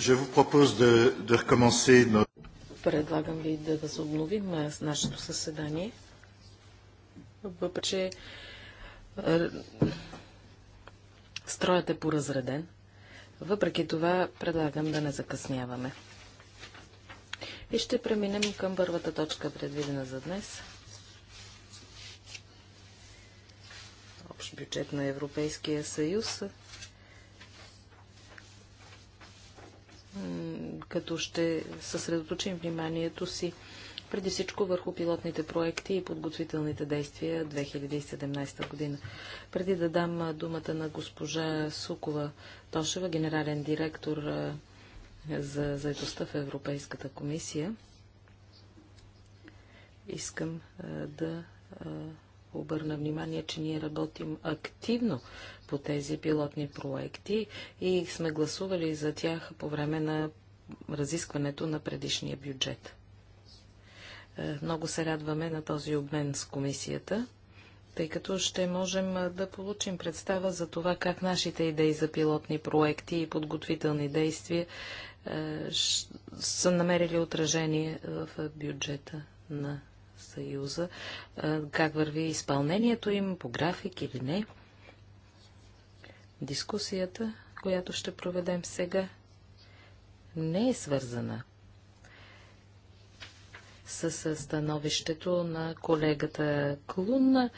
Je vous propose de, de recommencer notre... Предлагам ви да възобновим нашето съседание. Въпреки, строят е поразреден. Въпреки това, предлагам да не закъсняваме. И ще преминем към първата точка, предвидена за днес. Общ бюджет на Европейския съюз като ще съсредоточим вниманието си преди всичко върху пилотните проекти и подготвителните действия 2017 година. Преди да дам думата на госпожа Сукова Тошева, генерален директор за заедостта в Европейската комисия, искам да обърна внимание, че ние работим активно по тези пилотни проекти и сме гласували за тях по време на разискването на предишния бюджет. Е, много се радваме на този обмен с комисията, тъй като ще можем е, да получим представа за това как нашите идеи за пилотни проекти и подготвителни действия е, са намерили отражение в бюджета на Съюза, как върви изпълнението им по график или не. Дискусията, която ще проведем сега, не е свързана с становището на колегата Клун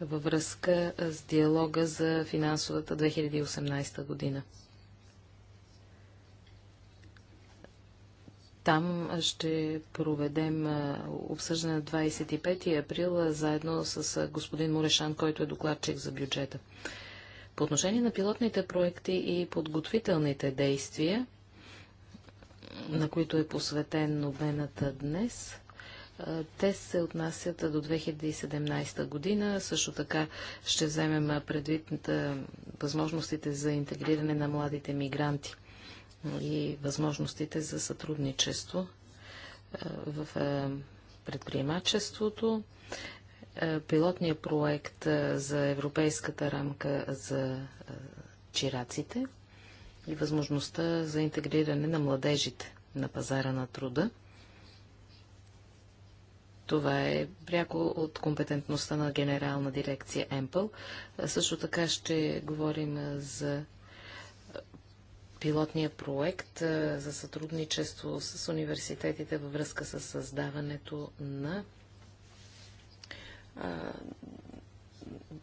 във връзка с диалога за финансовата 2018 година. Там ще проведем обсъждане на 25 април заедно с господин Морешан, който е докладчик за бюджета. По отношение на пилотните проекти и подготвителните действия, на които е посветен новената днес. Те се отнасят до 2017 година. Също така ще вземем предвид възможностите за интегриране на младите мигранти и възможностите за сътрудничество в предприемачеството. Пилотният проект за Европейската рамка за чираците – и възможността за интегриране на младежите на пазара на труда. Това е пряко от компетентността на генерална дирекция ЕМПЛ. Също така ще говорим за пилотния проект за сътрудничество с университетите във връзка с създаването на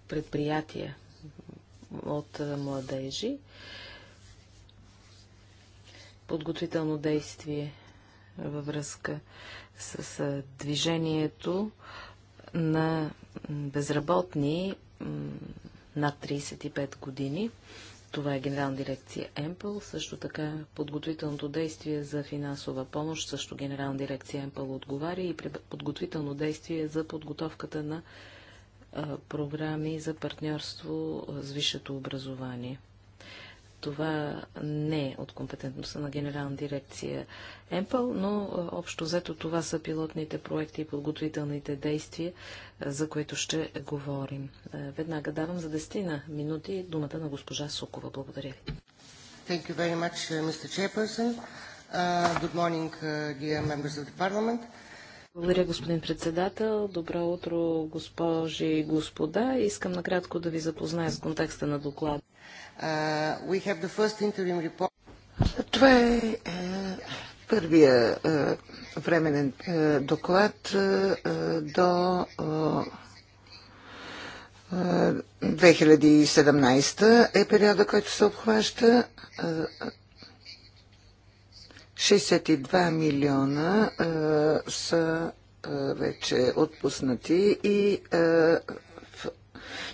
предприятия от младежи подготвително действие във връзка с движението на безработни над 35 години. Това е Генерална дирекция Емпъл. също така подготвителното действие за финансова помощ, също Генерална дирекция Емпъл отговаря и подготвително действие за подготовката на програми за партньорство с висшето образование. Това не е от компетентността на Генерална дирекция ЕМПЛ, но общо взето това са пилотните проекти и подготовителните действия, за които ще говорим. Веднага давам за 10 на минути думата на госпожа Сукова. Благодаря ви. Thank you very much, uh, Mr. Chairperson. Uh, good morning, uh, dear members of the parliament. Благодаря, господин председател. Добро утро, госпожи и господа. Искам накратко да ви запозная с контекста на доклада. Uh, we have the first interim report. Това е, е първия е, временен е, доклад е, е до е, 2017 е, е периода, който се обхваща. Е, 62 милиона е, са е, вече отпуснати и е,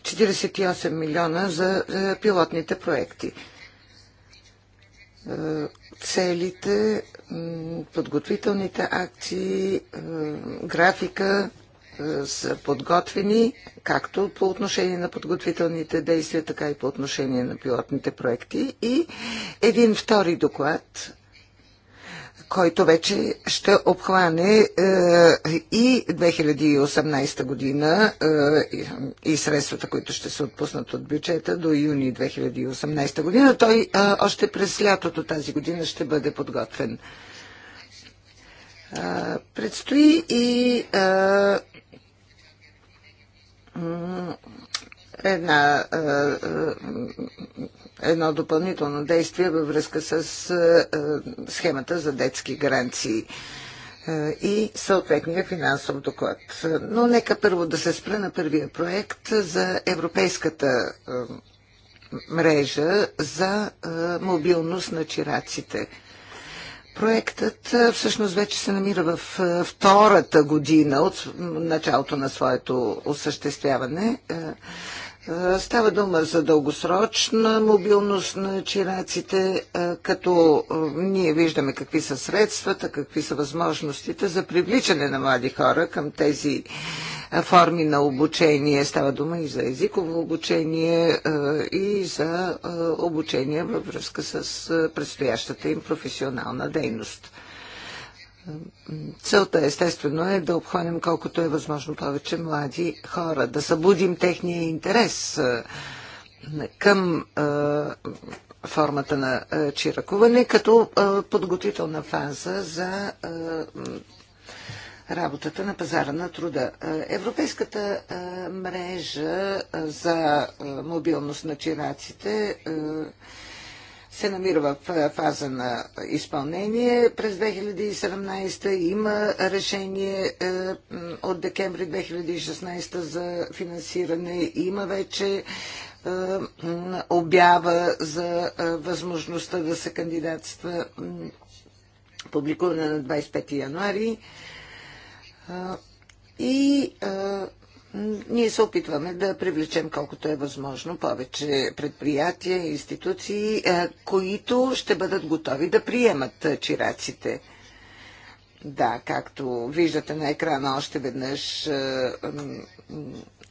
48 милиона за е, пилотните проекти. Е, целите, подготвителните акции, е, графика са подготвени, както по отношение на подготвителните действия, така и по отношение на пилотните проекти. И един втори доклад който вече ще обхване е, и 2018 година е, и средствата, които ще се отпуснат от бюджета до юни 2018 година. Той е, още през лятото тази година ще бъде подготвен. Е, предстои и е, една, е, е, едно допълнително действие във връзка с е, схемата за детски гаранции и съответния финансов доклад. Но нека първо да се спра на първия проект за европейската мрежа за мобилност на чираците. Проектът всъщност вече се намира в втората година от началото на своето осъществяване. Става дума за дългосрочна мобилност на чираците, като ние виждаме какви са средствата, какви са възможностите за привличане на млади хора към тези форми на обучение. Става дума и за езиково обучение и за обучение във връзка с предстоящата им професионална дейност. Целта естествено е да обхванем колкото е възможно повече млади хора, да събудим техния интерес към формата на чиракуване като подготвителна фаза за работата на пазара на труда. Европейската мрежа за мобилност на чираците се намира в фаза на изпълнение през 2017. Има решение е, от декември 2016 за финансиране. Има вече е, обява за е, възможността да се кандидатства публикувана на 25 януари. И ние се опитваме да привлечем колкото е възможно повече предприятия, институции, е, които ще бъдат готови да приемат е, чираците. Да, както виждате на екрана още веднъж, е,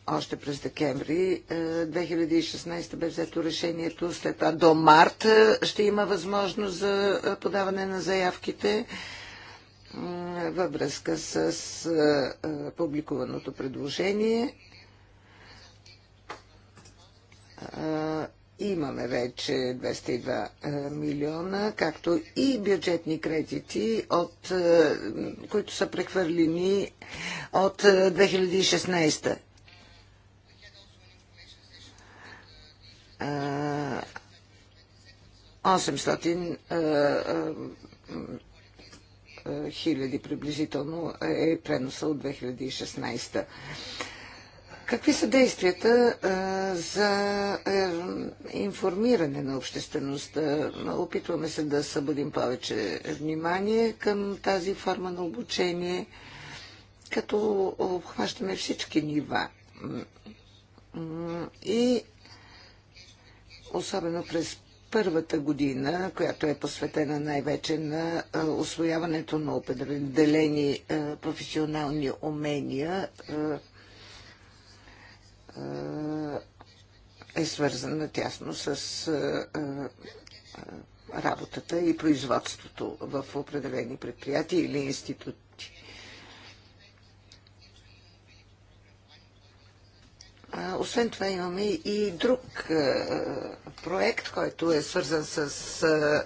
още през декември 2016 бе взето решението, след това до март ще има възможност за подаване на заявките във връзка с публикуваното предложение. Имаме вече 202 милиона, както и бюджетни кредити, от, които са прехвърлени от 2016 800 хиляди приблизително е, е преноса от 2016. Какви са действията е, за е, информиране на обществеността? Опитваме се да събудим повече внимание към тази форма на обучение, като обхващаме всички нива. И особено през първата година, която е посветена най-вече на освояването на определени професионални умения, е свързана тясно с работата и производството в определени предприятия или институт, Освен това имаме и друг проект, който е свързан с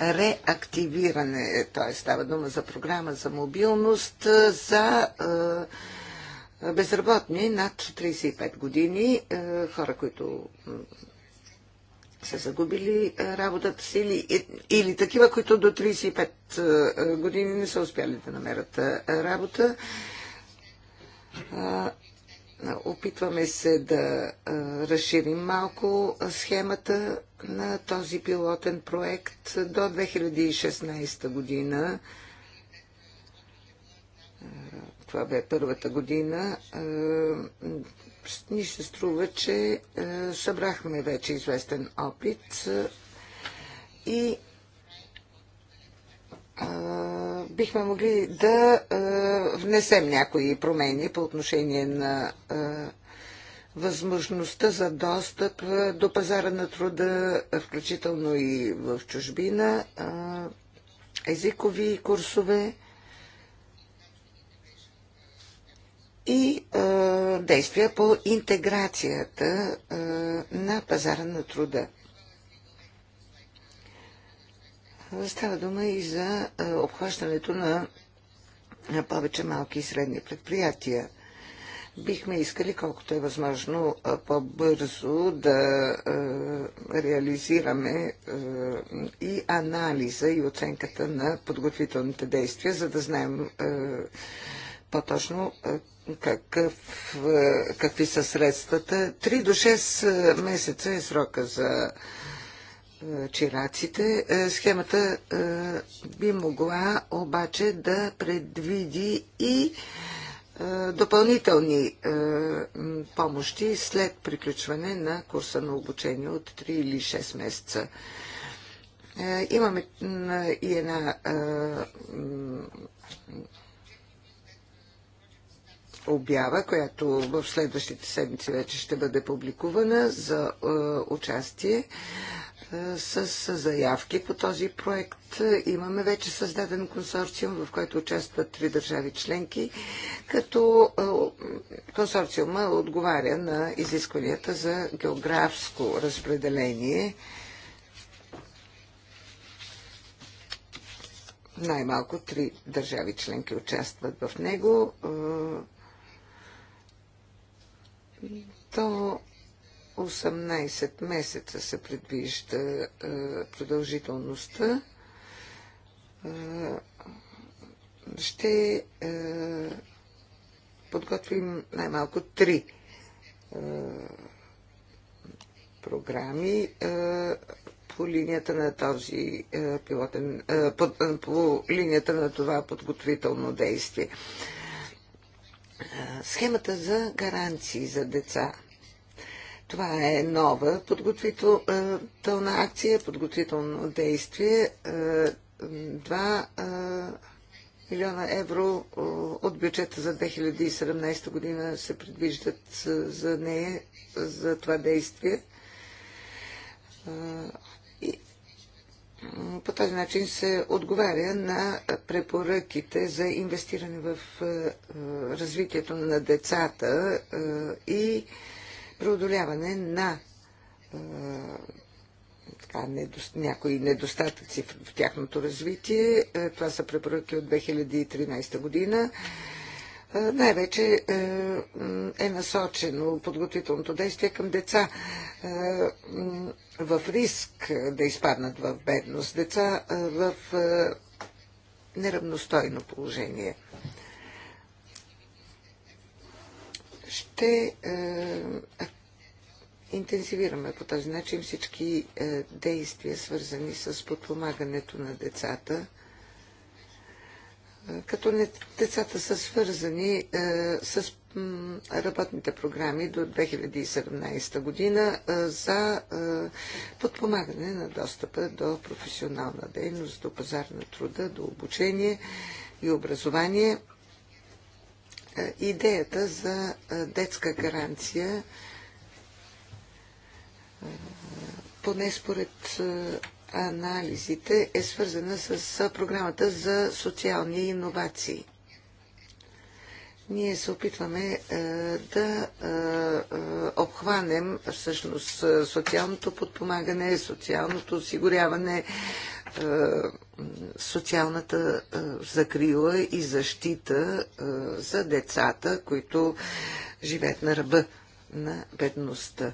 реактивиране, т.е. става дума за програма за мобилност за безработни над 35 години, хора, които са загубили работата си или, или такива, които до 35 години не са успяли да намерят работа. Опитваме се да разширим малко схемата на този пилотен проект до 2016 година. Това бе първата година. Ни се струва, че събрахме вече известен опит и бихме могли да внесем някои промени по отношение на възможността за достъп до пазара на труда, включително и в чужбина, езикови курсове и действия по интеграцията на пазара на труда. Става дума и за е, обхващането на повече малки и средни предприятия. Бихме искали, колкото е възможно, е, по-бързо да е, реализираме и анализа и оценката на подготвителните действия, за да знаем по-точно какъв, какви са средствата. 3 до 6 месеца е срока за е, чираците. Е, схемата е, би могла обаче да предвиди и допълнителни помощи след приключване на курса на обучение от 3 или 6 месеца. Имаме и една обява, която в следващите седмици вече ще бъде публикувана за участие с заявки по този проект. Имаме вече създаден консорциум, в който участват три държави членки, като е, консорциума отговаря на изискванията за географско разпределение. Най-малко три държави членки участват в него. Е, то 18 месеца се предвижда е, продължителността. Е, ще е, подготвим най-малко три програми по линията на този пилотен, по, по линията на това подготвително действие. Схемата за гаранции за деца това е нова подготвителна акция, подготвително действие. 2 е, е, милиона евро е, от бюджета за 2017 година се предвиждат за нея, за това действие. И по този начин се отговаря на препоръките за инвестиране в развитието на децата и преодоляване на така, недо, някои недостатъци в, тяхното развитие. Това са препоръки от 2013 година. Най-вече е насочено подготвителното действие към деца в риск да изпаднат в бедност, деца в неравностойно положение – Ще е, интензивираме по този начин всички е, действия, свързани с подпомагането на децата е, като не, децата са свързани е, с м, работните програми до 2017 година е, за е, подпомагане на достъпа до професионална дейност, до пазар на труда, до обучение и образование. Е, идеята за е, детска гаранция, е, поне според анализите, е свързана с програмата за социални иновации. Ние се опитваме да обхванем всъщност социалното подпомагане, социалното осигуряване, е, социалната е, закрила и защита е, за децата, които живеят на ръба на бедността.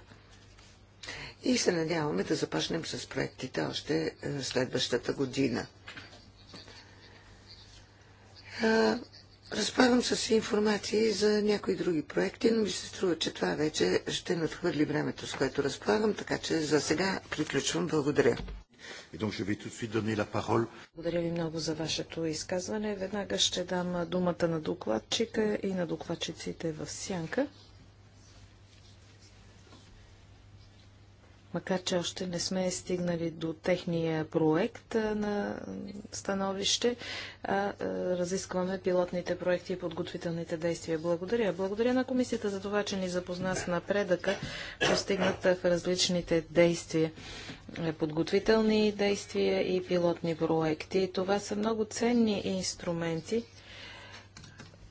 И се надяваме да започнем с проектите още следващата година. Разполагам с информации за някои други проекти, но ми се струва, че това вече ще надхвърли времето, с което разполагам, така че за сега приключвам. Благодаря. И donc, je vais tout de suite donner la parole. Благодаря ви много за вашето изказване. Веднага ще дам думата на докладчика и на докладчиците в сянка. макар че още не сме стигнали до техния проект на становище, а, а разискваме пилотните проекти и подготвителните действия. Благодаря. Благодаря на комисията за това, че ни запозна с напредъка, постигната в различните действия е, подготвителни действия и пилотни проекти. Това са много ценни инструменти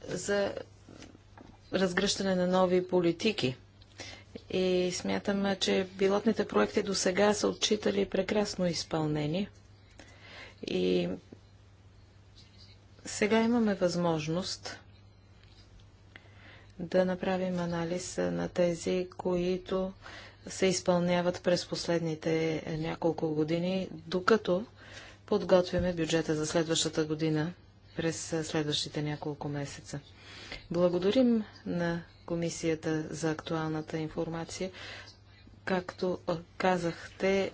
за разгръщане на нови политики. И смятам, че пилотните проекти до сега са отчитали прекрасно изпълнение. И сега имаме възможност да направим анализ на тези, които се изпълняват през последните няколко години, докато подготвяме бюджета за следващата година през следващите няколко месеца. Благодарим на Комисията за актуалната информация. Както казахте,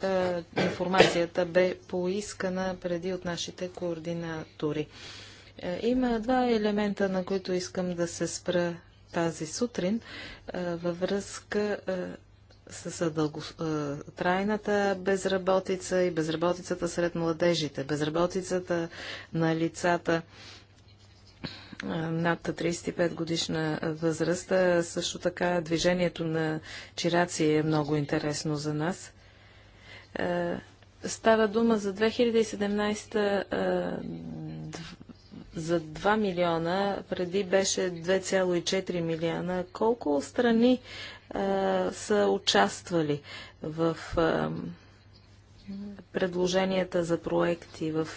информацията бе поискана преди от нашите координатори. Е, има два елемента, на които искам да се спра тази сутрин във връзка с дълготрайната безработица и безработицата сред младежите, безработицата на лицата над 35 годишна възраст. Също така движението на чираци е много интересно за нас. Става дума за 2017 за 2 милиона, преди беше 2,4 милиона. Колко страни са участвали в предложенията за проекти, в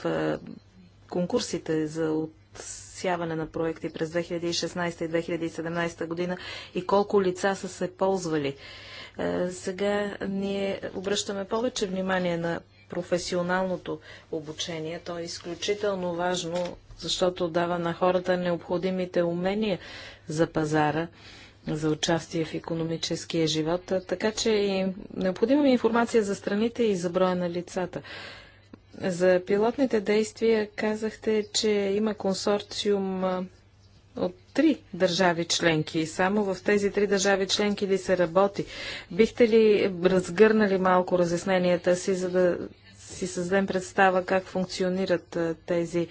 конкурсите за отсяване на проекти през 2016 и 2017 година и колко лица са се ползвали. Сега ние обръщаме повече внимание на професионалното обучение. То е изключително важно, защото дава на хората необходимите умения за пазара за участие в економическия живот, така че и необходима ми е информация за страните и за броя на лицата. За пилотните действия казахте, че има консорциум от три държави членки и само в тези три държави членки ли се работи? Бихте ли разгърнали малко разясненията си, за да си създадем представа как функционират тези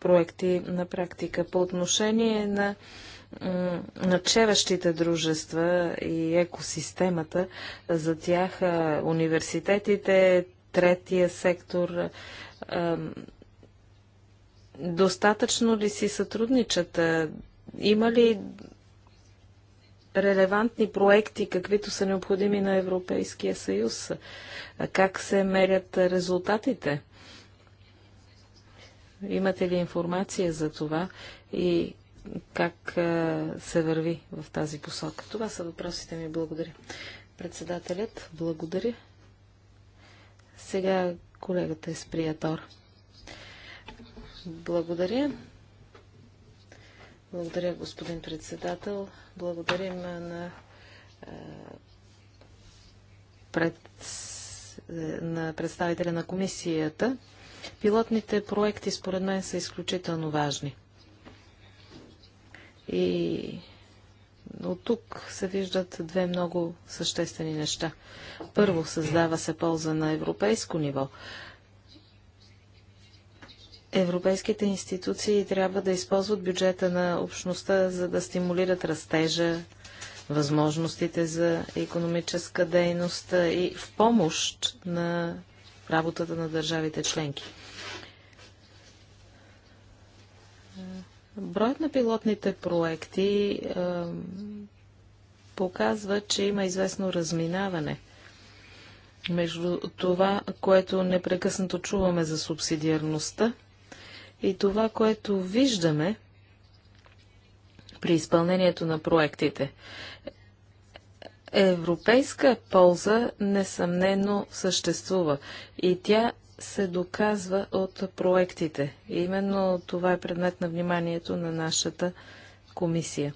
проекти на практика? По отношение на на пчелащите дружества и екосистемата. За тях университетите, третия сектор, достатъчно ли си сътрудничат? Има ли релевантни проекти, каквито са необходими на Европейския съюз? Как се мерят резултатите? Имате ли информация за това и как се върви в тази посока. Това са въпросите ми. Благодаря. Председателят, благодаря. Сега колегата е сприятор. Благодаря. Благодаря, господин председател. Благодарим на, пред, на представителя на комисията. Пилотните проекти, според мен, са изключително важни. И от тук се виждат две много съществени неща. Първо, създава се полза на европейско ниво. Европейските институции трябва да използват бюджета на общността, за да стимулират растежа, възможностите за економическа дейност и в помощ на работата на държавите членки. Броят на пилотните проекти е, показва, че има известно разминаване между това, което непрекъснато чуваме за субсидиарността и това, което виждаме при изпълнението на проектите. Европейска полза несъмнено съществува и тя се доказва от проектите. И именно това е предмет на вниманието на нашата комисия.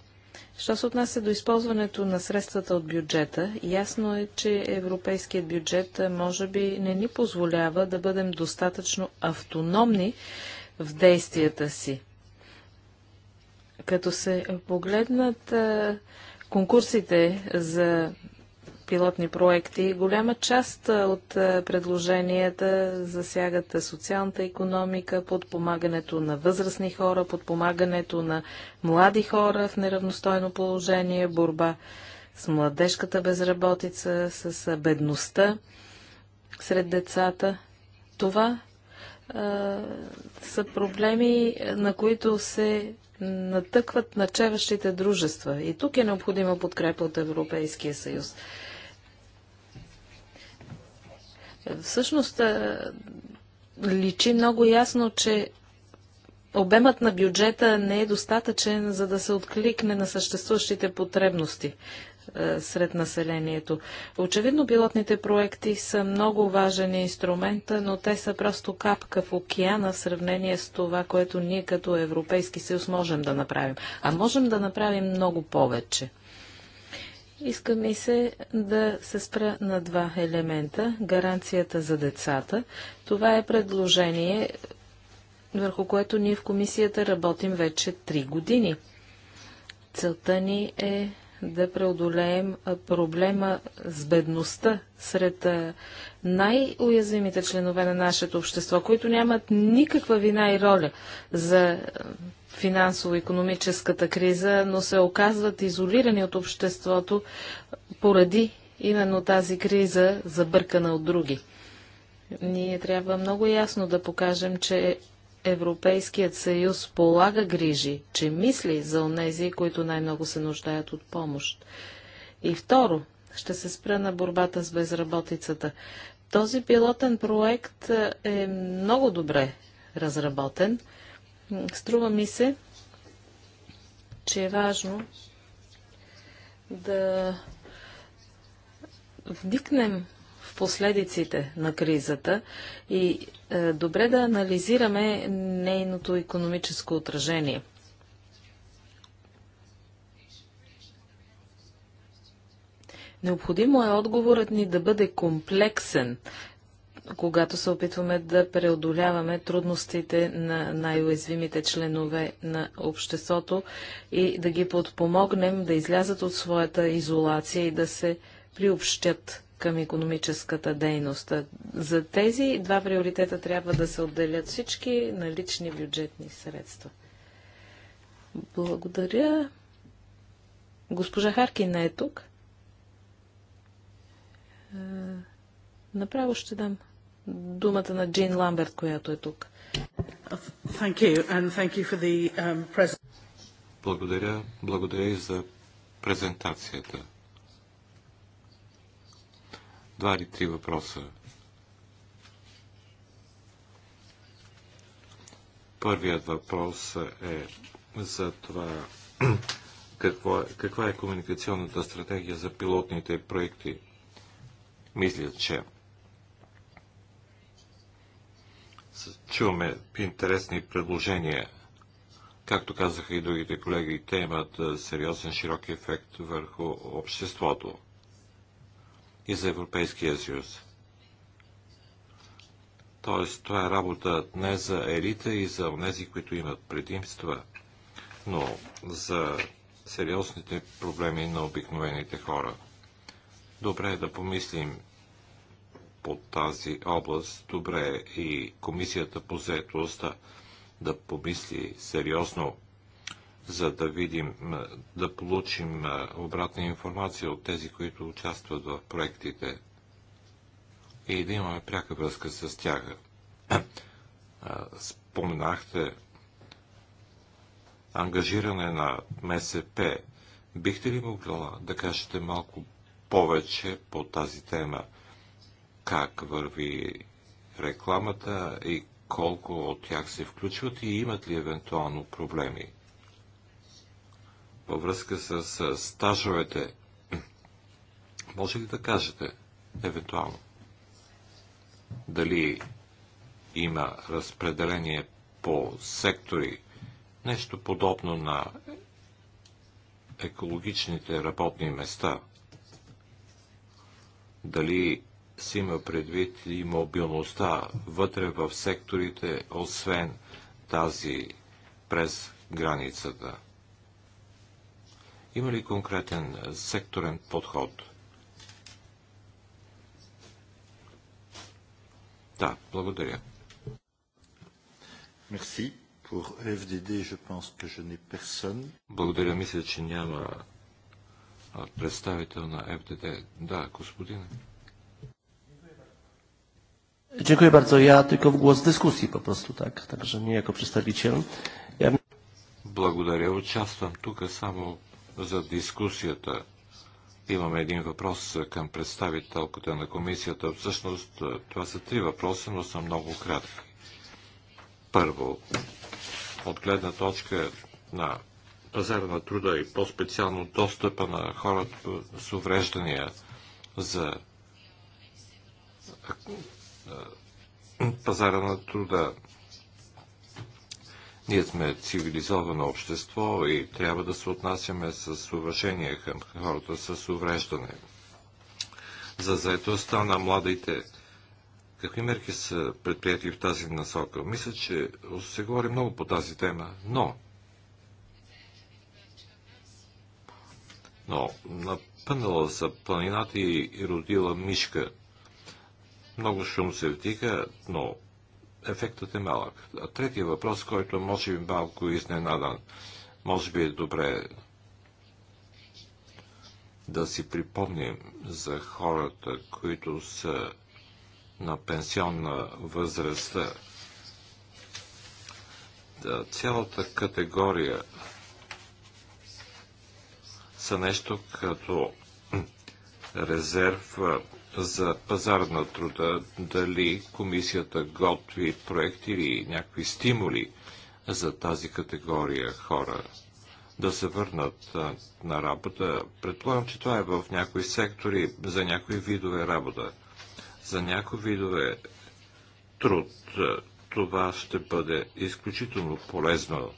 Що се отнася до използването на средствата от бюджета, ясно е, че европейският бюджет може би не ни позволява да бъдем достатъчно автономни в действията си. Като се погледнат конкурсите за пилотни проекти. Голяма част от предложенията засягат социалната економика, подпомагането на възрастни хора, подпомагането на млади хора в неравностойно положение, борба с младежката безработица, с бедността сред децата. Това а, са проблеми, на които се натъкват начеващите дружества. И тук е необходима подкрепа от Европейския съюз всъщност е, личи много ясно, че обемът на бюджета не е достатъчен, за да се откликне на съществуващите потребности е, сред населението. Очевидно пилотните проекти са много важен инструмент, но те са просто капка в океана в сравнение с това, което ние като Европейски съюз можем да направим. А можем да направим много повече. Иска ми се да се спра на два елемента. Гаранцията за децата. Това е предложение, върху което ние в комисията работим вече 3 години. Целта ни е да преодолеем проблема с бедността сред най-уязвимите членове на нашето общество, които нямат никаква вина и роля за финансово-економическата криза, но се оказват изолирани от обществото поради именно тази криза, забъркана от други. Ние трябва много ясно да покажем, че Европейският съюз полага грижи, че мисли за онези, които най-много се нуждаят от помощ. И второ, ще се спра на борбата с безработицата. Този пилотен проект е много добре разработен. Струва ми се, че е важно да вникнем в последиците на кризата и е, добре да анализираме нейното економическо отражение. Необходимо е отговорът ни да бъде комплексен, когато се опитваме да преодоляваме трудностите на най-уязвимите членове на обществото и да ги подпомогнем да излязат от своята изолация и да се приобщят към економическата дейност. За тези два приоритета трябва да се отделят всички налични бюджетни средства. Благодаря. Госпожа не е тук. Е, направо ще дам думата на Джин Ламберт, която е тук. Um, благодаря. Благодаря и за презентацията. Два или три въпроса. Първият въпрос е за това какво, е, каква е комуникационната стратегия за пилотните проекти. Мисля, че чуваме интересни предложения. Както казаха и другите колеги, те имат сериозен широк ефект върху обществото и за Европейския съюз. Тоест, това е работа не за елита и за тези, които имат предимства, но за сериозните проблеми на обикновените хора. Добре е да помислим по тази област, добре е и комисията по заетост да помисли сериозно, за да видим, да получим обратна информация от тези, които участват в проектите и да имаме пряка връзка с тях. Споменахте ангажиране на МСП. Бихте ли могла да кажете малко повече по тази тема? как върви рекламата и колко от тях се включват и имат ли евентуално проблеми. Във връзка с стажовете, може ли да кажете, евентуално, дали има разпределение по сектори, нещо подобно на екологичните работни места, дали се има предвид и мобилността вътре в секторите, освен тази през границата. Има ли конкретен секторен подход? Да, благодаря. Мерси. Pour FDD, je pense que je n'ai personne. Благодаря, мисля, че няма представител на ФДД. Да, господин. Dziękuję bardzo. Ja tylko w głos dyskusji po prostu, tak? Także nie jako przedstawiciel. Ja... Благодаря. Участвам тук само за дискусията. Имам един въпрос към представителката на комисията. Всъщност е, това са три въпроса, но са много кратки. Първо, от гледна точка на пазара на труда и по-специално достъпа на хората с увреждания за пазара на труда. Ние сме цивилизовано общество и трябва да се отнасяме с уважение към хората с увреждане. За заедостта на младите, какви мерки са предприяти в тази насока? Мисля, че се говори много по тази тема, но но напънала са планината и родила мишка – много шум се вдига, но ефектът е малък. А третия въпрос, който може би малко изненадан, може би е добре да си припомним за хората, които са на пенсионна възраст. Да, цялата категория са нещо като резерв за пазарна на труда, дали комисията готви проекти или някакви стимули за тази категория хора да се върнат на работа. Предполагам, че това е в някои сектори, за някои видове работа, за някои видове труд. Това ще бъде изключително полезно.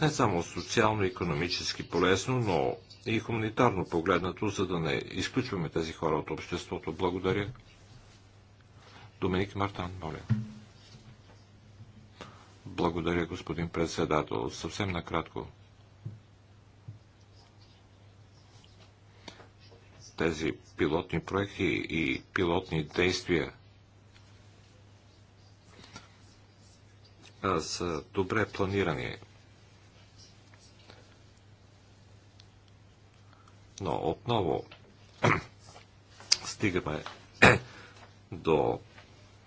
Не само социално-економически полезно, но и хуманитарно погледнато, за да не изключваме тези хора от обществото. Благодаря. Доминик Мартан, моля. Благодаря, господин председател. Съвсем накратко. Тези пилотни проекти и пилотни действия са добре планирани Но отново стигаме до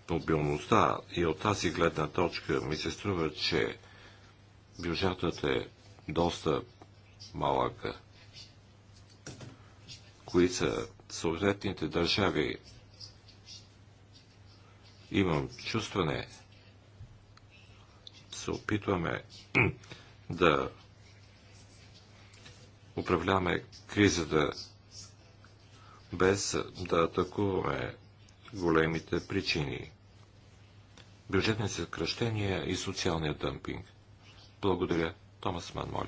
мобилността и от тази гледна точка ми се струва, че бюджетът е доста малък. Кои са съответните държави? Имам чувстване, се опитваме да управляваме кризата без да атакуваме големите причини. Бюджетни съкръщения и социалния дъмпинг. Благодаря. Томас Ман, моля.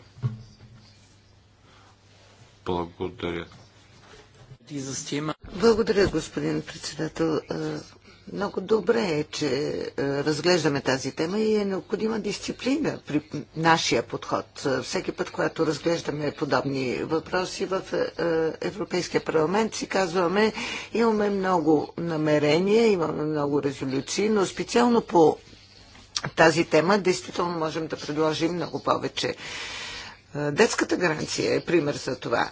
Благодаря. Благодаря, господин председател. Много добре е, че е, разглеждаме тази тема и е необходима дисциплина при нашия подход. Е, всеки път, когато разглеждаме подобни въпроси в е, Европейския парламент, си казваме, имаме много намерения, имаме много резолюции, но специално по тази тема действително можем да предложим много повече. Детската гаранция е пример за това.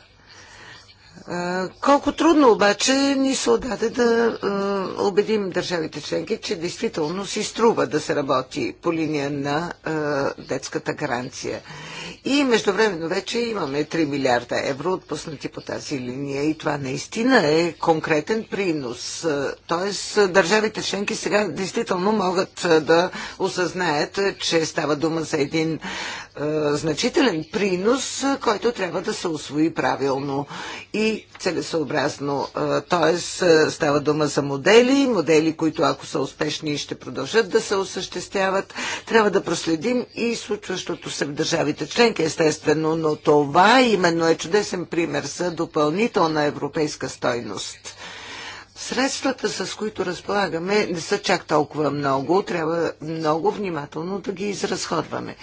Колко трудно обаче ни се отдаде да убедим държавите членки, че действително си струва да се работи по линия на детската гаранция. И междувременно вече имаме 3 милиарда евро отпуснати по тази линия и това наистина е конкретен принос. Тоест държавите членки сега действително могат да осъзнаят, че става дума за един значителен принос, който трябва да се освои правилно. И целесообразно. Тоест става дума за модели, модели, които ако са успешни ще продължат да се осъществяват. Трябва да проследим и случващото се в държавите членки, естествено, но това именно е чудесен пример за допълнителна европейска стойност. Средствата, с които разполагаме, не са чак толкова много. Трябва много внимателно да ги изразходваме.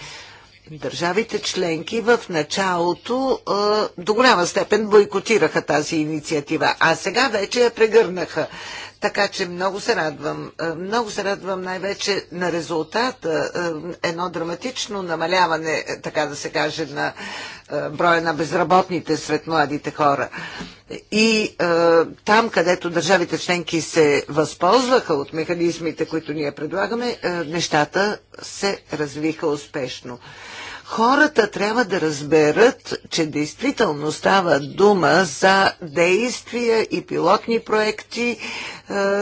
Държавите членки в началото до голяма степен бойкотираха тази инициатива, а сега вече я прегърнаха. Така че много се радвам. Е, много се радвам най-вече на резултата. Е, едно драматично намаляване, е, така да се каже, на броя на безработните сред младите хора. И там, където държавите членки се възползваха от механизмите, които ние предлагаме, нещата се развиха успешно хората трябва да разберат, че действително става дума за действия и пилотни проекти, е,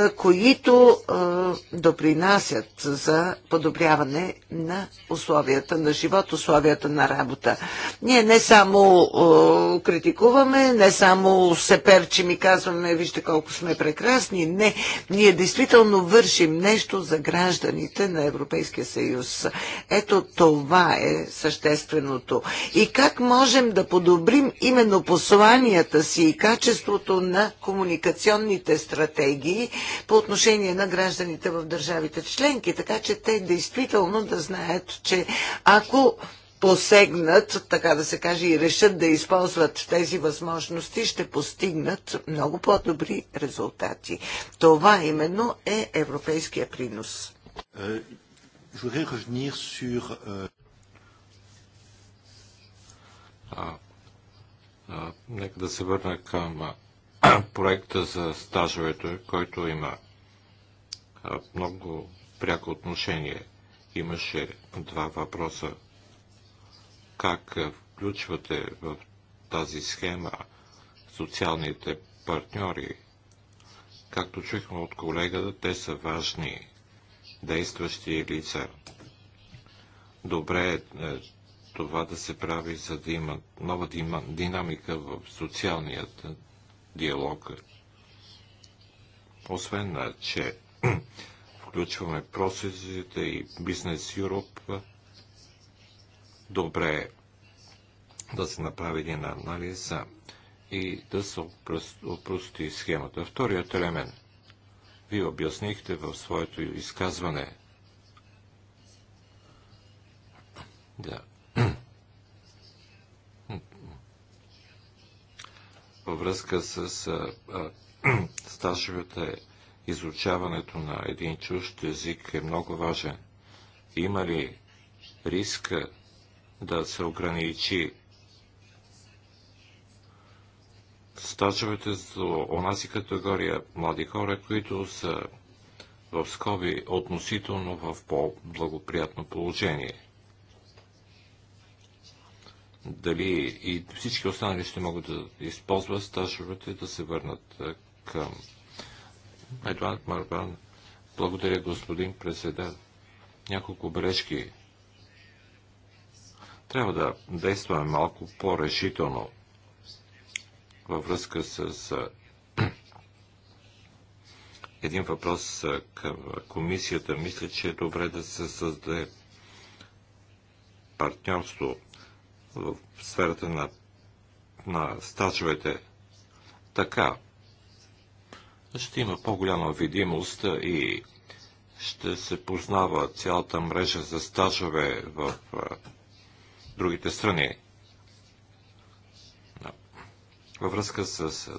които е, допринасят за подобряване на условията на живот, условията на работа. Ние не само е, критикуваме, не само се перчим и казваме, вижте колко сме прекрасни. Не, ние действително вършим нещо за гражданите на Европейския съюз. Ето това е същото същественото и как можем да подобрим именно посланията си и качеството на комуникационните стратегии по отношение на гражданите в държавите членки, така че те действително да знаят, че ако посегнат, така да се каже, и решат да използват тези възможности, ще постигнат много по-добри резултати. Това именно е европейския принос. Е, а, а, нека да се върна към а, проекта за стажовете, който има а, много пряко отношение. Имаше два въпроса. Как включвате в тази схема социалните партньори? Както чухме от колегата, те са важни действащи лица. Добре е, е това да се прави, за да има нова динамика в социалният диалог. Освен, на, че включваме процесите и Бизнес Юроп, добре е да се направи един анализ и да се опрости схемата. Вторият елемент. Вие обяснихте в своето изказване – да. във връзка с а, а, стажовете, изучаването на един чужд език е много важен. Има ли риск да се ограничи стажовете за онази категория млади хора, които са в скоби относително в по-благоприятно положение – дали и всички останали ще могат да използват стажовете да се върнат към Едуард Марбан. Благодаря, господин председател. Няколко бележки. Трябва да действаме малко по-решително във връзка с един въпрос към комисията. Мисля, че е добре да се създаде партньорство в сферата на, на стачовете Така ще има по-голяма видимост и ще се познава цялата мрежа за стажове в другите страни. Във връзка с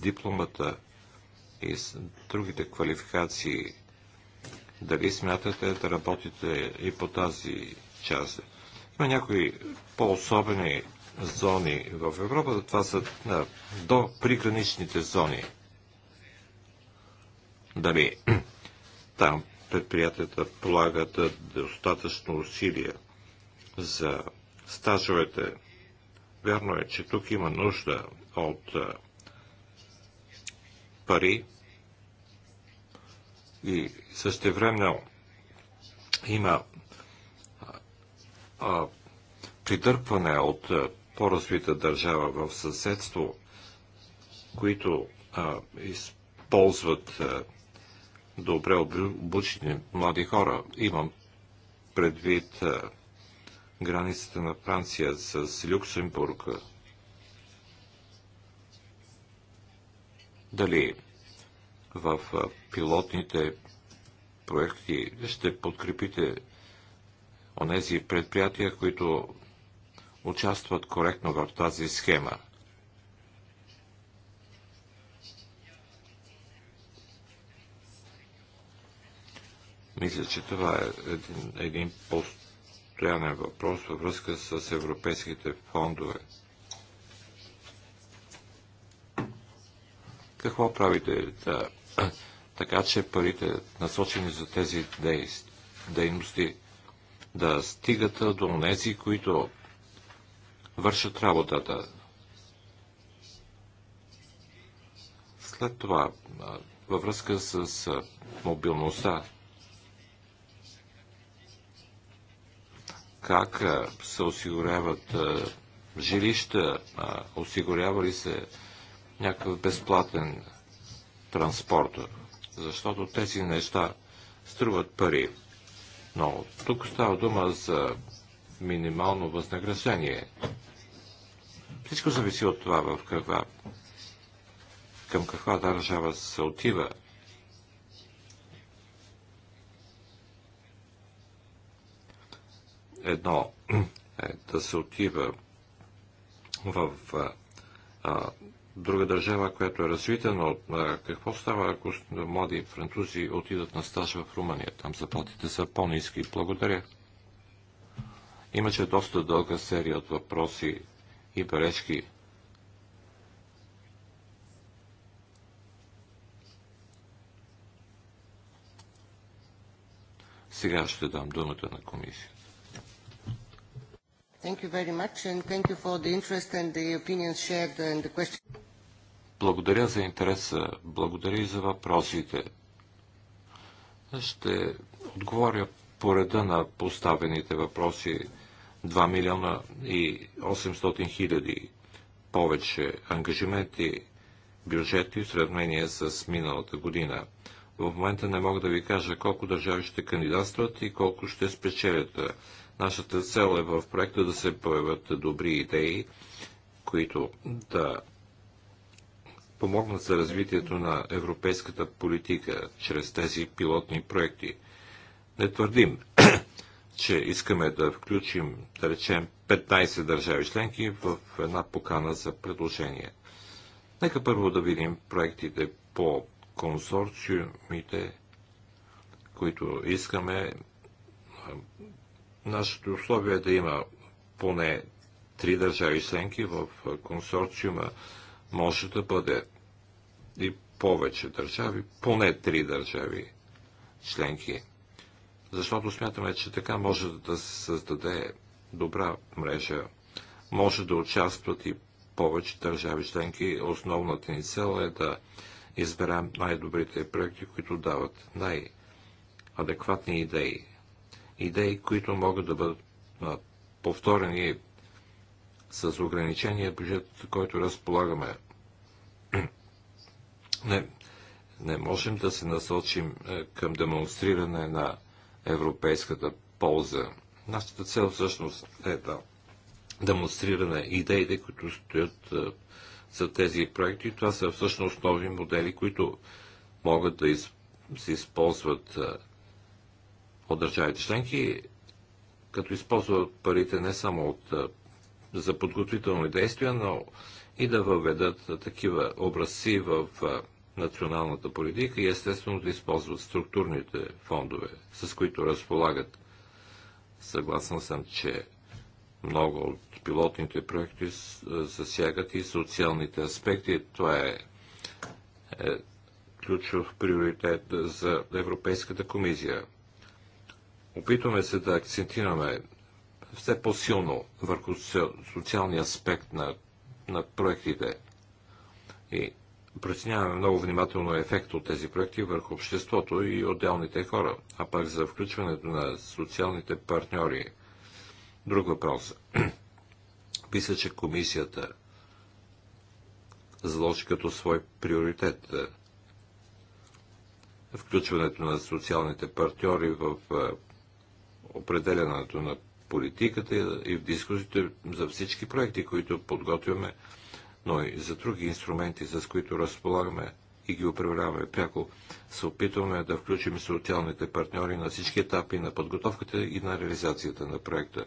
дипломата и с другите квалификации, дали смятате да работите и по тази част? Има някои по-особени зони в Европа, това са да, до приграничните зони. Дали там предприятията полагат достатъчно усилия за стажовете. Вярно е, че тук има нужда от пари и същевременно има а придърпване от по-развита държава в съседство, които а, използват а, добре обучени млади хора. Имам предвид а, границата на Франция с Люксембург. Дали в а, пилотните проекти ще подкрепите онези предприятия, които участват коректно в тази схема. Мисля, че това е един, един постоянен въпрос във връзка с европейските фондове. Какво правите? Да. Така че парите, насочени за тези дейности, да стигат до нези, които вършат работата. След това, във връзка с мобилността, как се осигуряват жилища, осигурява ли се някакъв безплатен транспорт, защото тези неща струват пари. Но тук става дума за минимално възнаграждение. Всичко зависи от това в каква, към каква държава се отива. Едно е да се отива в а, друга държава, която е развита, но какво става, ако млади французи отидат на стаж в Румъния? Там заплатите са по-низки. Благодаря. Имаше доста дълга серия от въпроси и бележки. Сега ще дам думата на комисията. Thank you very much and thank you for the interest and the opinions shared and the questions. Благодаря за интереса, благодаря и за въпросите. Ще отговоря по реда на поставените въпроси 2 милиона и 800 хиляди повече ангажименти бюджети в сравнение с миналата година. В момента не мога да ви кажа колко държави ще кандидатстват и колко ще спечелят. Нашата цел е в проекта да се появят добри идеи, които да помогнат за развитието на европейската политика чрез тези пилотни проекти. Не твърдим, че искаме да включим, да речем, 15 държави членки в една покана за предложение. Нека първо да видим проектите по консорциумите, които искаме. Нашето условие е да има поне три държави членки в консорциума може да бъде и повече държави, поне три държави членки, защото смятаме, че така може да се създаде добра мрежа, може да участват и повече държави членки. Основната ни цел е да изберем най-добрите проекти, които дават най-адекватни идеи. Идеи, които могат да бъдат повторени с ограничения бюджет, който разполагаме. Не, не можем да се насочим е, към демонстриране на европейската полза. Нашата цел всъщност е да демонстрираме идеите, които стоят е, за тези проекти. Това са всъщност нови модели, които могат да из... се използват е, от държавите членки, като използват парите не само от за подготвителни действия, но и да въведат такива образци в националната политика и естествено да използват структурните фондове, с които разполагат. Съгласен съм, че много от пилотните проекти засягат и социалните аспекти. Това е, е ключов приоритет за Европейската комисия. Опитваме се да акцентираме все по-силно върху социалния аспект на, на проектите и преценяваме много внимателно ефект от тези проекти върху обществото и отделните хора, а пак за включването на социалните партньори. Друг въпрос. Писа, че комисията заложи като свой приоритет е, включването на социалните партньори в е, определенето на политиката и в дискусите за всички проекти, които подготвяме, но и за други инструменти, с които разполагаме и ги управляваме пряко, се опитваме да включим социалните партньори на всички етапи на подготовката и на реализацията на проекта.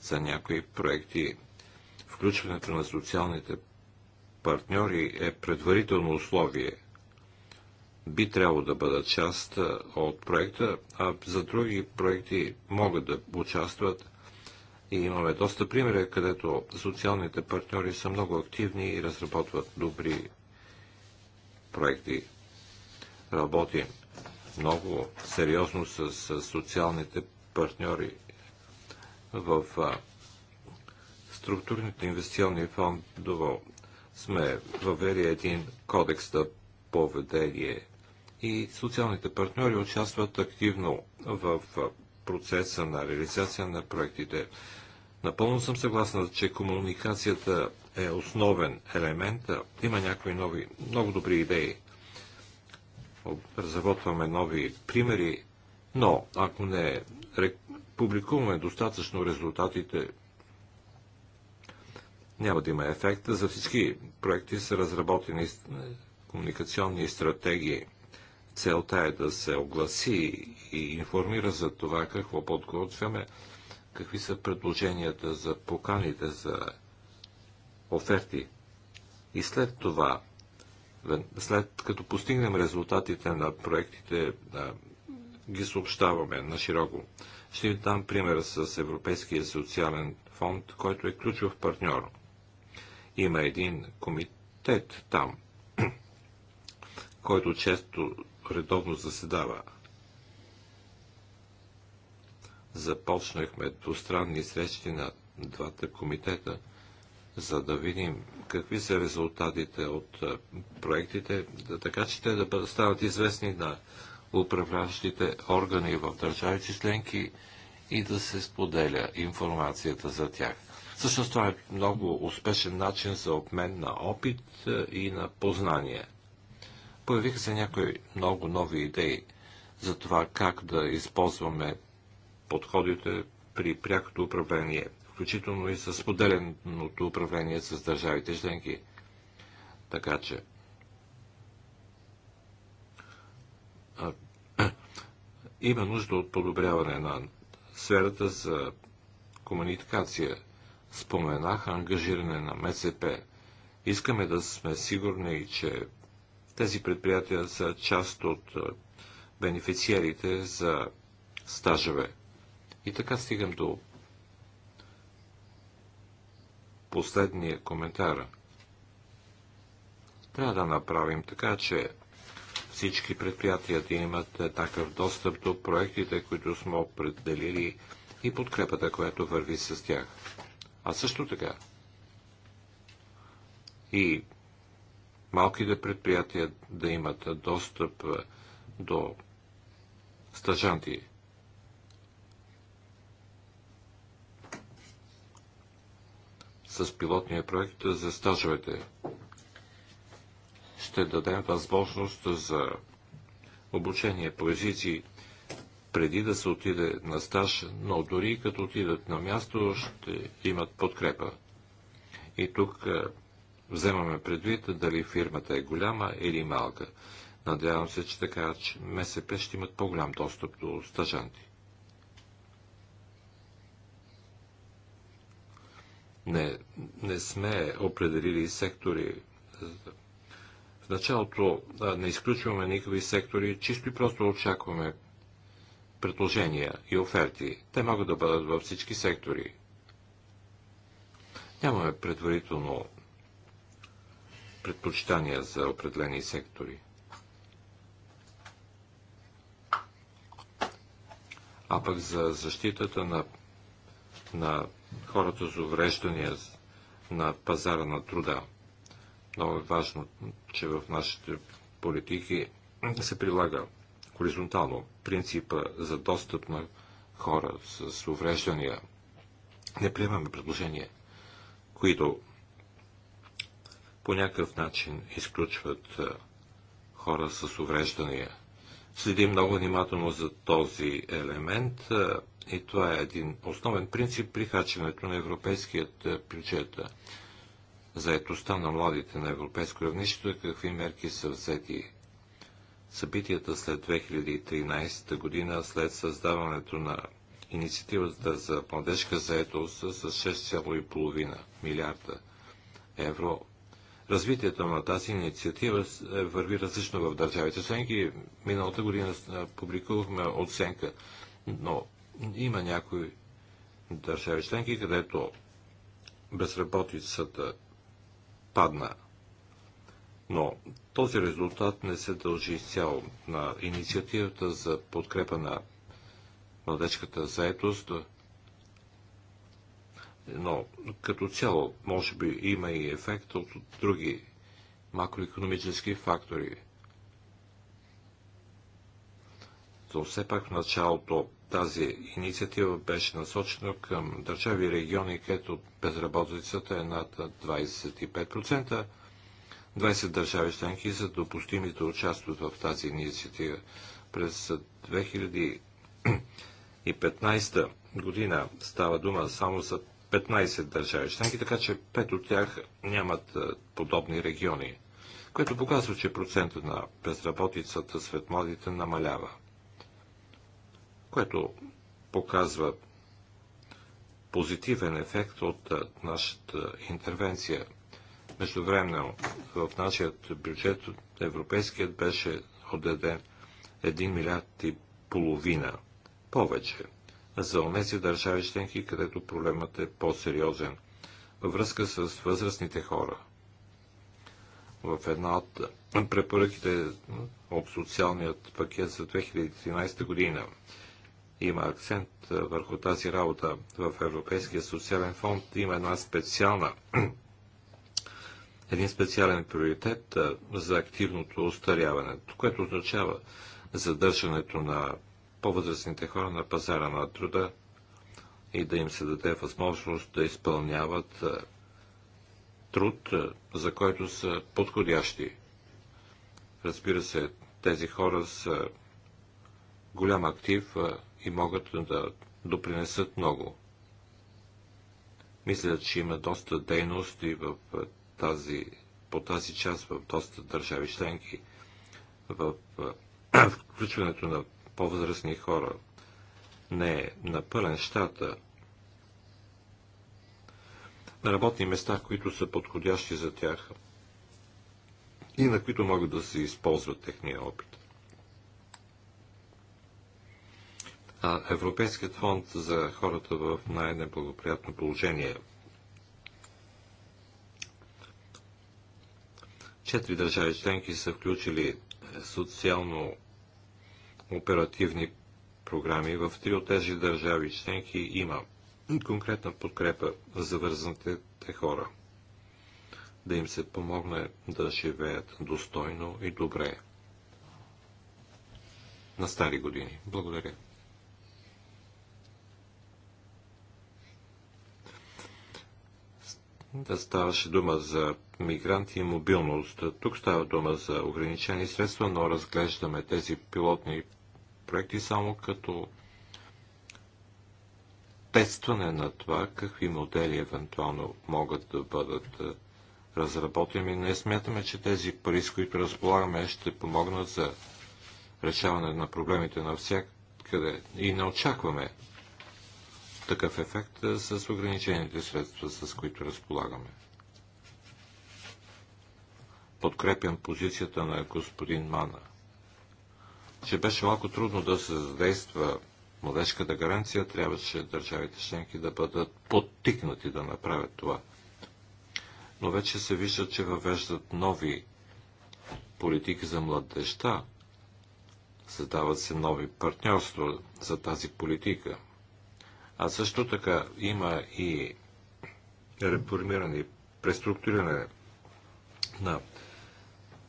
За някои проекти включването на социалните партньори е предварително условие. Би трябвало да бъдат част от проекта, а за други проекти могат да участват и имаме доста примери, където социалните партньори са много активни и разработват добри проекти. Работим много сериозно с, с социалните партньори в а, структурните инвестиционни фондове сме въвели един кодекс на поведение и социалните партньори участват активно в процеса на реализация на проектите. Напълно съм съгласна, че комуникацията е основен елемент. Има някои нови, много добри идеи. Разработваме нови примери, но ако не публикуваме достатъчно резултатите, няма да има ефект. За всички проекти са разработени комуникационни стратегии – Целта е да се огласи и информира за това какво подготвяме, какви са предложенията за поканите за оферти. И след това, след като постигнем резултатите на проектите, да, ги съобщаваме на широко. Ще ви дам пример с Европейския социален фонд, който е ключов партньор. Има един комитет там, който често редовно заседава. Започнахме двустранни срещи на двата комитета, за да видим какви са резултатите от проектите, така че те да станат известни на управляващите органи в държавите членки и да се споделя информацията за тях. Всъщност това е много успешен начин за обмен на опит и на познание – Появиха се някои много нови идеи за това как да използваме подходите при прякото управление, включително и с споделеното управление с държавите членки. Така че има нужда от подобряване на сферата за комуникация. Споменах ангажиране на МСП. Искаме да сме сигурни, че тези предприятия са част от е, бенефициерите за стажове. И така стигам до последния коментар. Трябва да направим така, че всички предприятия да имат е, такъв достъп до проектите, които сме определили и подкрепата, която върви с тях. А също така и малките предприятия да имат достъп до стажанти. С пилотния проект за стажовете ще дадем възможност за обучение по езици преди да се отиде на стаж, но дори като отидат на място, ще имат подкрепа. И тук вземаме предвид дали фирмата е голяма или малка. Надявам се, че така че МСП ще имат по-голям достъп до стажанти. Не, не сме определили сектори. В началото не изключваме никакви сектори, чисто и просто очакваме предложения и оферти. Те могат да бъдат във всички сектори. Нямаме предварително предпочитания за определени сектори. А пък за защитата на, на хората с увреждания на пазара на труда. Много е важно, че в нашите политики се прилага хоризонтално принципа за достъп на хора с увреждания. Не приемаме предложения, които по някакъв начин изключват е, хора с увреждания. Следим много внимателно за този елемент е, и това е един основен принцип при хаченето на европейският е, бюджет. Заетостта на младите на европейско равнище, какви мерки са взети събитията след 2013 година, след създаването на инициативата за младежка заетост с 6,5 милиарда евро Развитието на тази инициатива е, върви различно в държавите членки. Миналата година публикувахме оценка, но има някои държави членки, където безработицата падна. Но този резултат не се дължи изцяло на инициативата за подкрепа на младежката заетост, но като цяло може би има и ефект от други макроекономически фактори. То все пак в началото тази инициатива беше насочена към държави и региони, където безработицата е над 25%. 20 държави членки са допустими да участват в тази инициатива. През 2015 година става дума само за 15 държави членки, така че 5 от тях нямат е, подобни региони, което показва, че процентът на безработицата сред младите намалява, което показва позитивен ефект от е, нашата интервенция. Междувременно в нашия бюджет европейският беше отдаден 1 милиард и половина повече – за онези държави членки, където проблемът е по-сериозен във връзка с възрастните хора. В една от препоръките от социалният пакет за 2013 година има акцент върху тази работа в Европейския социален фонд. Има една специална един специален приоритет за активното устаряване, което означава задържането на по-възрастните хора на пазара на труда и да им се даде възможност да изпълняват е, труд, е, за който са подходящи. Разбира се, тези хора са голям актив е, и могат да допринесат много. Мисля, че има доста дейности в тази, по тази част в доста държави членки. В включването на по-възрастни хора. Не е на пълен щата. На работни места, които са подходящи за тях и на които могат да се използват техния опит. А Европейският фонд за хората в най-неблагоприятно положение четири държави членки са включили социално оперативни програми. В три от тези държави членки има конкретна подкрепа за вързаните те хора. Да им се помогне да живеят достойно и добре на стари години. Благодаря. Да ставаше дума за мигранти и мобилност. Тук става дума за ограничени средства, но разглеждаме тези пилотни проекти само като тестване на това, какви модели евентуално могат да бъдат е, разработени. Не смятаме, че тези пари, с които разполагаме, ще помогнат за решаване на проблемите навсякъде и не очакваме такъв ефект е, с ограничените средства, с които разполагаме. Подкрепям позицията на господин Мана че беше малко трудно да се задейства младежката гаранция, трябваше държавите членки да бъдат подтикнати да направят това. Но вече се вижда, че въвеждат нови политики за младежта, създават се нови партньорства за тази политика. А също така има и реформиране, и преструктуриране на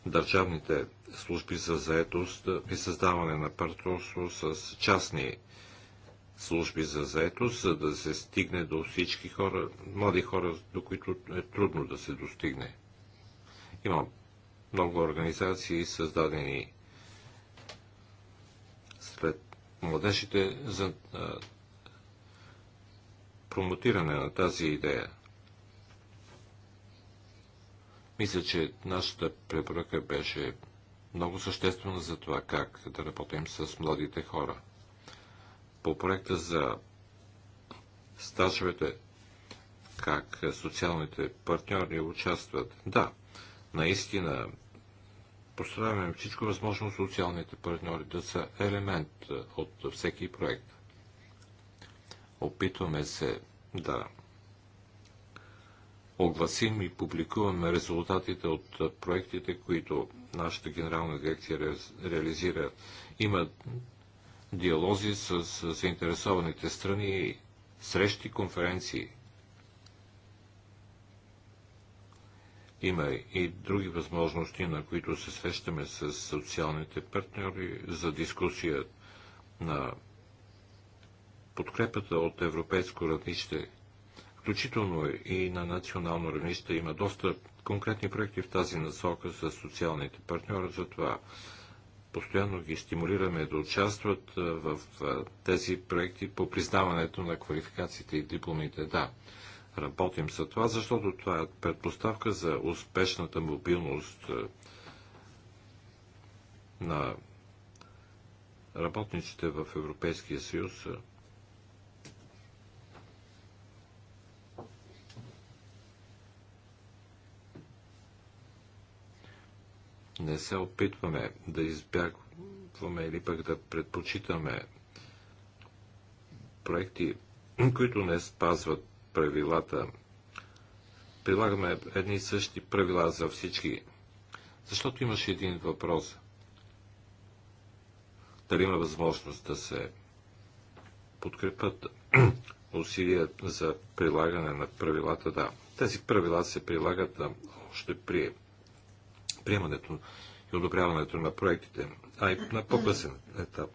държавните служби за заетост и създаване на партньорство с частни служби за заетост, за да се стигне до всички хора, млади хора, до които е трудно да се достигне. Има много организации, създадени след младежите за промотиране на тази идея. Мисля, че нашата препоръка беше много съществено за това как да работим с младите хора. По проекта за стажовете, как социалните партньори участват. Да, наистина постараваме всичко възможно социалните партньори да са елемент е, от всеки проект. Опитваме се да огласим и публикуваме резултатите от проектите, които нашата генерална дирекция реализира. Има диалози с заинтересованите страни, срещи, конференции. Има и други възможности, на които се срещаме с социалните партньори за дискусия на подкрепата от европейско равнище, включително и на национално равнище. Има доста конкретни проекти в тази насока с социалните партньори, затова постоянно ги стимулираме да участват в тези проекти по признаването на квалификациите и дипломите. Да, работим за това, защото това е предпоставка за успешната мобилност на работниците в Европейския съюз. не се опитваме да избягваме или пък да предпочитаме проекти, които не спазват правилата. Прилагаме едни и същи правила за всички. Защото имаше един въпрос. Дали има възможност да се подкрепят усилия за прилагане на правилата? Да. Тези правила се прилагат още при приемането и одобряването на проектите, а и на по-късен етап.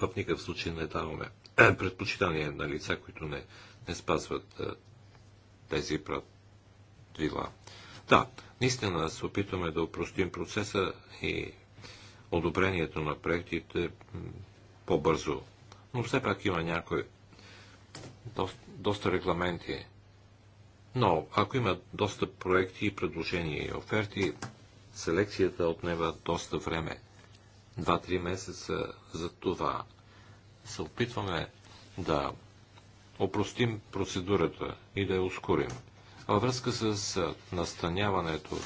В никакъв случай не даваме предпочитание на лица, които не, не спазват е, тези правила. Да, наистина се опитваме да упростим процеса и одобрението на проектите по-бързо. Но все пак има някои доста, доста регламенти. Но ако има доста проекти, предложения и оферти, Селекцията отнева доста време. Два-три месеца за това. Се опитваме да опростим процедурата и да я ускорим. Във връзка с настаняването,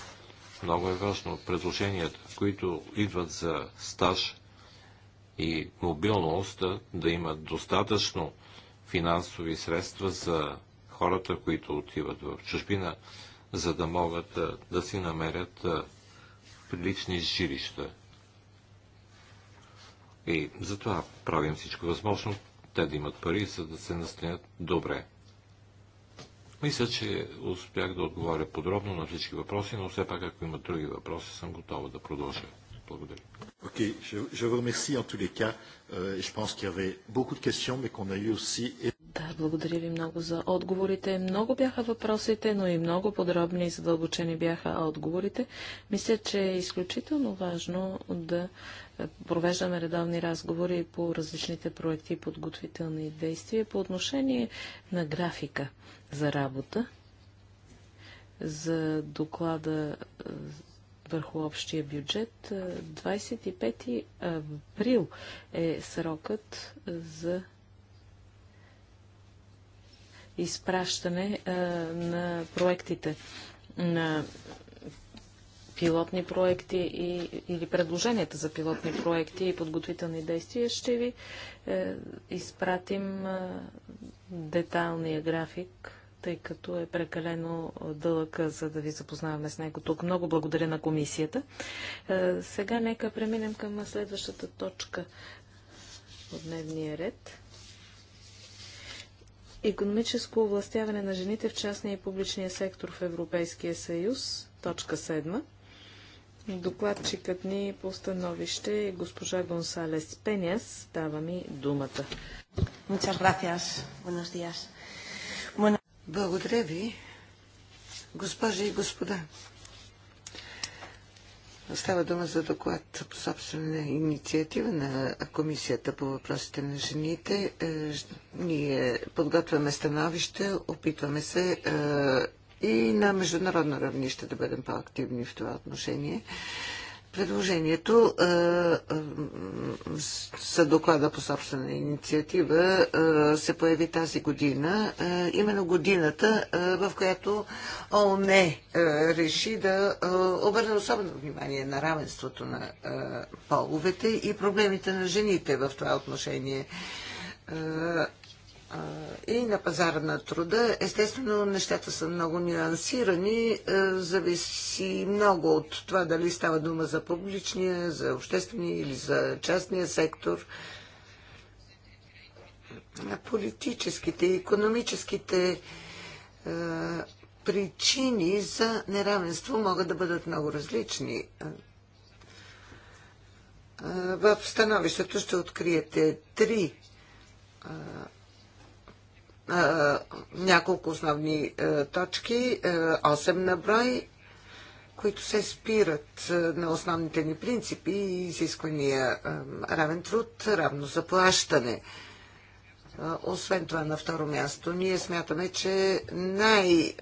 много е важно предложенията, които идват за стаж и мобилност, да имат достатъчно финансови средства за хората, които отиват в чужбина, за да могат да си намерят прилични жилища. И затова правим всичко възможно те да имат пари, за да се настанят добре. Мисля, че успях да отговоря подробно на всички въпроси, но все пак, ако има други въпроси, съм готова да продължа. Благодаря. Okay, je, je vous remercie en tous les cas. Euh, je pense qu'il y avait beaucoup de questions, mais qu'on a eu aussi... Да, благодаря ви много за отговорите. Много бяха въпросите, но и много подробни и задълбочени бяха отговорите. Мисля, че е изключително важно да провеждаме редовни разговори по различните проекти и подготвителни действия по отношение на графика за работа, за доклада е, върху общия бюджет. Е, 25 април е срокът е, за изпращане а, на проектите, на пилотни проекти и, или предложенията за пилотни проекти и подготвителни действия, ще ви е, изпратим е, детайлния график, тъй като е прекалено дълъг, за да ви запознаваме с него тук. Много благодаря на комисията. Е, сега нека преминем към следващата точка от дневния ред. Економическо овластяване на жените в частния и публичния сектор в Европейския съюз. Точка 7. Докладчикът ни по становище е госпожа Гонсалес Пеняс. Дава ми думата. Благодаря ви, госпожи и господа. Става дума за доклад по собствена инициатива на Комисията по въпросите на жените. Е, ние подготвяме становище, опитваме се е, и на международно равнище да бъдем по-активни в това отношение. Предложението са доклада по собствена инициатива се появи тази година, именно годината, в която ООН реши да обърне особено внимание на равенството на половете и проблемите на жените в това отношение и на пазара на труда. Естествено, нещата са много нюансирани. Е, зависи много от това дали става дума за публичния, за обществения или за частния сектор. Политическите и економическите е, причини за неравенство могат да бъдат много различни. Е, в становището ще откриете три няколко основни точки, 8 на брой, които се спират на основните ни принципи и изисквания равен труд, равно заплащане. Освен това, на второ място, ние смятаме, че най-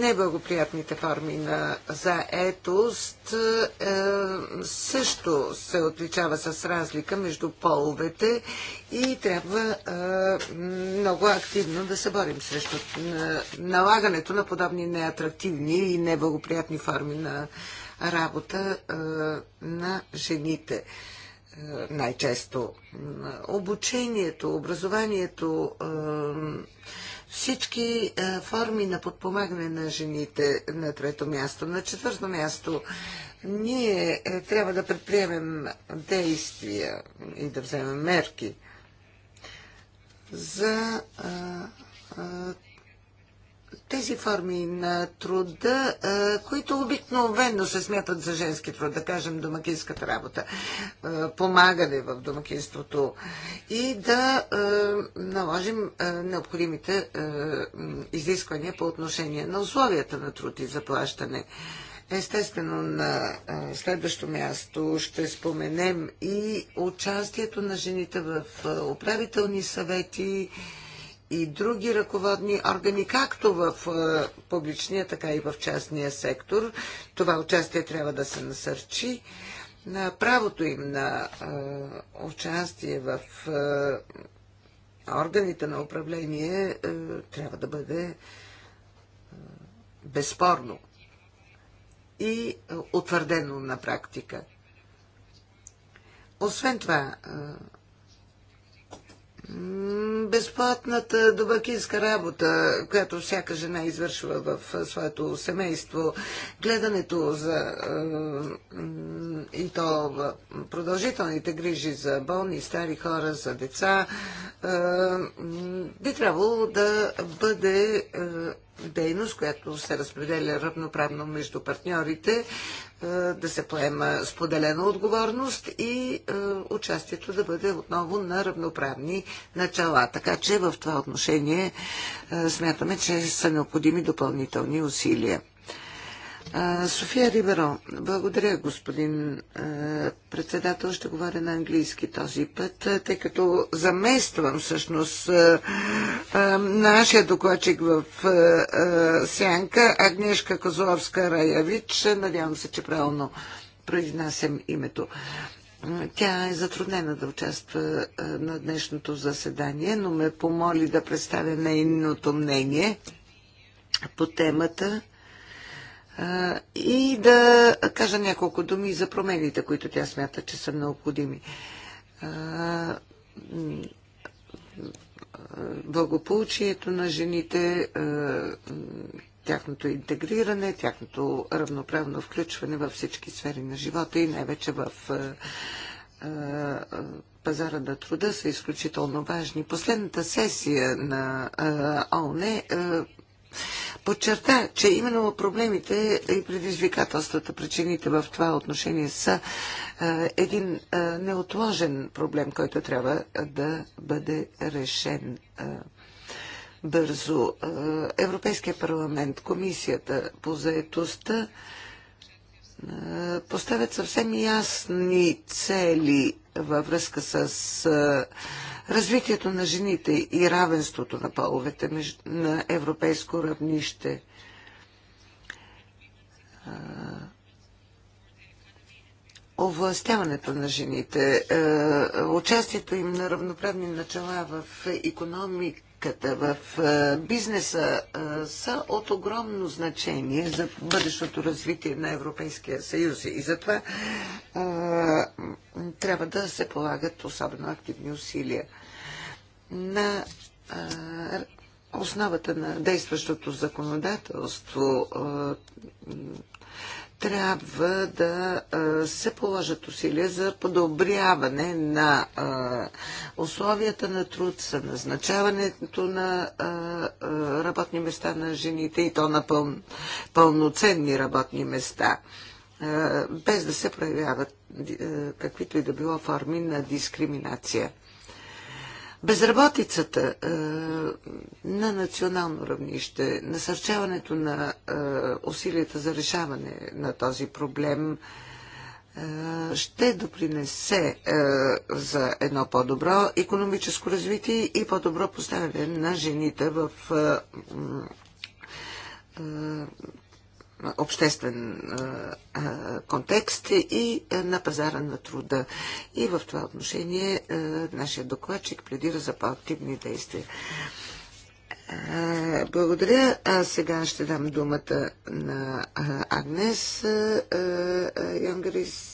неблагоприятните форми на заетост е, също се отличава с разлика между половете и трябва е, много активно да се борим срещу е, налагането на подобни неатрактивни и неблагоприятни форми на работа на жените най-често. Обучението, образованието всички е, форми на подпомагане на жените на трето място. На четвърто място ние е, трябва да предприемем действия и да вземем мерки за е, е тези форми на труда, които обикновено се смятат за женски труд, да кажем домакинската работа, помагане в домакинството и да наложим необходимите изисквания по отношение на условията на труд и заплащане. Естествено, на следващо място ще споменем и участието на жените в управителни съвети, и други ръководни органи, както в е, публичния, така и в частния сектор. Това участие трябва да се насърчи. На правото им на е, участие в е, органите на управление трябва да бъде безспорно и утвърдено на практика. Освен това, безплатната добакинска работа, която всяка жена извършва в своето семейство, гледането за и то продължителните грижи за болни, стари хора, за деца, би трябвало да бъде дейност, която се разпределя равноправно между партньорите, е, да се поема споделена отговорност и е, участието да бъде отново на равноправни начала. Така че в това отношение е, смятаме, че са необходими допълнителни усилия. София Риберо, благодаря господин председател. Ще говоря на английски този път, тъй като замествам всъщност нашия докладчик в Сянка, Агнешка Козловска Раявич. Надявам се, че правилно произнасям името. Тя е затруднена да участва на днешното заседание, но ме помоли да представя нейното мнение по темата и да кажа няколко думи за промените, които тя смята, че са необходими. Благополучието на жените, тяхното интегриране, тяхното равноправно включване във всички сфери на живота и най-вече в пазара на труда са изключително важни. Последната сесия на ООН подчерта, че именно проблемите и предизвикателствата, причините в това отношение са е, един е, неотложен проблем, който трябва е, да бъде решен бързо. Европейския парламент, комисията по заетостта поставят съвсем ясни цели във връзка с развитието на жените и равенството на половете на европейско равнище. Овластяването на жените, участието им на равноправни начала в економик, практиката в е, бизнеса е, са от огромно значение за бъдещото развитие на Европейския съюз и затова е, трябва да се полагат особено активни усилия. На основата на действащото законодателство трябва да се положат усилия за подобряване на условията на труд, за назначаването на работни места на жените и то на пъл... пълноценни работни места, без да се проявяват каквито и да било форми на дискриминация. Безработицата е, на национално равнище, насърчаването на е, усилията за решаване на този проблем е, ще допринесе е, за едно по-добро економическо развитие и по-добро поставяне на жените в е, е, обществен контекст и на пазара на труда. И в това отношение нашия докладчик пледира за по-активни действия. Благодаря. А сега ще дам думата на Агнес Янгерис.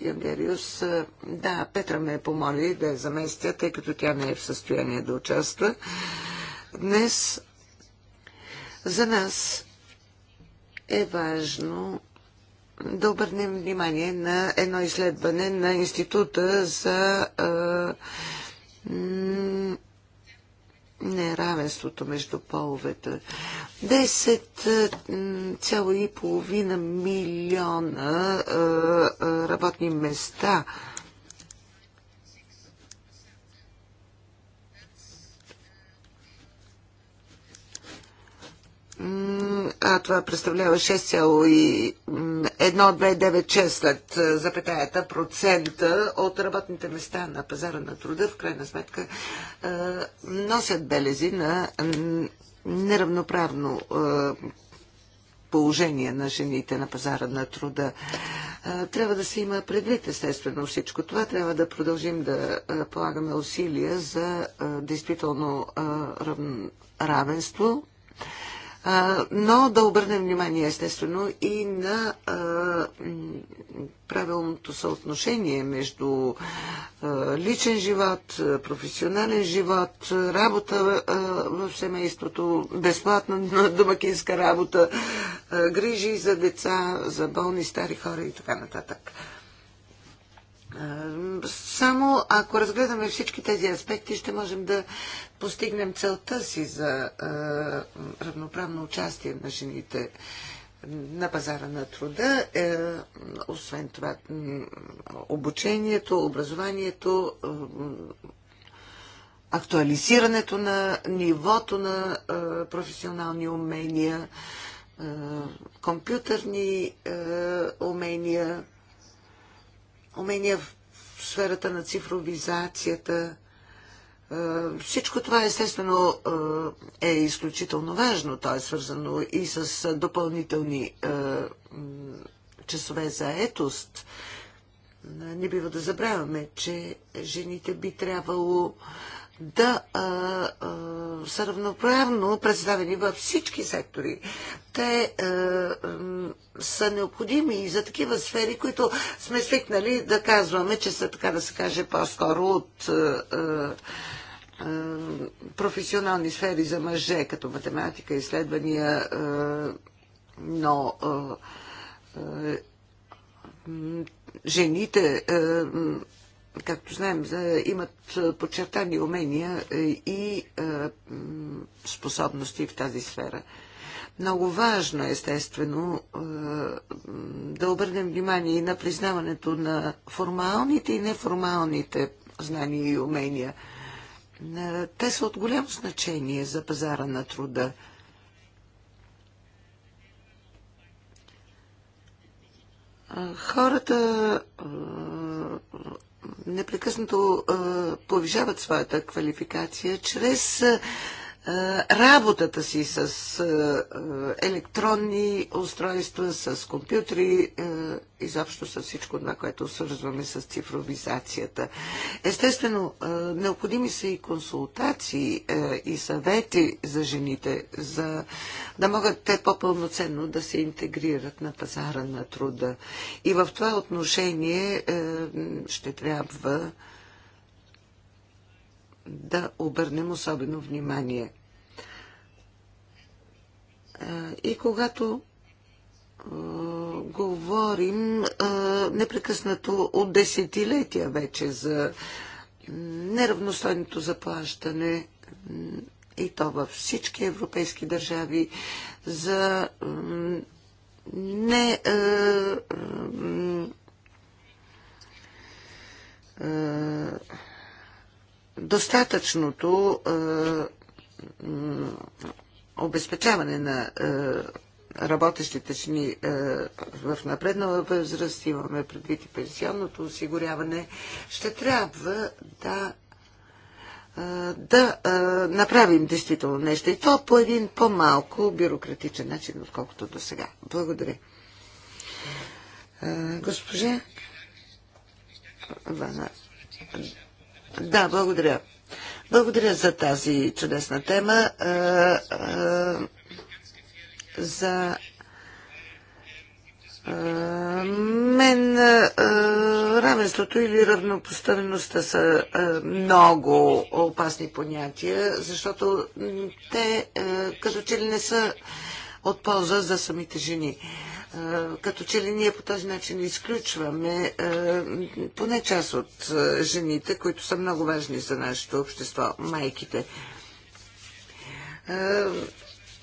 Янгериус. Да, Петра ме помоли да я заместя, тъй като тя не е в състояние да участва. Днес за нас е важно да обърнем внимание на едно изследване на Института за неравенството между половете. 10,5 милиона работни места – а това представлява 6,1296 след запетаята процента от работните места на пазара на труда, в крайна сметка носят белези на неравноправно положение на жените на пазара на труда. Трябва да се има предвид, естествено, всичко това. Трябва да продължим да полагаме усилия за действително равенство но да обърнем внимание естествено и на правилното съотношение между личен живот, професионален живот, работа в семейството, безплатна домакинска работа, грижи за деца, за болни, стари хора и така нататък. Само ако разгледаме всички тези аспекти, ще можем да постигнем целта си за равноправно участие на жените на пазара на труда. Е, освен това, обучението, образованието, актуализирането на нивото на професионални умения, компютърни умения, умения в сферата на цифровизацията. Е, всичко това естествено е, е изключително важно. То е свързано и с допълнителни е, часове за етост. Не бива да забравяме, че жените би трябвало да а, а, са равноправно представени във всички сектори. Те а, а, са необходими и за такива сфери, които сме свикнали да казваме, че са, така да се каже, по-скоро от. А, а, професионални сфери за мъже, като математика, изследвания, а, но а, жените както знаем, имат е, подчертани умения е, и е, способности в тази сфера. Много важно, естествено, да обърнем внимание и на признаването на формалните и неформалните знания и умения. Те са от голямо значение за пазара на труда. Хората непрекъснато повишават своята квалификация чрез работата си с електронни устройства, с компютри, изобщо с всичко това, което свързваме с цифровизацията. Естествено, необходими са и консултации и съвети за жените, за да могат те по-пълноценно да се интегрират на пазара на труда. И в това отношение ще трябва да обърнем особено внимание. И когато говорим непрекъснато от десетилетия вече за неравностойното заплащане и то във всички европейски държави за не достатъчното е, обезпечаване на е, работещите жени е, в напреднала възраст, имаме предвид и пенсионното осигуряване, ще трябва да да направим действително нещо. И то по един по-малко бюрократичен начин, отколкото до сега. Благодаря. госпожа Вана да, благодаря. Благодаря за тази чудесна тема. За мен равенството или равнопоставеността са много опасни понятия, защото те като че ли не са от полза за самите жени като че ли ние по този начин изключваме поне част от жените, които са много важни за нашето общество, майките.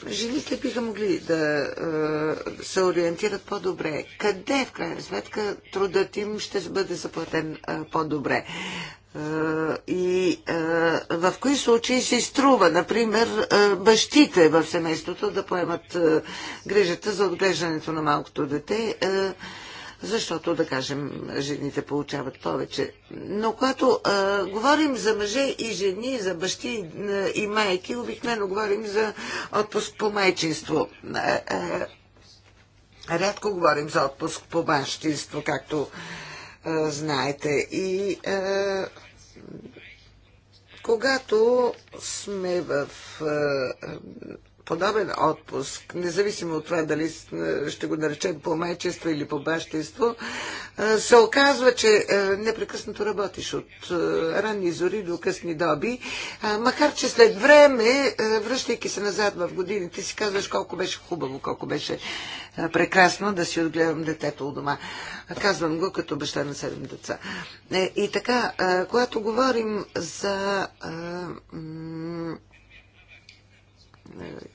Жените биха могли да се ориентират по-добре. Къде, в крайна сметка, трудът им ще бъде заплатен по-добре? Е, и е, в кои случаи се струва, например, е, бащите в семейството да поемат грижата за отглеждането на малкото дете, защото, да кажем, жените получават повече. Но когато говорим за мъже и жени, за бащи и майки, обикновено говорим за отпуск по майчинство. Рядко говорим за отпуск по бащинство, както знаете. И когато сме в подобен отпуск, независимо от това дали ще го наречем по майчество или по бащество, се оказва, че непрекъснато работиш от ранни зори до късни доби, макар че след време, връщайки се назад в годините, си казваш колко беше хубаво, колко беше прекрасно да си отгледам детето у дома. Казвам го като баща на седем деца. Е, и така, когато говорим за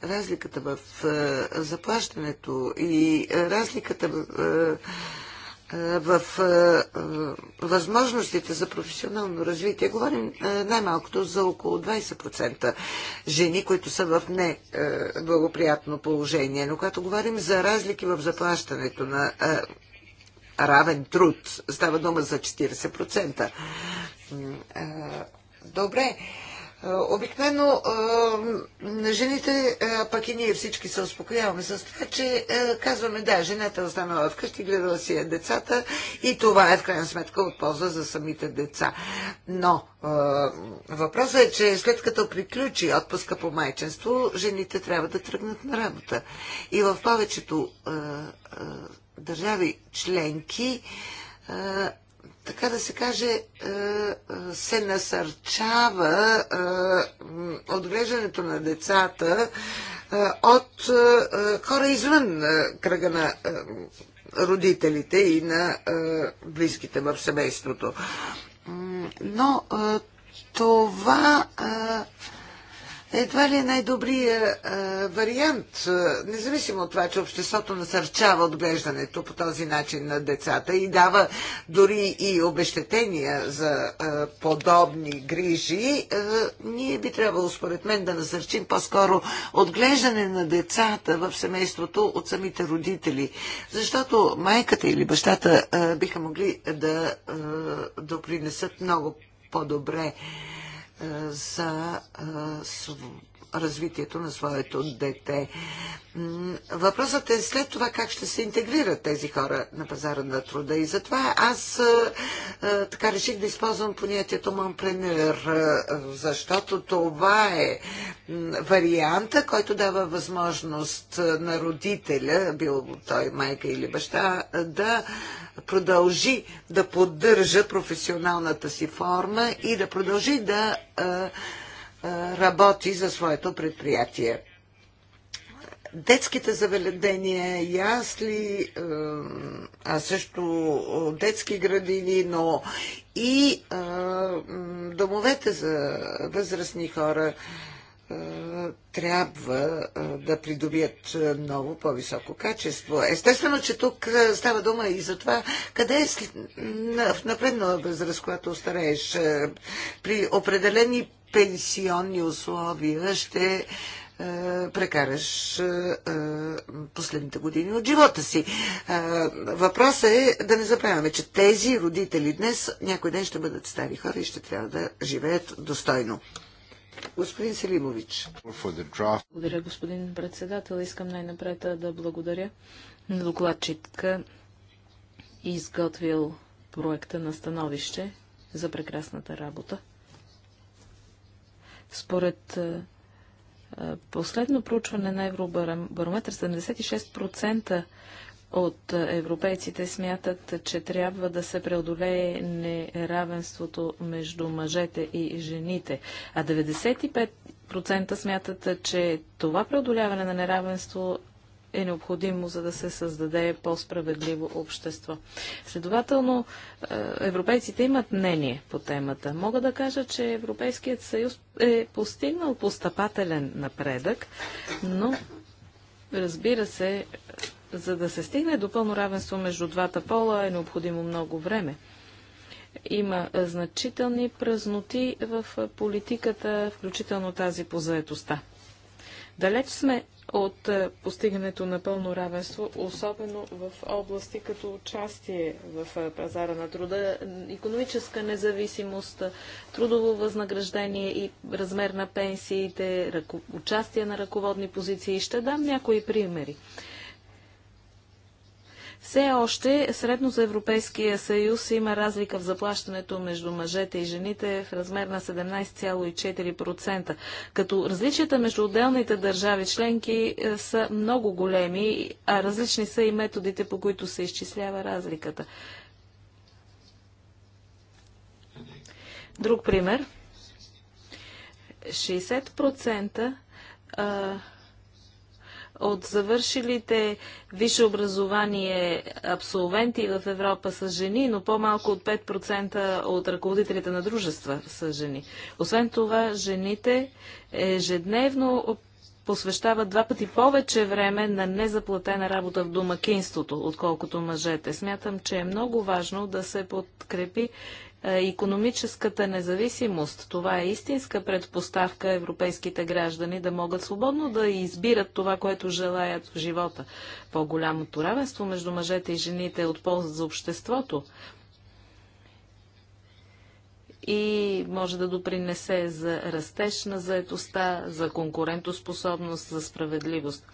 разликата в е, заплащането и разликата е, е, в, в възможностите за професионално развитие, говорим най-малкото за около 20% жени, които са в неблагоприятно положение. Но когато говорим за разлики в заплащането на равен труд, става дума за 40%. Добре. Е, обикновено е, жените, е, пък и ние всички се успокояваме с това, че казваме да, жената е останала вкъщи, гледала си е децата и това е в крайна сметка от полза за самите деца. Но въпросът е, че след като приключи отпуска по майченство, жените трябва да тръгнат на работа. И в повечето държави членки така да се каже, е, е, се насърчава е, отглеждането на децата от хора извън кръга на родителите и на близките в семейството. Но това едва ли е най-добрият вариант, независимо от това, че обществото насърчава отглеждането по този начин на децата и дава дори и обещетения за подобни грижи, ние би трябвало, според мен, да насърчим по-скоро отглеждане на децата в семейството от самите родители. Защото майката или бащата биха могли да допринесат много по-добре за развитието на своето дете. Въпросът е след това как ще се интегрират тези хора на пазара на труда. И затова аз така реших да използвам понятието мампренер, защото това е варианта, който дава възможност на родителя, бил той майка или баща, да продължи да поддържа професионалната си форма и да продължи да работи за своето предприятие. Детските заведения, ясли, а също детски градини, но и домовете за възрастни хора трябва да придобият много по-високо качество. Естествено, че тук става дума и за това къде е в напреднала възраст, когато старееш при определени пенсионни условия ще е, прекараш е, последните години от живота си. Е, въпросът е да не забравяме, че тези родители днес някой ден ще бъдат стари хора и ще трябва да живеят достойно. Господин Селимович. Благодаря, господин председател. Искам най-напред да благодаря на докладчика, изготвил проекта на становище за прекрасната работа. Според е, е, последно проучване на Евробарометър, 76% от е, европейците смятат, че трябва да се преодолее неравенството между мъжете и жените, а 95% смятат, че това преодоляване на неравенство е необходимо, за да се създаде по-справедливо общество. Следователно, е, европейците имат мнение по темата. Мога да кажа, че Европейският съюз е постигнал постъпателен напредък, но разбира се, за да се стигне до пълно равенство между двата пола е необходимо много време. Има значителни празноти в политиката, включително тази по заетостта. Далеч сме от е, постигането на пълно равенство, особено в области като участие в е, пазара на труда, економическа независимост, трудово възнаграждение и размер на пенсиите, участие на ръководни позиции. Ще дам някои примери. Все още средно за Европейския съюз има разлика в заплащането между мъжете и жените в размер на 17,4%, като различията между отделните държави членки е, са много големи, а различни са и методите, по които се изчислява разликата. Друг пример. 60% от завършилите висше образование абсолвенти в Европа са жени, но по-малко от 5% от ръководителите на дружества са жени. Освен това, жените ежедневно посвещават два пъти повече време на незаплатена работа в домакинството, отколкото мъжете. Смятам, че е много важно да се подкрепи економическата независимост. Това е истинска предпоставка европейските граждани да могат свободно да избират това, което желаят в живота. По-голямото равенство между мъжете и жените е от полза за обществото и може да допринесе за растеж на заетостта, за конкурентоспособност, за справедливост.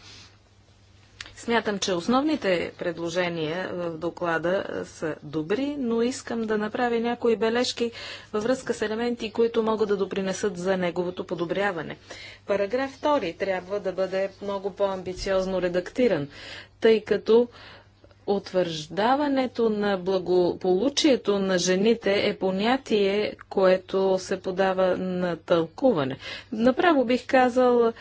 Смятам, че основните предложения в доклада са добри, но искам да направя някои бележки във връзка с елементи, които могат да допринесат за неговото подобряване. Параграф 2 трябва да бъде много по-амбициозно редактиран, тъй като Утвърждаването на благополучието на жените е понятие, което се подава на тълкуване. Направо бих казал,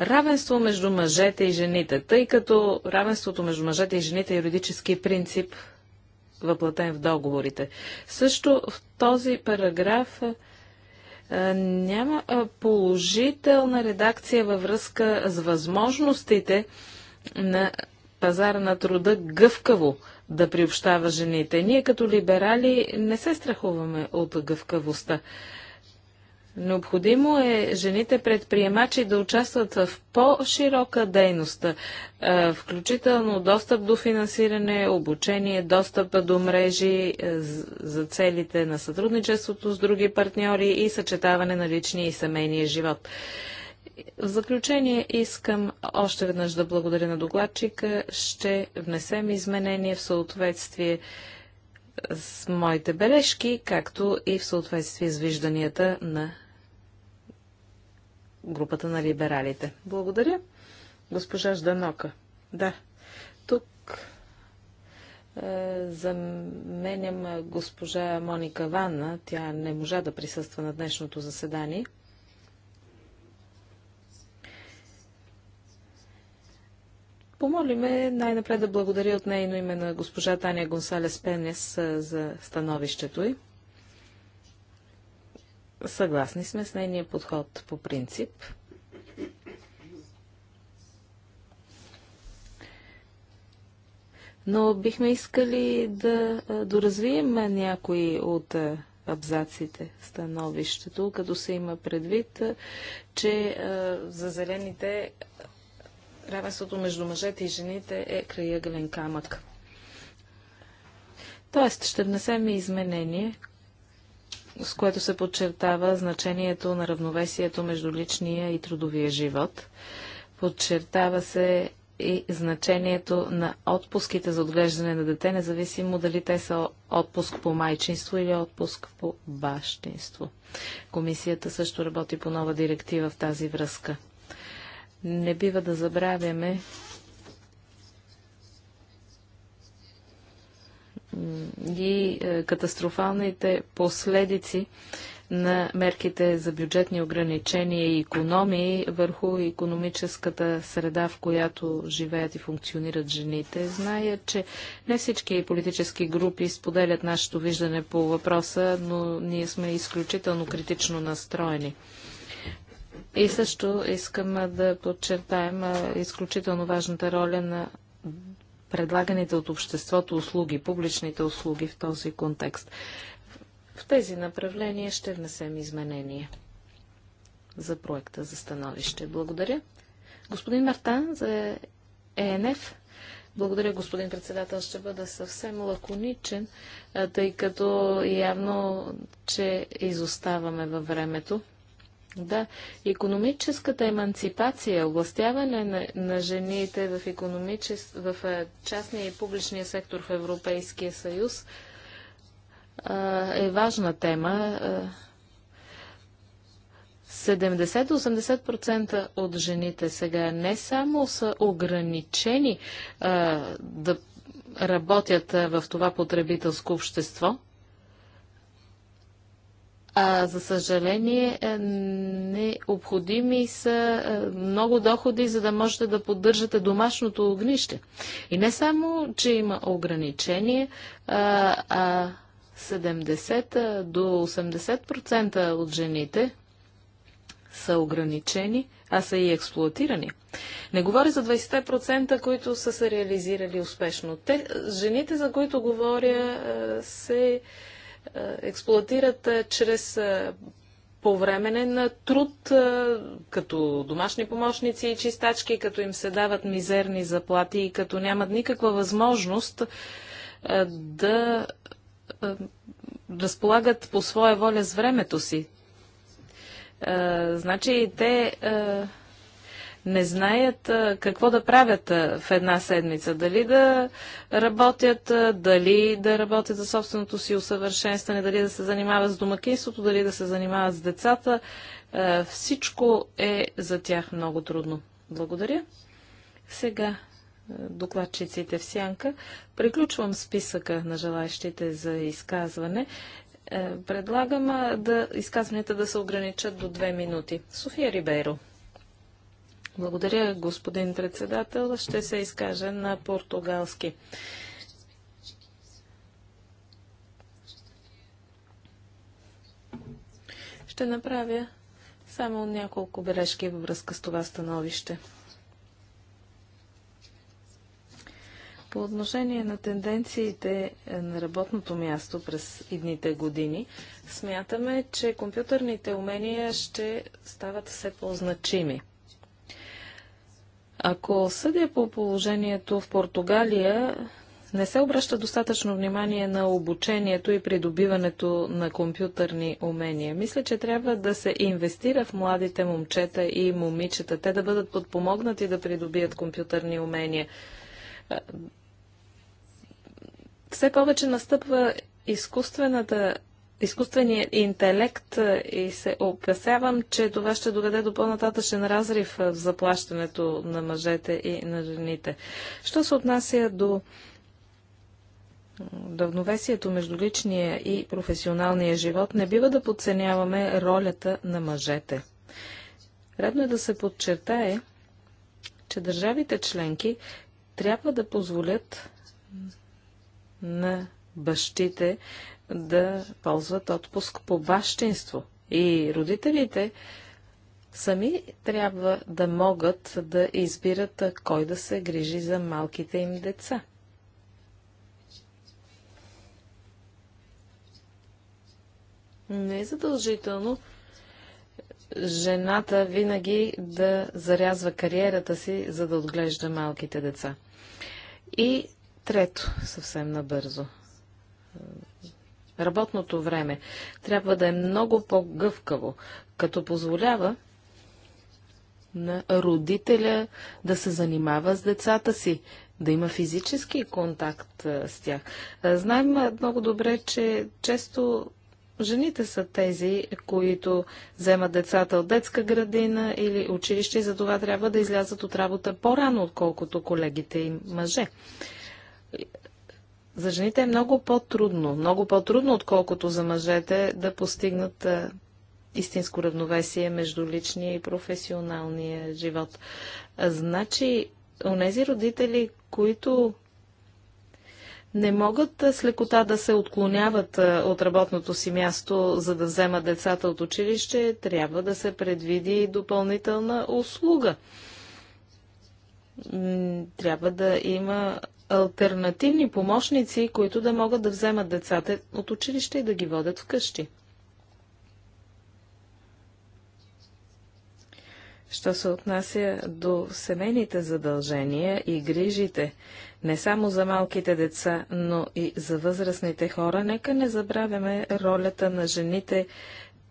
Равенство между мъжете и жените, тъй като равенството между мъжете и жените е юридически принцип, въплатен в договорите. Също в този параграф няма положителна редакция във връзка с възможностите на пазара на труда гъвкаво да приобщава жените. Ние като либерали не се страхуваме от гъвкавостта. Необходимо е жените предприемачи да участват в по-широка дейност, е, включително достъп до финансиране, обучение, достъп до мрежи е, за целите на сътрудничеството с други партньори и съчетаване на личния и семейния живот. В заключение искам още веднъж да благодаря на докладчика. Ще внесем изменения в съответствие с моите бележки, както и в съответствие с вижданията на групата на либералите. Благодаря. Госпожа Жданока. Да. Тук е, заменям е, госпожа Моника Ванна. Тя не можа да присъства на днешното заседание. помолиме най-напред да благодаря от нейно име на госпожа Таня Гонсалес Пенес е, за становището й. Съгласни сме с нейния подход по принцип. Но бихме искали да доразвием някои от абзаците становището, като се има предвид, че за зелените равенството между мъжете и жените е краягален камък. Тоест, ще внесем изменение, с което се подчертава значението на равновесието между личния и трудовия живот. Подчертава се и значението на отпуските за отглеждане на дете, независимо дали те са отпуск по майчинство или отпуск по бащинство. Комисията също работи по нова директива в тази връзка. Не бива да забравяме, и е, катастрофалните последици на мерките за бюджетни ограничения и економии върху економическата среда, в която живеят и функционират жените. Зная, че не всички политически групи споделят нашето виждане по въпроса, но ние сме изключително критично настроени. И също искам да подчертаем изключително важната роля на предлаганите от обществото услуги, публичните услуги в този контекст. В тези направления ще внесем изменения за проекта за становище. Благодаря. Господин Мартан за ЕНФ. Благодаря, господин председател. Ще бъда съвсем лаконичен, тъй като явно, че изоставаме във времето. Да, економическата емансипация, областяване на, на жените в, економичес... в частния и публичния сектор в Европейския съюз а, е важна тема. 70-80% от жените сега не само са ограничени а, да работят в това потребителско общество, а, за съжаление, е, необходими са е, много доходи, за да можете да поддържате домашното огнище. И не само, че има ограничение, а, 70 до 80% от жените са ограничени, а са и експлуатирани. Не говоря за 20%, които са се реализирали успешно. Те, жените, за които говоря, е, се. Са е, експлуатират е, чрез е, повременен труд, като домашни помощници и чистачки, като им се дават мизерни заплати и като нямат никаква възможност да разполагат по своя воля с времето си. Значи те не знаят какво да правят в една седмица. Дали да работят, дали да работят за собственото си усъвършенстване, дали да се занимават с домакинството, дали да се занимават с децата. Всичко е за тях много трудно. Благодаря. Сега докладчиците в сянка. Приключвам списъка на желаящите за изказване. Е, предлагам да изказванията да се ограничат до две минути. София Рибейро. Благодаря, господин председател. Ще се изкажа на португалски. Ще направя само няколко бележки във връзка с това становище. По отношение на тенденциите на работното място през идните години, смятаме, че компютърните умения ще стават все по-значими. Ако съдя по положението в Португалия, не се обръща достатъчно внимание на обучението и придобиването на компютърни умения. Мисля, че трябва да се инвестира в младите момчета и момичета, те да бъдат подпомогнати да придобият компютърни умения. Все повече настъпва изкуствената изкуственият интелект е, и се опасявам, че това ще доведе до по-нататъчен разрив е, в заплащането на мъжете и на жените. Що се отнася до Равновесието между личния и професионалния живот не бива да подценяваме ролята на мъжете. Редно е да се подчертае, че държавите членки трябва да позволят на бащите да ползват отпуск по бащинство. И родителите сами трябва да могат да избират кой да се грижи за малките им деца. Не е задължително жената винаги да зарязва кариерата си, за да отглежда малките деца. И трето, съвсем набързо. Работното време трябва да е много по-гъвкаво, като позволява на родителя да се занимава с децата си, да има физически контакт с тях. знаем много добре, че често жените са тези, които вземат децата от детска градина или училище и за това трябва да излязат от работа по-рано, отколкото колегите им мъже за жените е много по-трудно, много по-трудно, отколкото за мъжете да постигнат а, истинско равновесие между личния и професионалния живот. А, значи, онези родители, които не могат с лекота да се отклоняват от работното си място, за да вземат децата от училище, трябва да се предвиди допълнителна услуга. Трябва да има альтернативни помощници, които да могат да вземат децата от училище и да ги водят вкъщи. Що се отнася до семейните задължения и грижите, не само за малките деца, но и за възрастните хора, нека не забравяме ролята на жените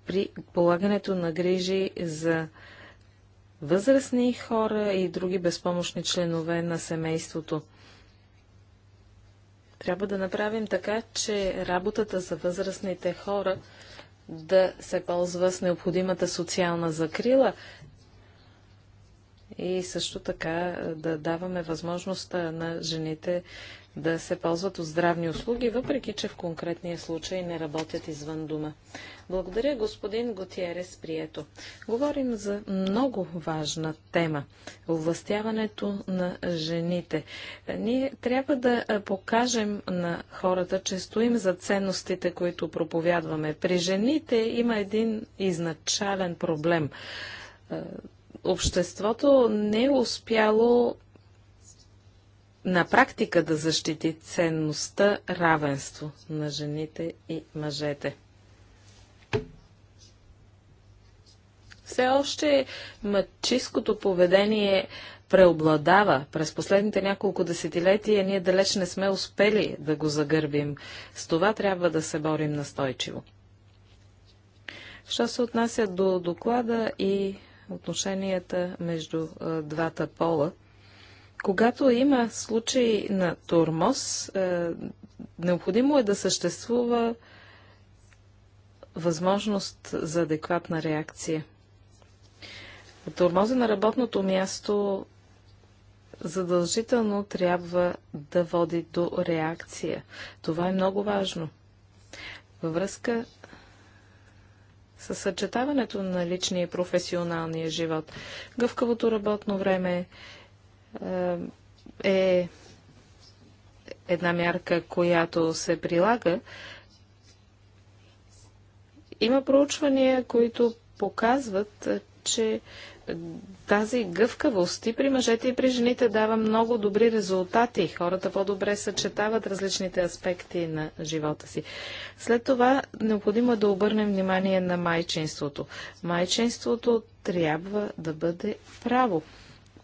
при полагането на грижи за възрастни хора и други безпомощни членове на семейството. Трябва да направим така, че работата за възрастните хора да се ползва с необходимата социална закрила и също така да даваме възможност на жените да се ползват от здравни услуги, въпреки че в конкретния случай не работят извън дома. Благодаря, господин Готиерес Прието. Говорим за много важна тема – овластяването на жените. Ние трябва да покажем на хората, че стоим за ценностите, които проповядваме. При жените има един изначален проблем обществото не е успяло на практика да защити ценността равенство на жените и мъжете. Все още мъчиското поведение преобладава. През последните няколко десетилетия ние далеч не сме успели да го загърбим. С това трябва да се борим настойчиво. Що се отнася до доклада и отношенията между двата пола, когато има случай на тормоз, е, необходимо е да съществува възможност за адекватна реакция. Тормоза на работното място задължително трябва да води до реакция. Това е много важно. Във връзка с съчетаването на личния и професионалния живот, гъвкавото работно време е, е една мярка, която се прилага. Има проучвания, които показват, че тази гъвкавост и при мъжете и при жените дава много добри резултати. Хората по-добре съчетават различните аспекти на живота си. След това необходимо е да обърнем внимание на майчинството. Майчинството трябва да бъде право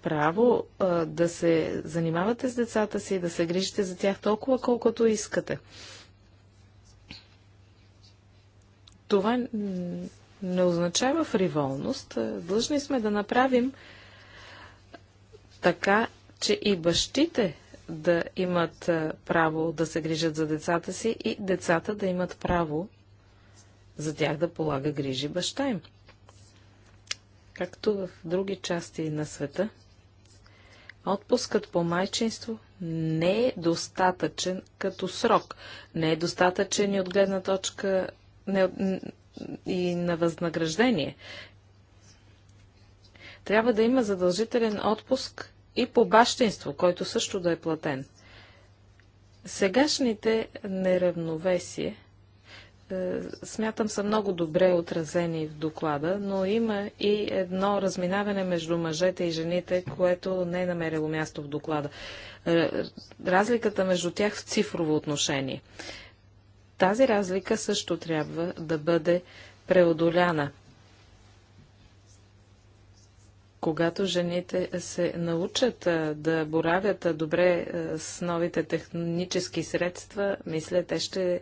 право а, да се занимавате с децата си, да се грижите за тях толкова, колкото искате. Това не означава фриволност. Длъжни сме да направим така, че и бащите да имат право да се грижат за децата си и децата да имат право за тях да полага грижи баща им. Както в други части на света, Отпускът по майчинство не е достатъчен като срок. Не е достатъчен и от гледна точка не, и на възнаграждение. Трябва да има задължителен отпуск и по бащинство, който също да е платен. Сегашните неравновесия. Е, смятам са много добре отразени в доклада, но има и едно разминаване между мъжете и жените, което не е намерило място в доклада. Е, разликата между тях в цифрово отношение. Тази разлика също трябва да бъде преодоляна. Когато жените се научат е, да боравят добре с новите технически средства, мисля, те ще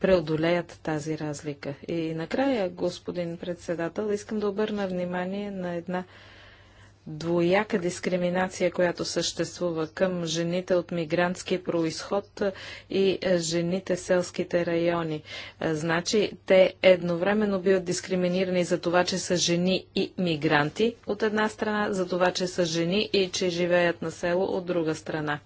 преодолеят тази разлика. И накрая, господин председател, искам да обърна внимание на една двояка дискриминация, която съществува към жените от мигрантски происход и жените в селските райони. Значи, те едновременно биват дискриминирани за това, че са жени и мигранти от една страна, за това, че са жени и че живеят на село от друга страна.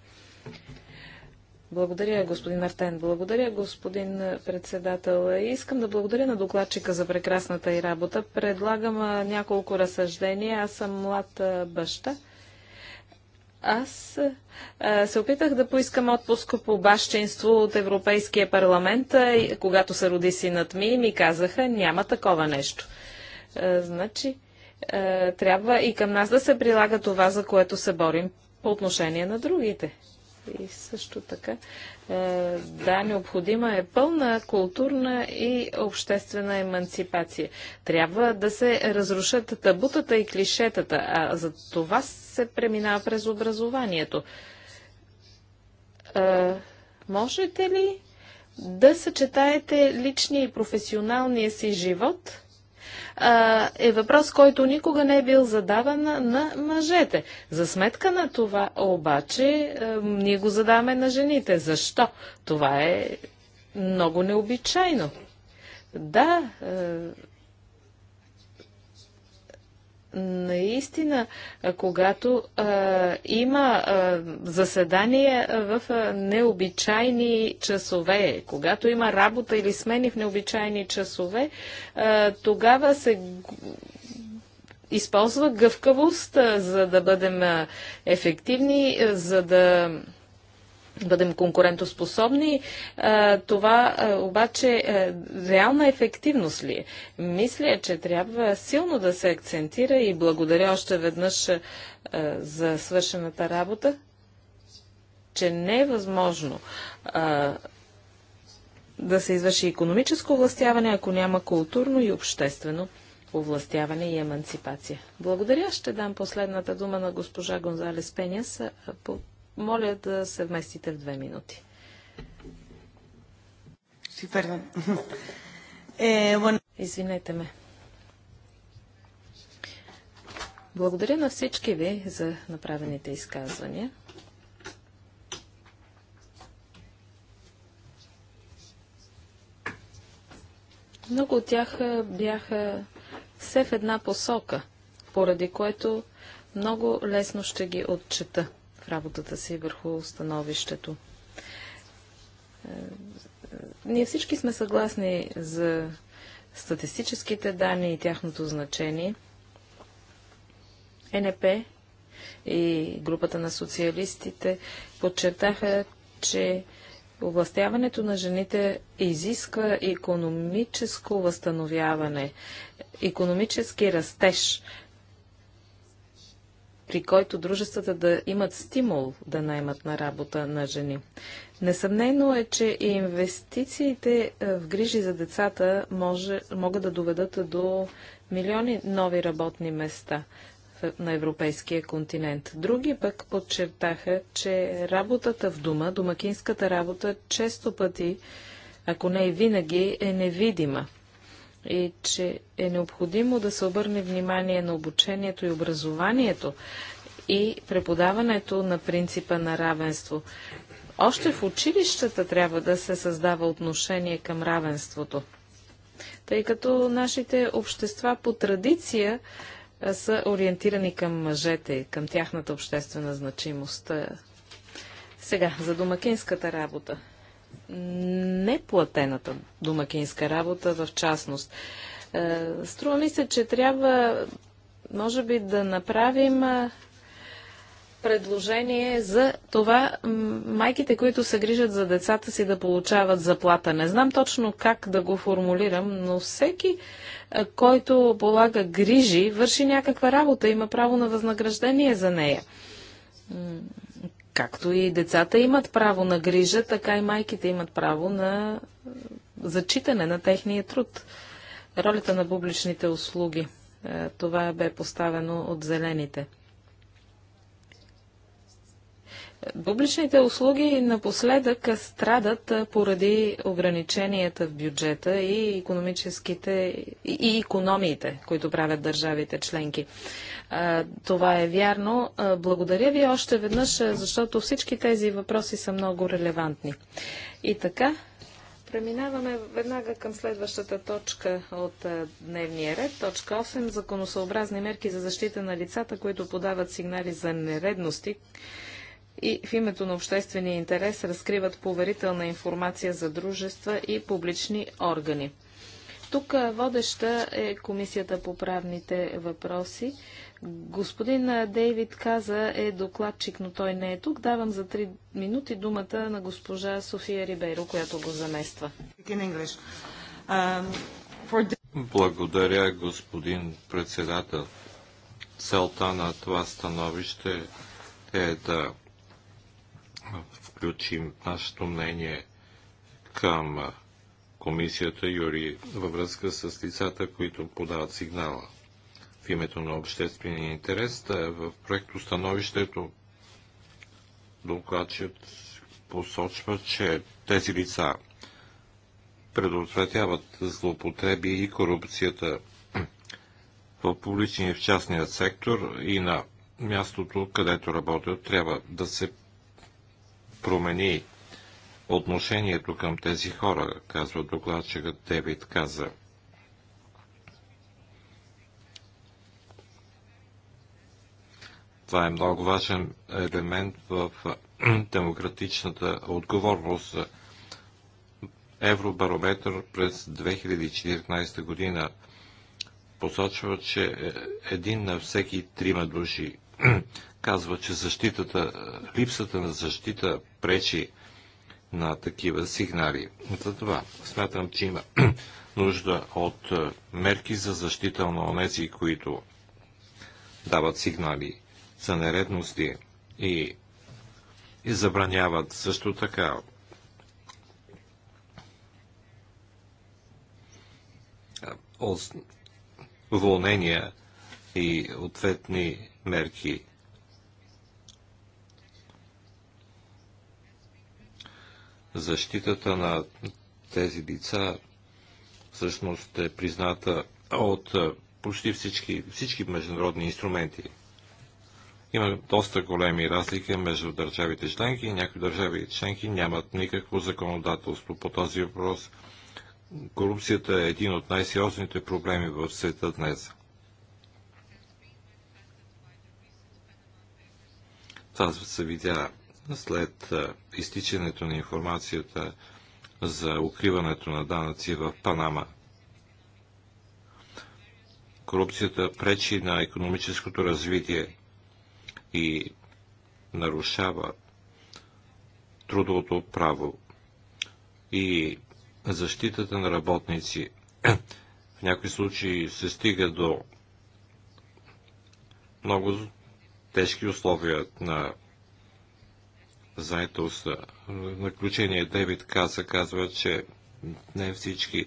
Благодаря, господин Артен. Благодаря, господин председател. Искам да благодаря на докладчика за прекрасната и работа. Предлагам няколко разсъждения. Аз съм млад баща. Аз се опитах да поискам отпуск по бащинство от Европейския парламент, когато се роди синът ми и ми казаха, няма такова нещо. Значи, трябва и към нас да се прилага това, за което се борим по отношение на другите. И също така, е, да, необходима е пълна културна и обществена емансипация. Трябва да се разрушат табутата и клишетата, а за това се преминава през образованието. Е, можете ли да съчетаете личния и професионалния си живот – а, е въпрос, който никога не е бил задаван на, на мъжете. За сметка на това обаче а, ние го задаваме на жените. Защо? Това е много необичайно. Да, наистина, когато а, има а, заседания в а, необичайни часове, когато има работа или смени в необичайни часове, а, тогава се използва гъвкавост, а, за да бъдем ефективни, а, за да бъдем конкурентоспособни. Това обаче е, реална ефективност ли е? Мисля, че трябва силно да се акцентира и благодаря още веднъж за свършената работа, че не е възможно да се извърши економическо властяване, ако няма културно и обществено овластяване и еманципация. Благодаря. Ще дам последната дума на госпожа Гонзалес Пеняс по моля да се вместите в две минути. Eh, Извинете ме. Благодаря на всички ви за направените изказвания. Много от тях бяха все в една посока, поради което много лесно ще ги отчета в работата си върху становището. Е, е, ние всички сме съгласни за статистическите данни и тяхното значение. НП и групата на социалистите подчертаха, че Овластяването на жените изисква економическо възстановяване, економически растеж, при който дружествата да имат стимул да наймат на работа на жени. Несъмнено е, че и инвестициите е, в грижи за децата може, могат да доведат до милиони нови работни места на европейския континент. Други пък подчертаха, че работата в дома, домакинската работа, често пъти, ако не и винаги, е невидима и че е необходимо да се обърне внимание на обучението и образованието и преподаването на принципа на равенство. Още в училищата трябва да се създава отношение към равенството, тъй като нашите общества по традиция са ориентирани към мъжете, към тяхната обществена значимост. Сега, за домакинската работа неплатената домакинска работа в частност. Е, струва ми се, че трябва, може би, да направим е, предложение за това майките, които се грижат за децата си да получават заплата. Не знам точно как да го формулирам, но всеки, е, който полага грижи, върши някаква работа, има право на възнаграждение за нея. Както и децата имат право на грижа, така и майките имат право на е, зачитане на техния труд. Ролята на публичните услуги. Е, това бе поставено от зелените. Публичните услуги напоследък страдат поради ограниченията в бюджета и економическите и економиите, които правят държавите членки. Това е вярно. Благодаря ви още веднъж, защото всички тези въпроси са много релевантни. И така, преминаваме веднага към следващата точка от дневния ред. Точка 8. Законосъобразни мерки за защита на лицата, които подават сигнали за нередности и в името на обществения интерес разкриват поверителна информация за дружества и публични органи. Тук водеща е Комисията по правните въпроси. Господин Дейвид Каза е докладчик, но той не е тук. Давам за три минути думата на госпожа София Рибейро, която го замества. Um, Благодаря, господин председател. Целта на това становище е да включим нашето мнение към комисията Юри във връзка с лицата, които подават сигнала в името на обществения интерес. Да е в проекто становището докладчият посочва, че тези лица предотвратяват злоупотреби и корупцията в публичния и в частния сектор и на мястото, където работят, трябва да се промени отношението към тези хора, казва докладчикът Девид Каза. Това е много важен елемент в демократичната отговорност. Евробарометър през 2014 година посочва, че е един на всеки трима души казва, че защитата, липсата на защита пречи на такива сигнали. Затова смятам, че има нужда от е, мерки за защита на онези, които дават сигнали за нередности и, и забраняват също така е, волнения и ответни мерки защитата на тези деца всъщност е призната от почти всички, всички международни инструменти. Има доста големи разлики между държавите членки и някои държави членки нямат никакво законодателство по този въпрос. Корупцията е един от най-сериозните проблеми в света днес. Това се видя след изтичането на информацията за укриването на данъци в Панама. Корупцията пречи на економическото развитие и нарушава трудовото право и защитата на работници. В някои случаи се стига до много тежки условия на заетост. Наключение Девид Каса казва, че не всички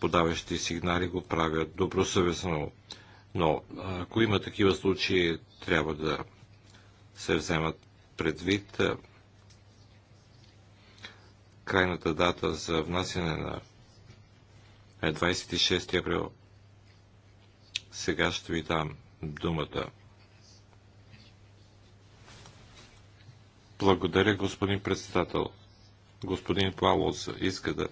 подаващи сигнали го правят добросъвестно. Но ако има такива случаи, трябва да се вземат предвид крайната дата за внасяне на е 26 април. Сега ще ви дам думата. Благодаря, господин председател. Господин Плавос иска да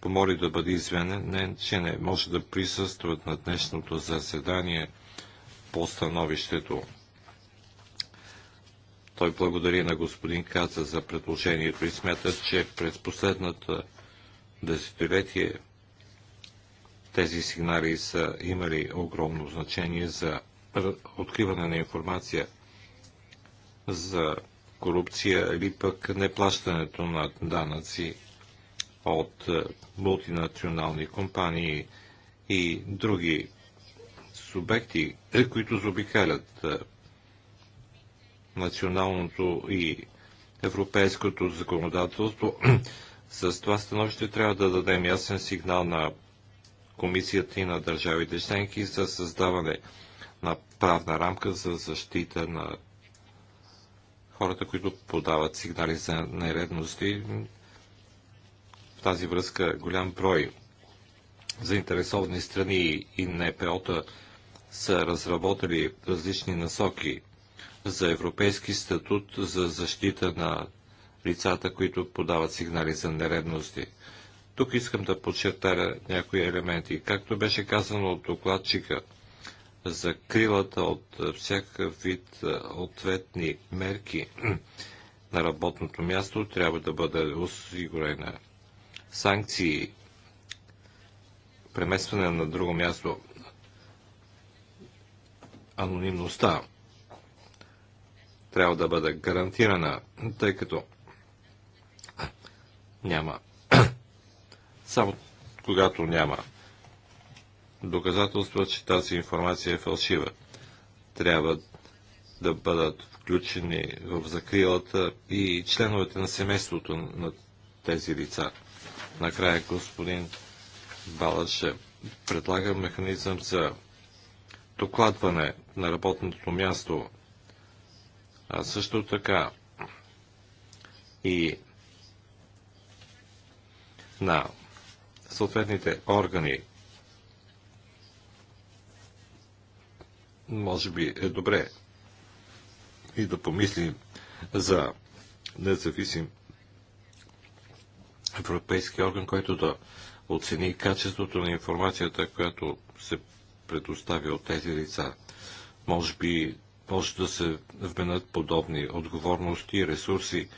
помоли да бъде извинен, че не може да присъстват на днешното заседание по становището. Той благодари на господин Каза за предложението и смята, че през последната десетилетие тези сигнали са имали огромно значение за откриване на информация за корупция или пък неплащането на данъци от е, мултинационални компании и други субекти, е, които заобикалят е, националното и европейското законодателство. С това становище трябва да дадем ясен сигнал на комисията и на държавите членки за създаване на правна рамка за защита на хората, които подават сигнали за нередности. В тази връзка голям брой заинтересовани страни и НПО-та са разработили различни насоки за европейски статут за защита на лицата, които подават сигнали за нередности. Тук искам да подчертая някои елементи. Както беше казано от докладчика – закрилата от всякакъв вид ответни мерки на работното място трябва да бъде осигурена. Санкции, преместване на друго място, анонимността трябва да бъде гарантирана, тъй като няма. Само когато няма доказателства, че тази информация е фалшива. Трябва да бъдат включени в закрилата и членовете на семейството на тези лица. Накрая господин Балаше предлага механизъм за докладване на работното място, а също така и на съответните органи може би е добре и да помислим за независим европейски орган, който да оцени качеството на информацията, която се предоставя от тези лица. Може би може да се вменят подобни отговорности и ресурси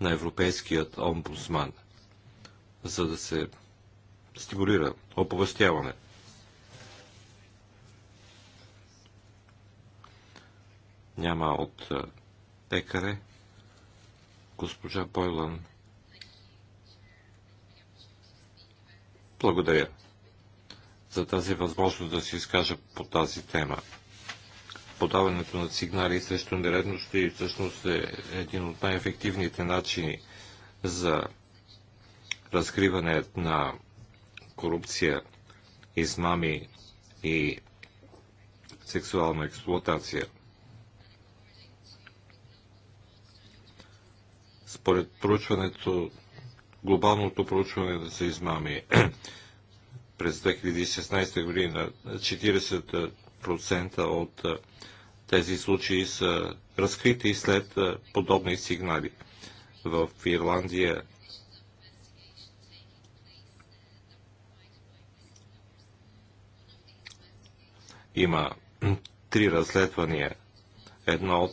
на Европейският омбудсман, за да се стимулира оповестяването няма от текаре Госпожа Бойлан. Благодаря за тази възможност да се изкажа по тази тема. Подаването на сигнали срещу нередности всъщност е един от най-ефективните начини за разкриване на корупция, измами и сексуална експлуатация. според проучването, глобалното проучване да се измами през 2016 година 40% от тези случаи са разкрити след подобни сигнали. В Ирландия има три разследвания. Едно от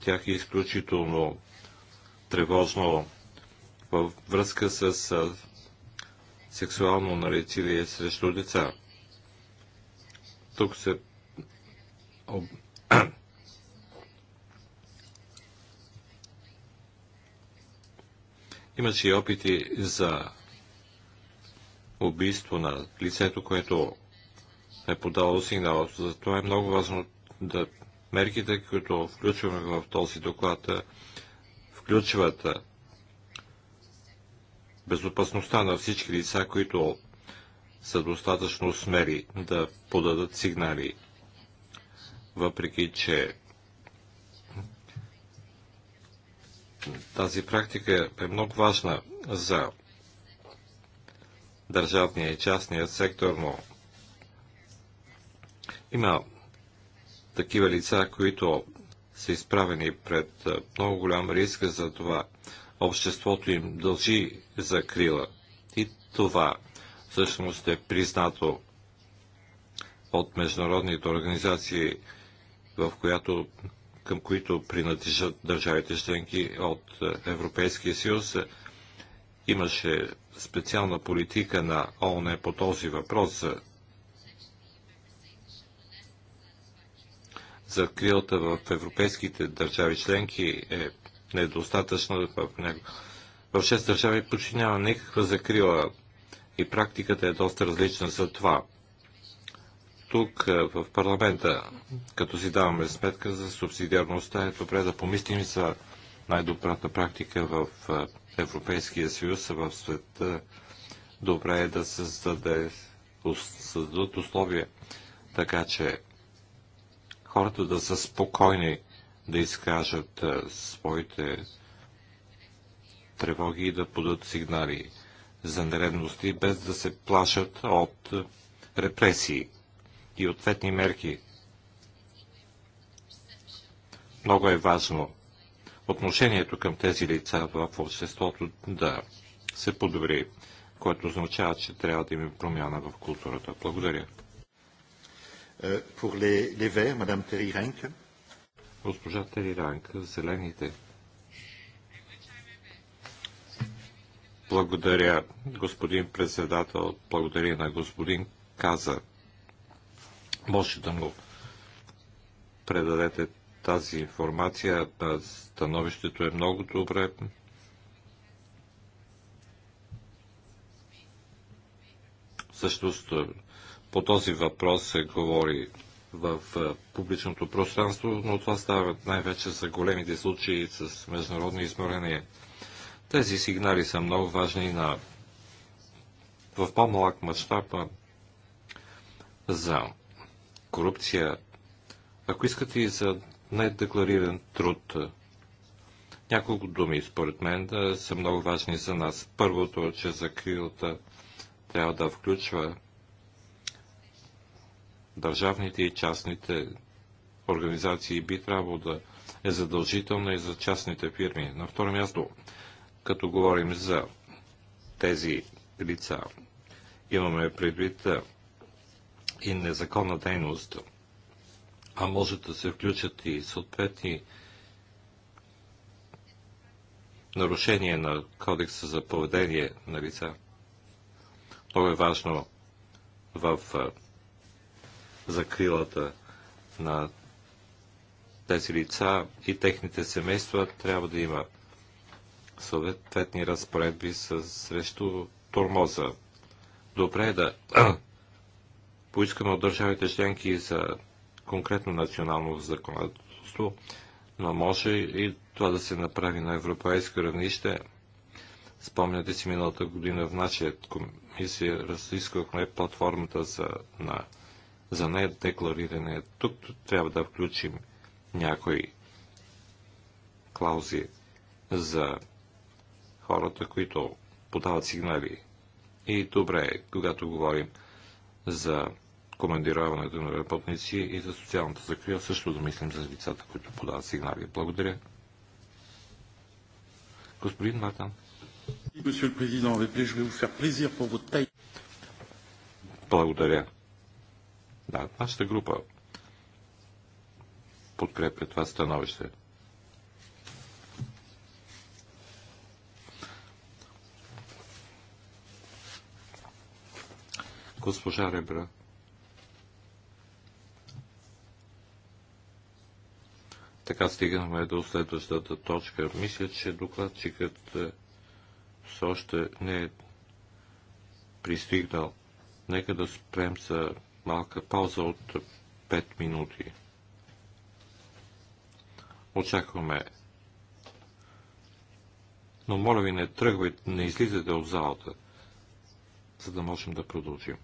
тях е изключително тревожно във връзка с сексуално наречивие срещу деца. Тук се об... Имаше и опити за убийство на лицето, което е подало сигнал. Затова е много важно да мерките, които включваме в този доклад, включват безопасността на всички лица, които са достатъчно смели да подадат сигнали, въпреки че тази практика е много важна за държавния и частния сектор, но има такива лица, които са изправени пред много голям риск за това. Обществото им дължи закрила. И това всъщност е признато от международните организации, в която, към които принадлежат държавите членки от Европейския съюз. Имаше специална политика на ООН по този въпрос закрилата в европейските държави членки е недостатъчна в него. В 6 държави почти няма никаква закрила и практиката е доста различна за това. Тук е, в парламента, като си даваме сметка за субсидиарността, е добре да помислим за най-добрата практика в е, Европейския съюз, в света. Добре е да се създадат условия, така че хората да са спокойни да изкажат е, своите тревоги и да подадат сигнали за нередности, без да се плашат от репресии и ответни мерки. Много е важно отношението към тези лица в обществото да се подобри, което означава, че трябва да има промяна в културата. Благодаря. Euh, pour les, les Verts, Madame Госпожа Тери Зелените. Благодаря, господин председател. Благодаря на господин Каза. Може да му предадете тази информация. Становището е много добре. Всъщност по този въпрос се говори в публичното пространство, но това става най-вече за големите случаи с международни изморения. Тези сигнали са много важни на в по-малък мащаб за корупция, ако искате и за недеклариран труд. Няколко думи, според мен, да са много важни за нас. Първото, че закрилата трябва да включва държавните и частните организации би трябвало да е задължителна и за частните фирми. На второ място, като говорим за тези лица, имаме предвид и незаконна дейност, а може да се включат и съответни нарушение на кодекса за поведение на лица. Много е важно в закрилата на тези лица и техните семейства трябва да има съответни разпоредби срещу тормоза. Добре е да поискаме от държавите членки за конкретно национално законодателство, но може и това да се направи на европейско равнище. Спомняте си миналата година в нашия комисия разискахме платформата за, на за недеклариране. Тук трябва да включим някои клаузи за хората, които подават сигнали. И добре, когато говорим за командироването на работници и за социалната закрила, също да мислим за лицата, които подават сигнали. Благодаря. Господин Мартан. Благодаря. Да, нашата група подкрепя това становище. Госпожа Ребра. Така стигаме до следващата точка. Мисля, че докладчикът е, все още не е пристигнал. Нека да спрем с малка пауза от 5 минути. Очакваме. Но моля ви, не тръгвайте, не излизате от залата, за да можем да продължим.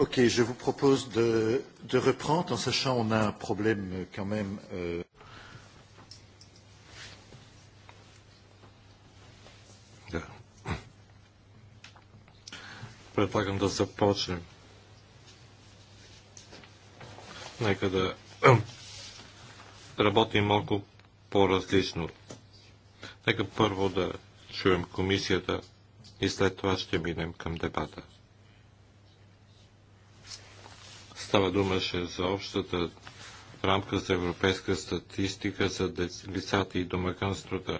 Ok, je vous propose de, de reprendre, en sachant qu'on a un problème euh, quand même. Euh... Да. Предлагам да започнем. Нека да работим малко по-различно. Нека първо да чуем комисията и след това ще минем към дебата. Става думаше за общата рамка за европейска статистика за децата и домаканствата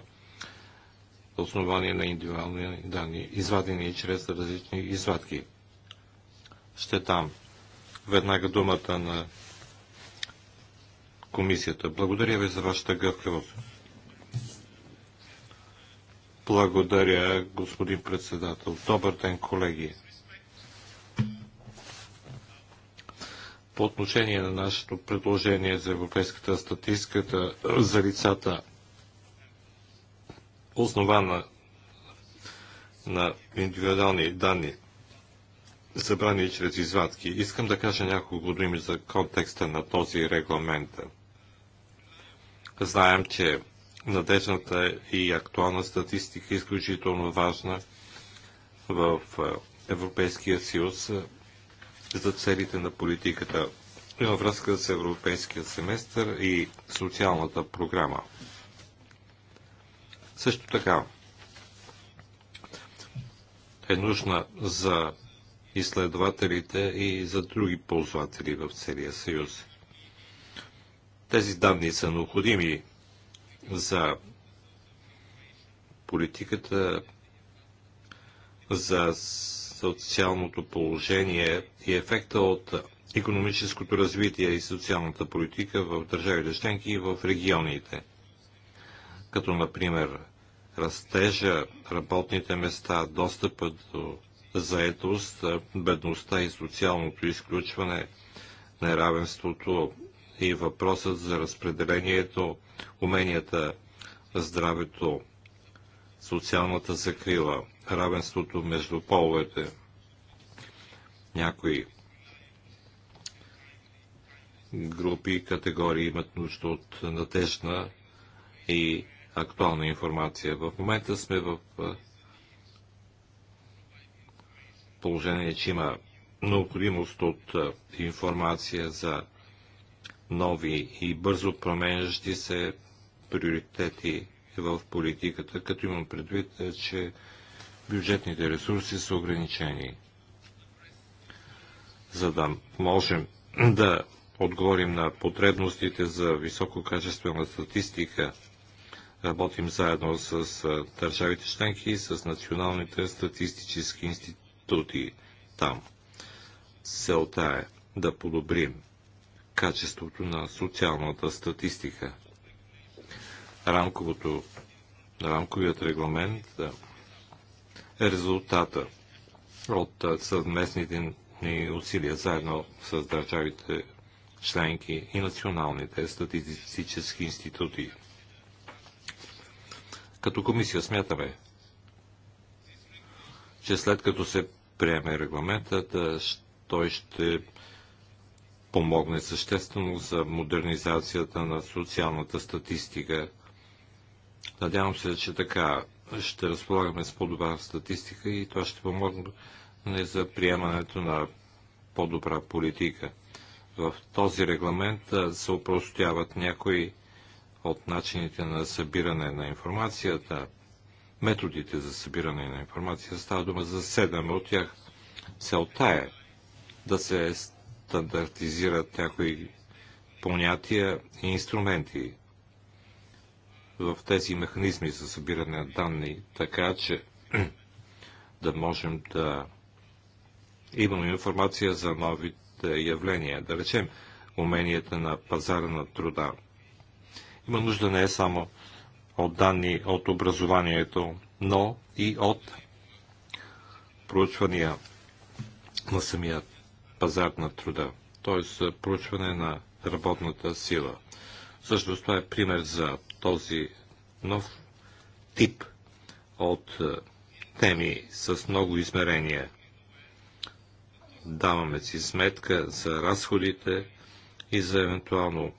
основание на индивидуални данни, извадени чрез различни извадки. Ще там. веднага думата на комисията. Благодаря ви за вашата гъвкавост. Благодаря, господин председател. Добър ден, колеги. по отношение на нашето предложение за европейската статистиката за лицата, основана на индивидуални данни, събрани чрез извадки. Искам да кажа няколко думи за контекста на този регламент. Знаем, че надежната и актуална статистика е изключително важна в Европейския съюз за целите на политиката във връзка с европейския семестър и социалната програма. Също така е нужна за изследователите и за други ползватели в целия съюз. Тези данни са необходими за политиката за социалното положение и ефекта от економическото развитие и социалната политика в държавите членки и в регионите, като например растежа, работните места, достъпът до заетост, бедността и социалното изключване, неравенството и въпросът за разпределението, уменията, здравето, социалната закрила – равенството между половете. Някои групи и категории имат нужда от надежна и актуална информация. В момента сме в положение, че има необходимост от информация за нови и бързо променящи се приоритети в политиката, като имам предвид, че бюджетните ресурси са ограничени. За да можем да отговорим на потребностите за висококачествена статистика, работим заедно с държавите членки и с националните статистически институти там. Целта е да подобрим качеството на социалната статистика. Рамковото, рамковият регламент резултата от съвместните ни усилия заедно с държавите членки и националните статистически институти. Като комисия смятаме, че след като се приеме регламентът, той ще помогне съществено за модернизацията на социалната статистика. Надявам се, че така ще разполагаме с по-добра статистика и това ще помогне за приемането на по-добра политика. В този регламент се упростяват някои от начините на събиране на информацията, методите за събиране на информация. Става дума за седем от тях. Целта е да се стандартизират някои понятия и инструменти в тези механизми за събиране на данни, така че да можем да имаме информация за новите явления, да речем уменията на пазара на труда. Има нужда не е само от данни от образованието, но и от проучвания на самия пазар на труда, т.е. проучване на работната сила. Също това е пример за този нов тип от е, теми с много измерения. Даваме си сметка за разходите и за евентуално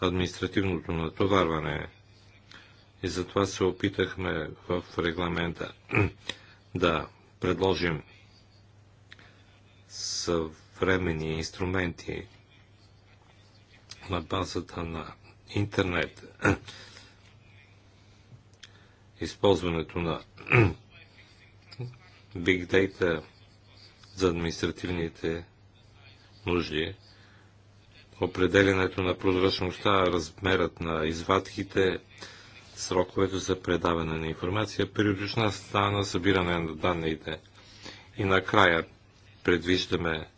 административното натоварване. И затова се опитахме в регламента да предложим съвремени инструменти на базата на интернет. Използването на Big Data за административните нужди, определенето на прозрачността, размерът на извадките, сроковете за предаване на информация, стана на събиране на данните. И накрая предвиждаме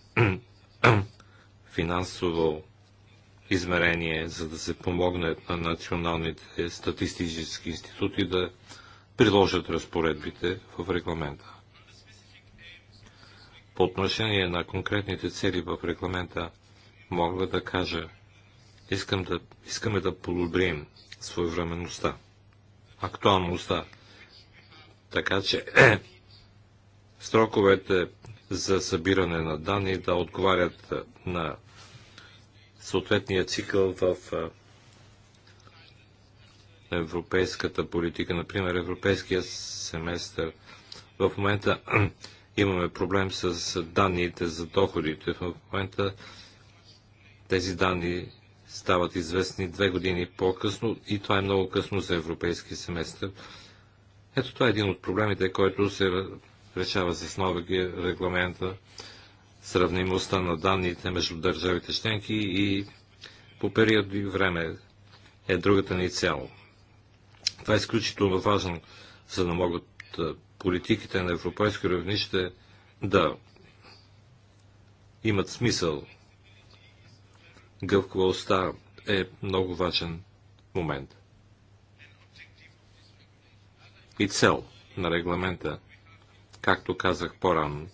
финансово измерение, за да се помогне на националните статистически институти да приложат разпоредбите в регламента. По отношение на конкретните цели в регламента мога да кажа, искам да, искаме да подобрим своевременността, актуалността, така че е, строковете за събиране на данни да отговарят на съответния цикъл в европейската политика, например европейския семестър. В момента имаме проблем с данните за доходите. В момента тези данни стават известни две години по-късно и това е много късно за европейски семестър. Ето това е един от проблемите, който се решава с новия регламента сравнимостта на данните между държавите членки и по период и време е другата ни цяло. Това е изключително важно, за да могат политиките на европейско равнище да имат смисъл. Гъвкавостта е много важен момент. И цел на регламента, както казах по-рано,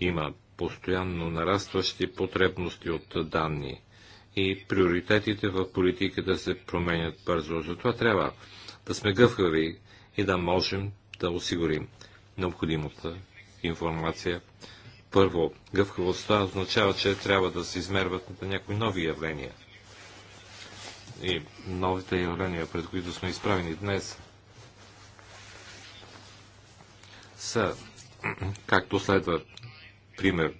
има постоянно нарастващи потребности от данни и приоритетите в политиката да се променят бързо. Затова трябва да сме гъвкави и да можем да осигурим необходимата информация. Първо, гъвкавостта означава, че трябва да се измерват на някои нови явления. И новите явления, пред които сме изправени днес, са както следва пример.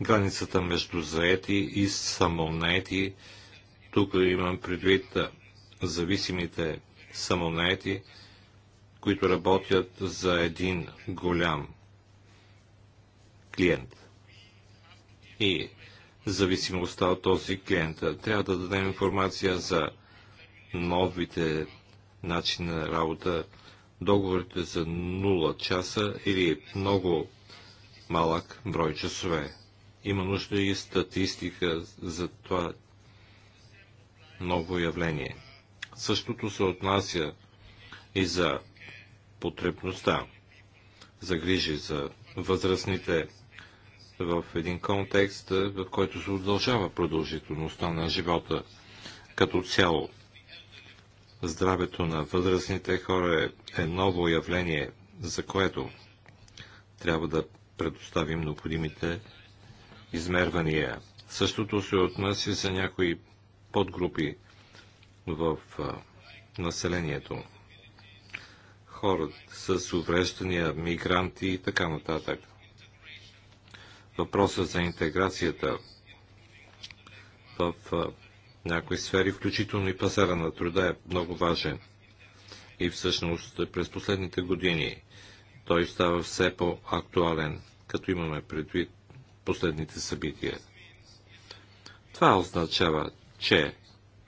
Границата между заети и самонаети, тук имам предвид зависимите самонаети, които работят за един голям клиент. И зависимостта от този клиент. Трябва да дадем информация за новите начини на работа, договорите за 0 часа или много малък брой часове. Има нужда и статистика за това ново явление. Същото се отнася и за потребността за грижи за възрастните в един контекст, в който се удължава продължителността на живота като цяло. Здравето на възрастните хора е, е ново явление, за което трябва да предоставим необходимите измервания. Същото се отнася за някои подгрупи в населението. Хора с увреждания, мигранти и така нататък. Въпросът за интеграцията в някои сфери, включително и пазара на труда е много важен. И всъщност през последните години той става все по-актуален, като имаме предвид последните събития. Това означава, че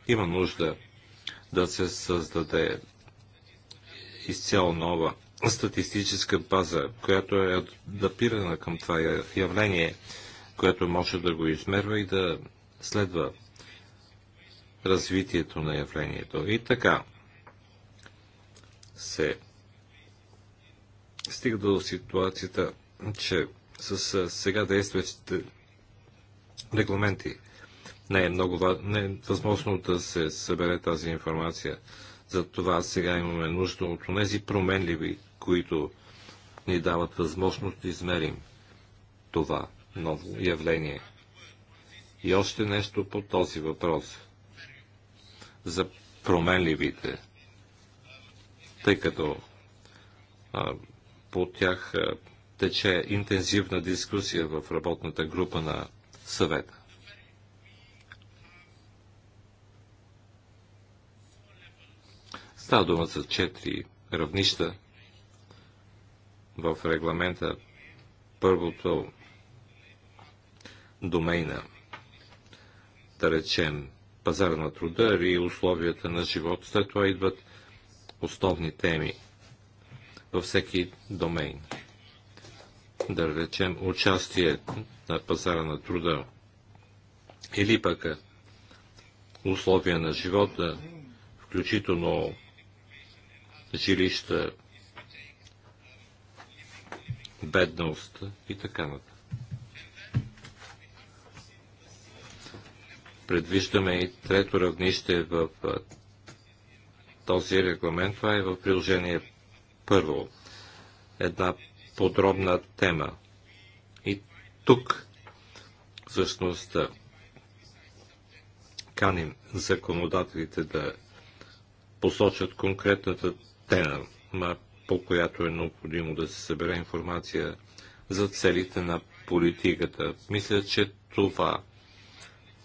има нужда да се създаде изцяло нова статистическа база, която е адаптирана към това явление, което може да го измерва и да следва развитието на явлението. И така се стига до ситуацията, че с сега действащите регламенти не е много не е възможно да се събере тази информация. Затова сега имаме нужда от тези променливи, които ни дават възможност да измерим това ново явление. И още нещо по този въпрос за променливите, тъй като а, по тях а, тече интензивна дискусия в работната група на съвета. Става дума за четири равнища в регламента. Първото домейна, да речем, пазара на труда и условията на живот. След това идват основни теми във всеки домейн. Да речем участие на пазара на труда или пък условия на живота, включително жилища, бедност и така нататък. Предвиждаме и трето равнище в този регламент. Това е в приложение първо. Една подробна тема. И тук всъщност каним законодателите да посочат конкретната тема, по която е необходимо да се събере информация за целите на политиката. Мисля, че това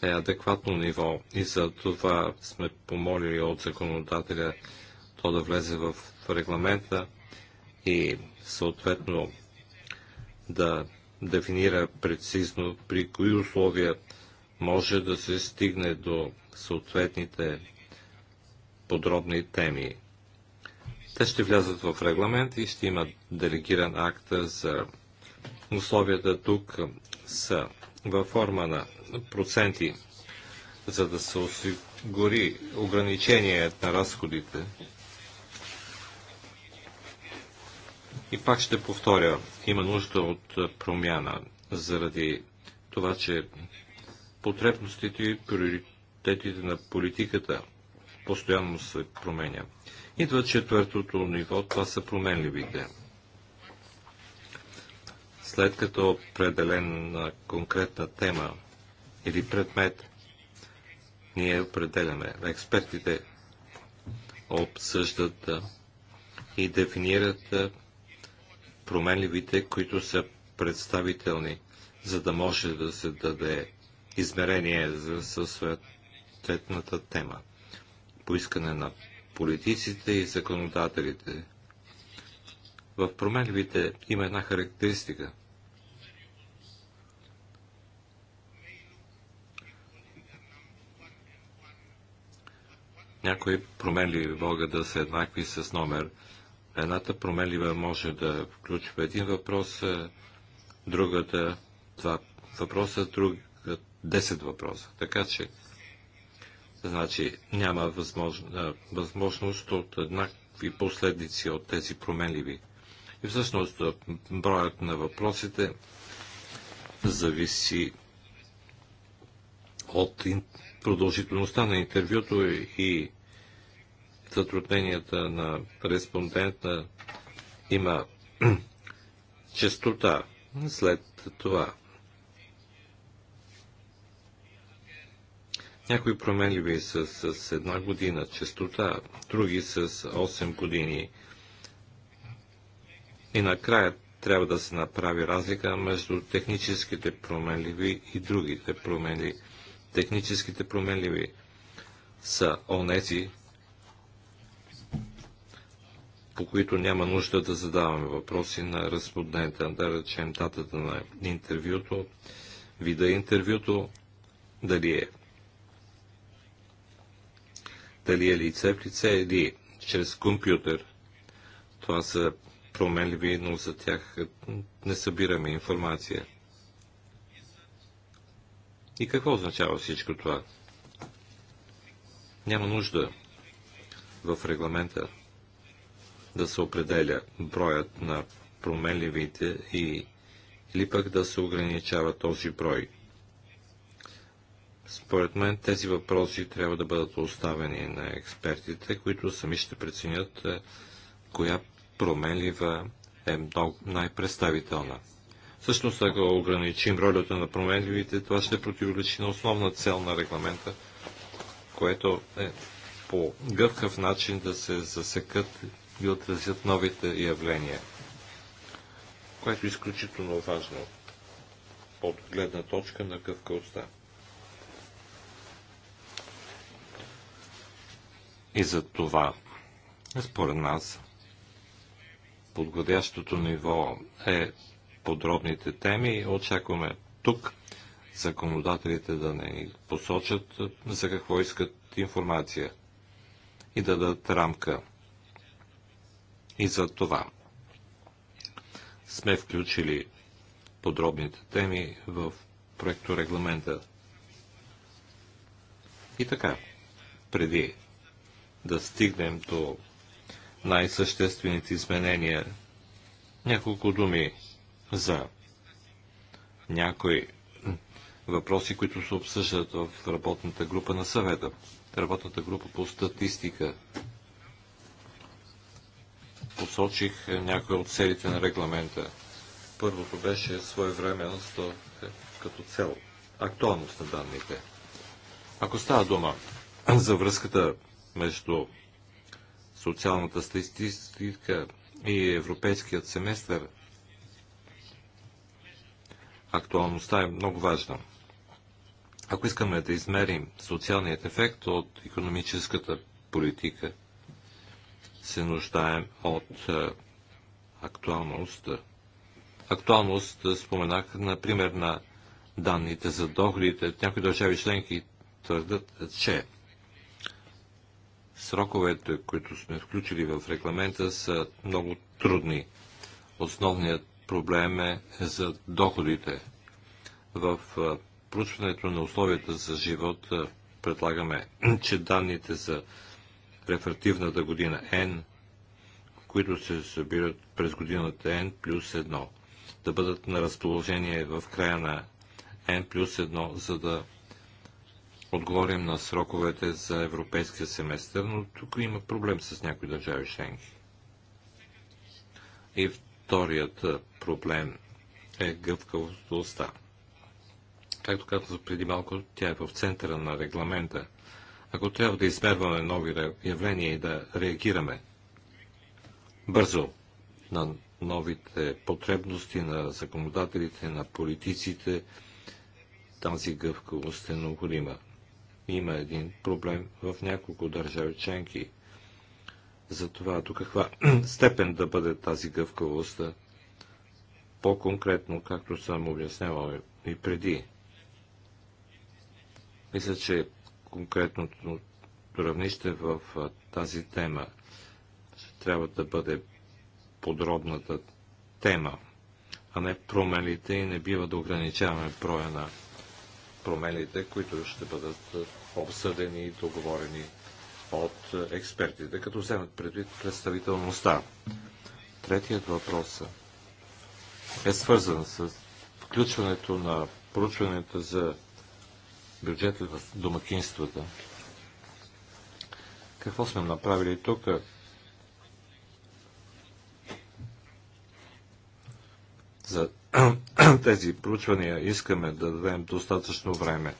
е адекватно ниво и за това сме помолили от законодателя то да влезе в регламента и съответно да дефинира прецизно при кои условия може да се стигне до съответните подробни теми. Те ще влязат в регламент и ще имат делегиран акт за условията тук са във форма на проценти, за да се осигури ограничение на разходите. И пак ще повторя, има нужда от промяна заради това, че потребностите и приоритетите на политиката постоянно се променя. Идва четвъртото ниво, това са променливите. След като определена конкретна тема или предмет, ние определяме. Експертите обсъждат и дефинират променливите, които са представителни, за да може да се даде измерение за съответната тема. Поискане на политиците и законодателите. В променливите има една характеристика. Някои променливи могат да са еднакви с номер. Едната променлива може да включва един въпрос, другата два въпроса, друга десет въпроса. Така че Значи няма възможно, възможност от еднакви последици от тези променливи. И всъщност броят на въпросите зависи от продължителността на интервюто и затрудненията на респондента има честота след това. Някои променливи са с, една година честота, други с 8 години. И накрая трябва да се направи разлика между техническите променливи и другите променливи Техническите променливи са онези, по които няма нужда да задаваме въпроси на респондента, да речем датата на интервюто, вида интервюто, дали е дали е лице в лице или чрез компютър. Това са променливи, но за тях не събираме информация. И какво означава всичко това? Няма нужда в регламента да се определя броят на променливите и или пък да се ограничава този брой. Според мен тези въпроси трябва да бъдат оставени на експертите, които сами ще преценят е, коя променлива е най-представителна. Всъщност, ако ограничим ролята на променливите, това ще противоречи на основна цел на регламента, което е по гъвкав начин да се засекат и отразят новите явления, което е изключително важно от гледна точка на гъвкавостта. И за това, според нас, подходящото ниво е подробните теми. Очакваме тук законодателите да не посочат за какво искат информация и да дадат рамка. И за това сме включили подробните теми в проекто регламента. И така, преди да стигнем до най-съществените изменения, няколко думи за някои въпроси, които се обсъждат в работната група на съвета. Работната група по статистика посочих някои от целите на регламента. Първото беше своевременност като цел, актуалност на данните. Ако става дума за връзката между социалната статистика и европейският семестър, актуалността е много важна. Ако искаме да измерим социалният ефект от економическата политика, се нуждаем от е, актуалност. Актуалност е, споменах, например, на данните за доходите. Някои държави членки твърдат, че сроковете, които сме включили в регламента, са много трудни. Основният проблем е за доходите. В проучването на условията за живот предлагаме, че данните за рефертивната година N, които се събират през годината N плюс 1, да бъдат на разположение в края на N плюс 1, за да отговорим на сроковете за европейския семестър, но тук има проблем с някои държави членки. И Вторият проблем е гъвкавостта. Както казах преди малко, тя е в центъра на регламента. Ако трябва да измерваме нови явления и да реагираме бързо на новите потребности на законодателите, на политиците, тази гъвкавост е необходима. Има един проблем в няколко държави членки – за това до каква степен да бъде тази гъвкавост. По-конкретно, както съм обяснявал и преди, мисля, че конкретното равнище в тази тема трябва да бъде подробната тема, а не промените и не бива да ограничаваме броя на промените, които ще бъдат обсъдени и договорени от експертите, като вземат предвид представителността. Третият въпрос е свързан с включването на проучването за бюджета в домакинствата. Какво сме направили тук? За тези проучвания искаме да дадем достатъчно време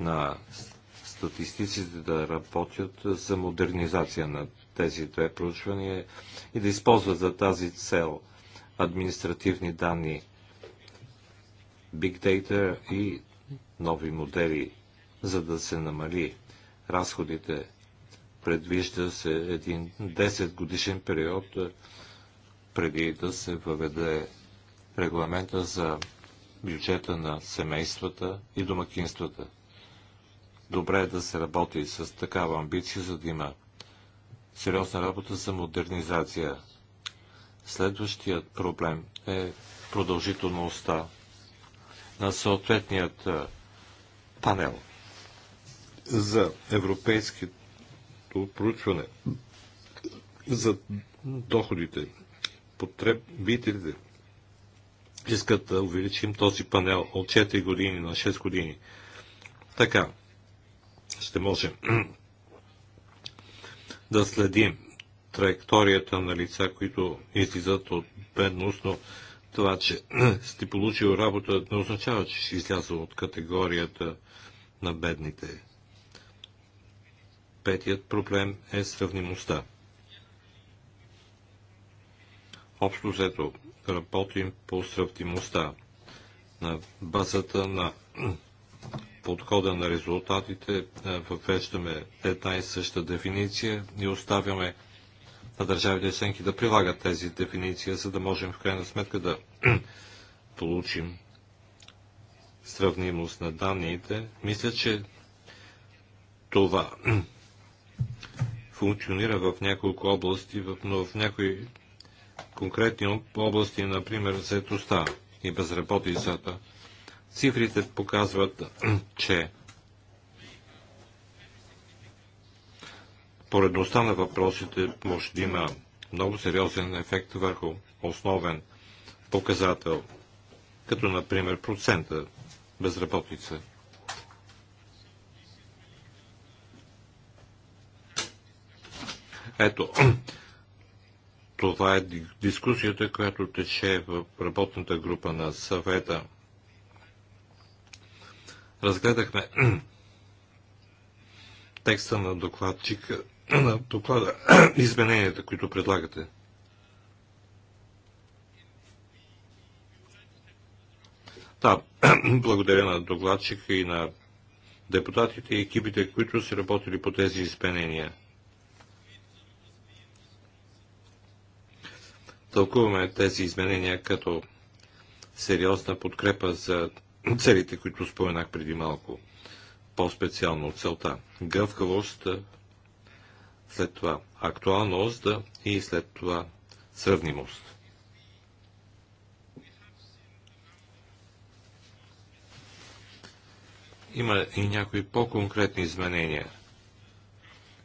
на статистиците да работят за модернизация на тези две проучвания и да използват за тази цел административни данни, big data и нови модели, за да се намали разходите. Предвижда се един 10 годишен период преди да се въведе регламента за бюджета на семействата и домакинствата. Добре е да се работи с такава амбиция, за да има сериозна работа за модернизация. Следващият проблем е продължителността на съответният панел за европейското проучване за доходите. Потребителите искат да увеличим този панел от 4 години на 6 години. Така, ще можем да следим траекторията на лица, които излизат от бедност, но това, че сте получил работа, не означава, че ще изляза от категорията на бедните. Петият проблем е сравнимостта. Общо взето работим по сравнимостта на базата на подхода на резултатите е, въвеждаме една и съща дефиниция и оставяме на държавите членки да прилагат тези дефиниции, за да можем в крайна сметка да получим сравнимост на данните. Мисля, че това функционира в няколко области, но в някои конкретни области, например, заетостта и безработицата – Цифрите показват, че поредността на въпросите може да има много сериозен ефект върху основен показател, като например процента безработица. Ето, това е дискусията, която тече в работната група на съвета разгледахме текста на докладчика, на доклада, измененията, които предлагате. Да, благодаря на докладчика и на депутатите и екипите, които са работили по тези изменения. Тълкуваме тези изменения като сериозна подкрепа за целите, които споменах преди малко. По-специално целта. Гъвкавост, след това актуалност и след това сравнимост. Има и някои по-конкретни изменения.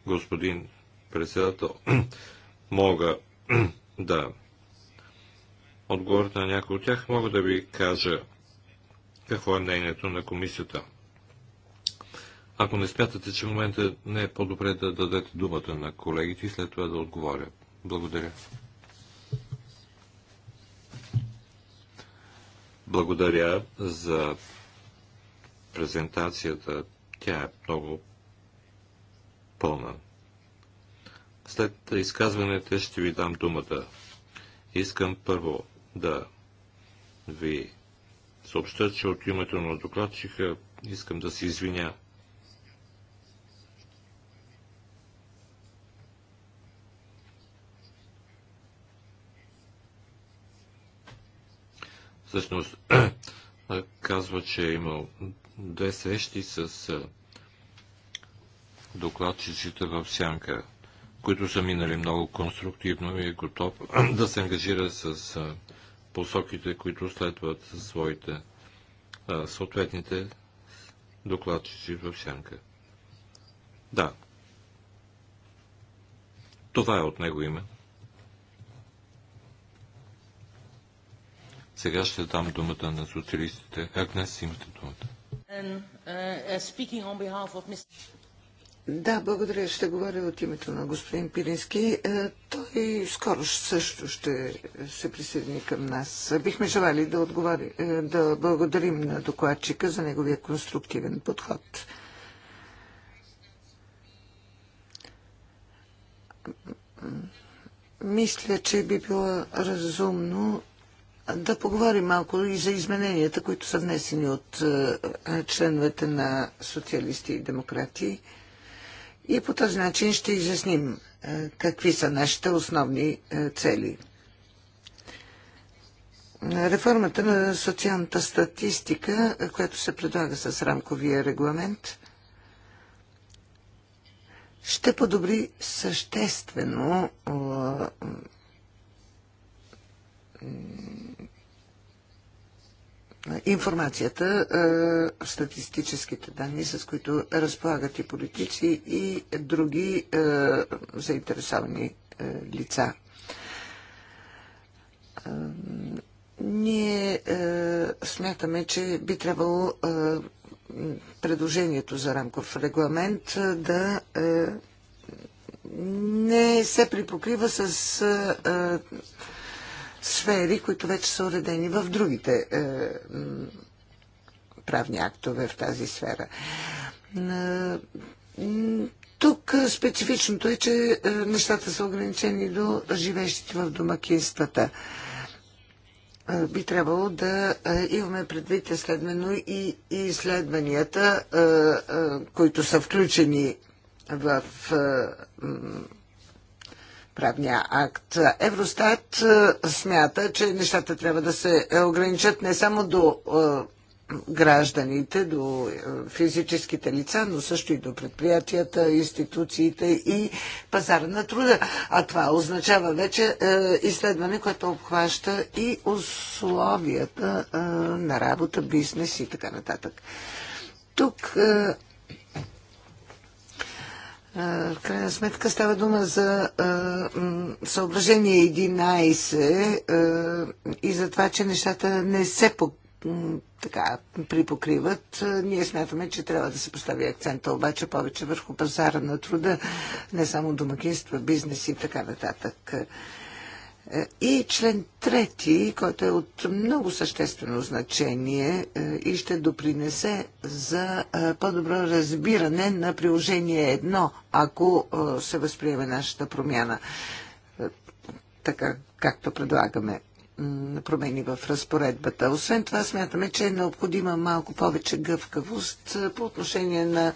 Господин председател, мога да отговоря на някои от тях, мога да ви кажа какво е мнението на комисията. Ако не смятате, че в момента не е по-добре да дадете думата на колегите и след това да отговоря. Благодаря. Благодаря за презентацията. Тя е много пълна. След изказването ще ви дам думата. Искам първо да ви съобща, че от името на докладчика искам да се извиня. Всъщност, казва, че е имал две срещи с докладчиците в Сянка, които са минали много конструктивно и е готов да се ангажира с посоките, които следват своите а, съответните докладчици в сянка. Да. Това е от него име. Сега ще дам думата на социалистите. Агнес, имате думата. And, uh, uh да, благодаря. Ще говоря от името на господин Пирински. Е, той скоро също ще се присъедини към нас. Бихме желали да, отговори, е, да благодарим на докладчика за неговия конструктивен подход. Мисля, че би било разумно да поговорим малко и за измененията, които са внесени от е, членовете на социалисти и демократи и по този начин ще изясним е, какви са нашите основни е, цели. Реформата на социалната статистика, е, която се предлага с рамковия регламент, ще подобри съществено информацията, статистическите данни, с които разполагат и политици и други заинтересовани лица. Ние смятаме, че би трябвало предложението за рамков регламент да не се припокрива с сфери, които вече са уредени в другите е, правни актове в тази сфера. Е, тук специфичното е, че е, нещата са ограничени до живещите в домакинствата. Е, би трябвало да имаме предвид следвано и изследванията, които са включени в правния акт. Евростат е, смята, че нещата трябва да се е, ограничат не само до е, гражданите, до физическите лица, но също и до предприятията, институциите и пазара на труда. А това означава вече изследване, което обхваща и условията на работа, бизнес и така нататък. Тук в крайна сметка става дума за съображение 11 и за това, че нещата не се така, припокриват. Ние смятаме, че трябва да се постави акцента обаче повече върху пазара на труда, не само домакинства, бизнес и така нататък. Е, и член трети, който е от много съществено значение е, и ще допринесе за е, по-добро разбиране на приложение едно, ако се възприеме нашата промяна, така както предлагаме промени в разпоредбата. Освен това, смятаме, че е необходима малко повече гъвкавост по отношение на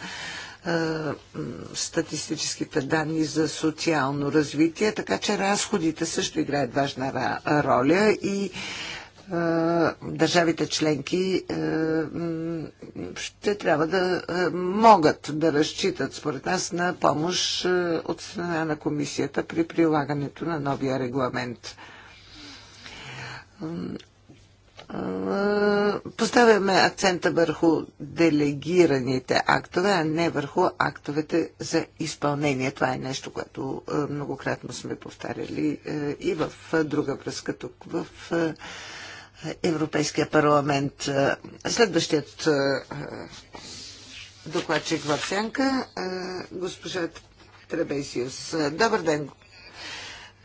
статистическите данни за социално развитие, така че разходите също играят важна роля и държавите членки ще трябва да могат да разчитат, според нас, на помощ от страна на комисията при прилагането на новия регламент поставяме акцента върху делегираните актове, а не върху актовете за изпълнение. Това е нещо, което многократно сме повтаряли и в друга връзка тук в Европейския парламент. Следващият докладчик в сянка, госпожа Требесиус. Добър ден,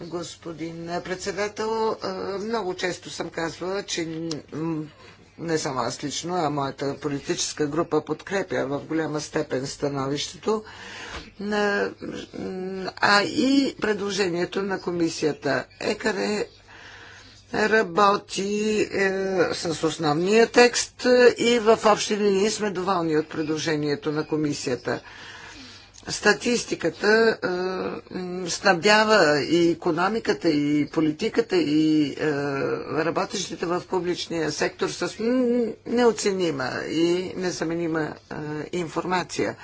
господин председател. Много често съм казвала, че не само аз лично, а моята политическа група подкрепя в голяма степен становището, а и предложението на комисията. Екаре работи е, с основния текст е, и в общи линии сме доволни от предложението на комисията статистиката е, снабдява и економиката, и политиката, и е, работещите в публичния сектор с неоценима и незаменима е, информация.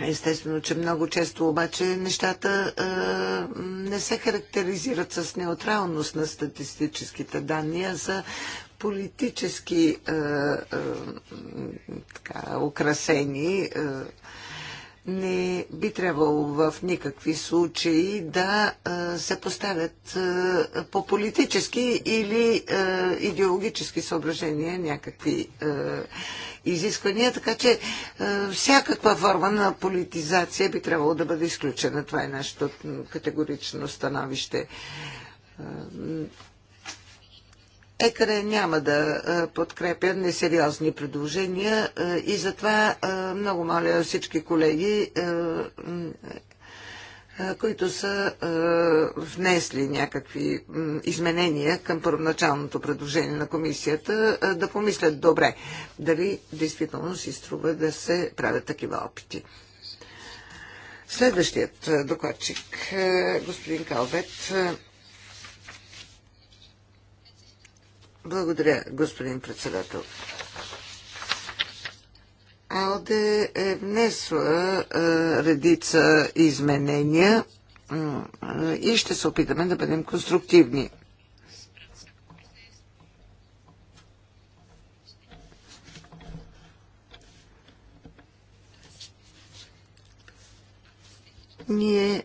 Естествено, че много често обаче нещата е, не се характеризират с неутралност на статистическите данни, а са политически е, е, така, украсени. Е, не би трябвало в никакви случаи да се поставят по политически или идеологически съображения някакви изисквания, така че всякаква форма на политизация би трябвало да бъде изключена. Това е нашето категорично становище. ЕКРЕ няма да подкрепя несериозни предложения и затова много моля всички колеги, които са внесли някакви изменения към първоначалното предложение на комисията, да помислят добре дали действително си струва да се правят такива опити. Следващият докладчик, господин Калвет, Благодаря, господин председател. Алде е внесла е, редица изменения и ще се опитаме да бъдем конструктивни. Ние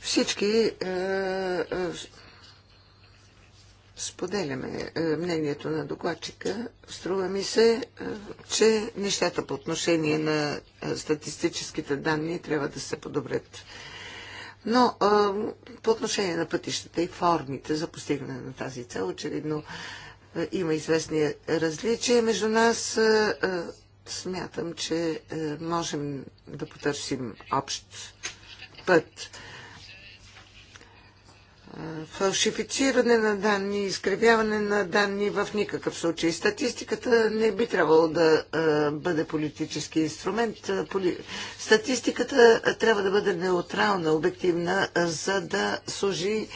всички е, е, споделяме е, мнението на докладчика. Струва ми се, е, че нещата по отношение на е, статистическите данни трябва да се подобрят. Но по отношение на пътищата и формите за постигане на тази цел, очевидно има известни различия между нас. Смятам, че можем да потърсим общ път фалшифициране на данни, изкривяване на данни в никакъв случай. Статистиката не би трябвало да бъде политически инструмент. Статистиката трябва да бъде неутрална, обективна, за да служи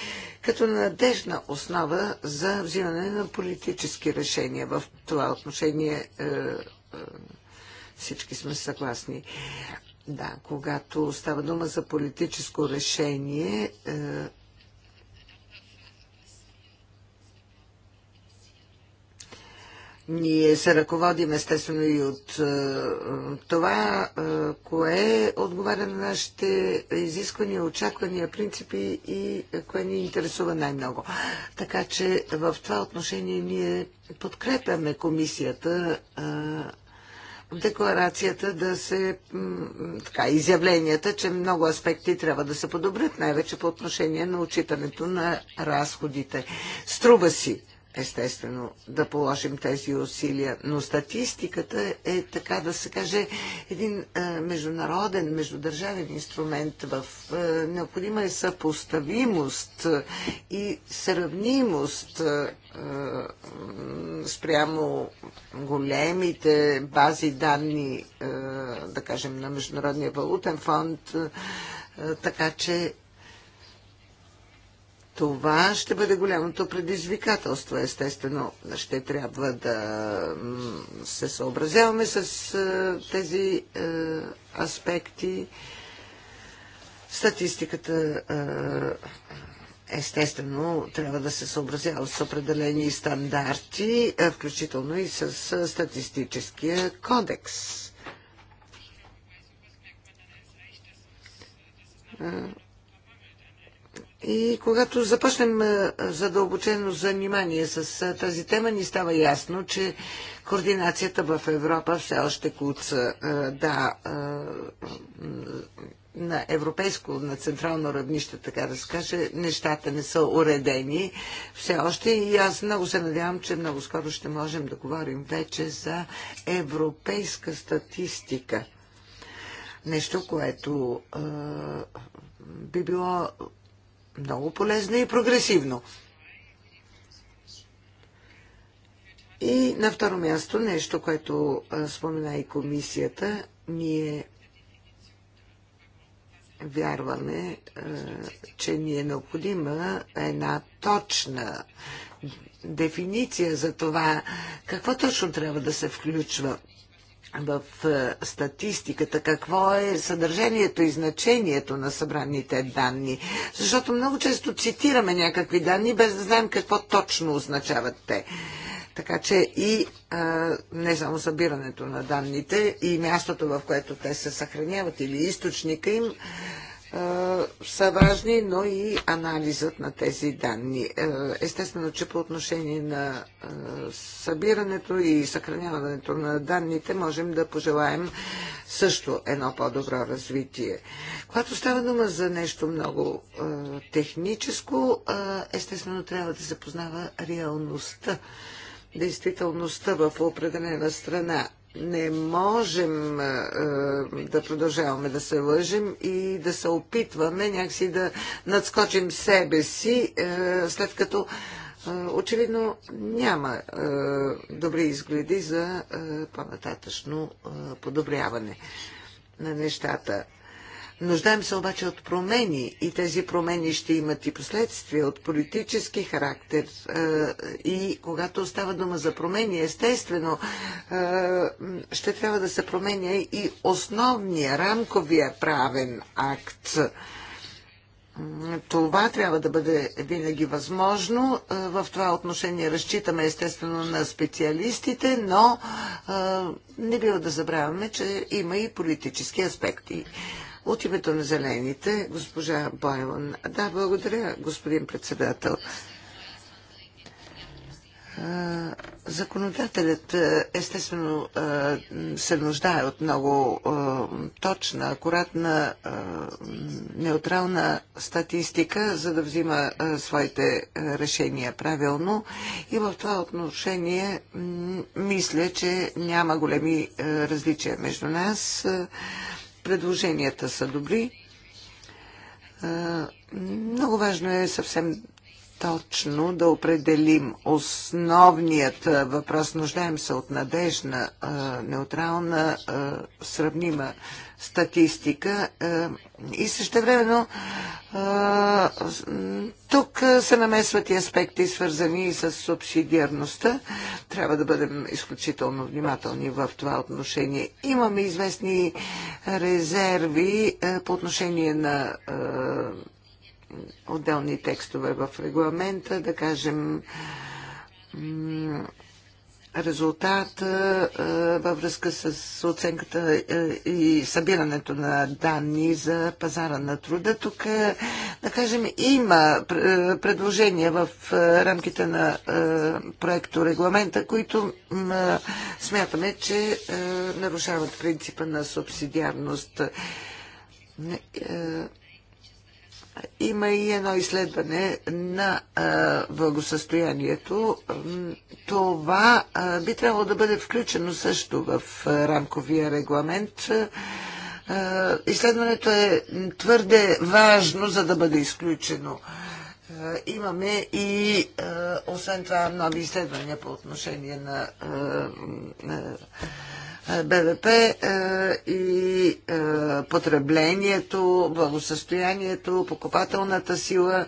като надежна основа за взимане на политически решения. В това отношение е, е, всички сме съгласни. Да, когато става дума за политическо решение, е, Ние се ръководим естествено и от е, това, е, кое отговаря на нашите изисквания, очаквания, принципи и кое ни интересува най-много. Така че в това отношение ние подкрепяме комисията е, декларацията да се, така, изявленията, че много аспекти трябва да се подобрят, най-вече по отношение на отчитането на разходите. Струва си естествено, да положим тези усилия. Но статистиката е, така да се каже, един е, международен, междудържавен инструмент. В е, необходима е съпоставимост е, и сравнимост е, е, спрямо големите бази данни, е, да кажем, на Международния валутен фонд, е, е така че това ще бъде голямото предизвикателство, естествено. Ще трябва да се съобразяваме с е, тези е, аспекти. Статистиката е, естествено трябва да се съобразява с определени стандарти, включително и с статистическия кодекс и когато започнем задълбочено занимание с тази тема, ни става ясно, че координацията в Европа все още куца. Да, на европейско, на централно равнище, така да се каже, нещата не са уредени все още и аз много се надявам, че много скоро ще можем да говорим вече за европейска статистика. Нещо, което е, би било много полезно и прогресивно. И на второ място нещо, което спомена и комисията, ние вярваме, че ни е необходима една точна дефиниция за това какво точно трябва да се включва в е, статистиката какво е съдържанието и значението на събраните данни. Защото много често цитираме някакви данни, без да знаем какво точно означават те. Така че и а, е, не само събирането на данните и мястото, в което те се съхраняват или източника им, са важни, но и анализът на тези данни. Естествено, че по отношение на събирането и съхраняването на данните можем да пожелаем също едно по-добро развитие. Когато става дума за нещо много техническо, естествено трябва да се познава реалността, действителността в определена страна не можем е, да продължаваме да се лъжим и да се опитваме някакси да надскочим себе си, е, след като е, очевидно няма е, добри изгледи за е, по-нататъчно е, подобряване на нещата. Нуждаем се обаче от промени и тези промени ще имат и последствия от политически характер. И когато става дума за промени, естествено, ще трябва да се променя и основния, рамковия правен акт. Това трябва да бъде винаги възможно. В това отношение разчитаме естествено на специалистите, но не бива да забравяме, че има и политически аспекти от името на зелените, госпожа Бойлон. Да, благодаря, господин председател. Законодателят естествено се нуждае от много точна, акуратна, неутрална статистика, за да взима своите решения правилно. И в това отношение мисля, че няма големи различия между нас. Предложенията са добри. Много важно е съвсем точно да определим основният въпрос. Нуждаем се от надежна, неутрална, сравнима статистика и същевременно тук се намесват и аспекти, свързани с субсидиарността. Трябва да бъдем изключително внимателни в това отношение. Имаме известни резерви по отношение на отделни текстове в регламента, да кажем резултата във връзка с оценката и събирането на данни за пазара на труда. Тук, да кажем, има предложения в рамките на проекто регламента, които смятаме, че нарушават принципа на субсидиарност. Има и едно изследване на а, благосъстоянието. Това а, би трябвало да бъде включено също в а, рамковия регламент. А, изследването е твърде важно, за да бъде изключено. А, имаме и, а, освен това, нови изследвания по отношение на. А, а, е, БВП е, и е, потреблението, благосъстоянието, покупателната сила.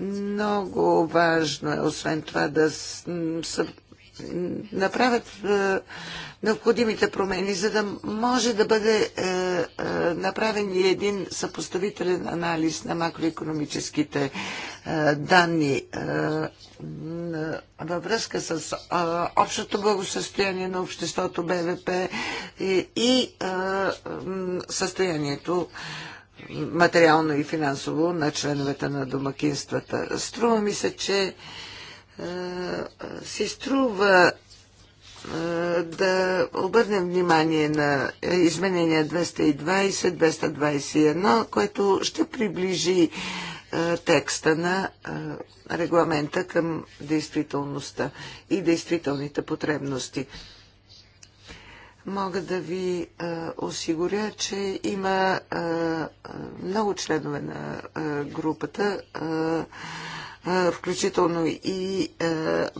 Много важно е, освен това, да направят е, необходимите промени, за да може да бъде е, е, направен и един съпоставителен анализ на макроекономическите е, данни е, във връзка с е, общото благосъстояние на обществото, БВП и, е, и е, е, състоянието материално и финансово на членовете на домакинствата. Струва ми се, че е, е, е, си струва е, да обърнем внимание на изменения 220-221, което ще приближи текста на регламента към действителността и действителните потребности. Мога да ви осигуря, че има много членове на групата, включително и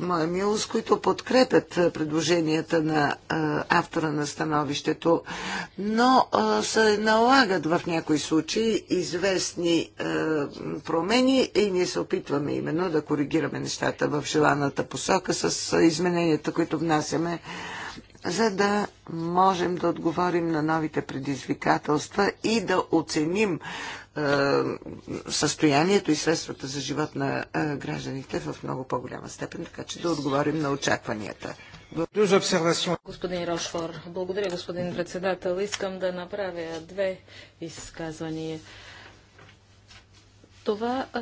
Моя милост, които подкрепят предложенията на автора на становището, но се налагат в някои случаи известни промени и ние се опитваме именно да коригираме нещата в желаната посока с измененията, които внасяме за да можем да отговорим на новите предизвикателства и да оценим е, състоянието и средствата за живот на е, гражданите в много по-голяма степен, така че да отговорим на очакванията. Господин Рошфор, благодаря господин председател. Искам да направя две изказвания. Това, е,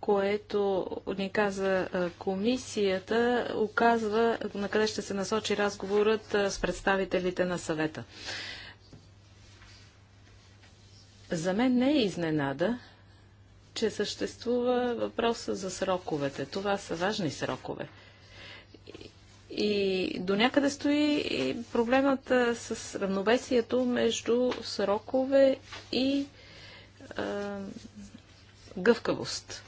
което ни каза комисията, оказва на къде ще се насочи разговорът с представителите на съвета. За мен не е изненада, че съществува въпроса за сроковете. Това са важни срокове. И до някъде стои и проблемата с равновесието между срокове и а, гъвкавост.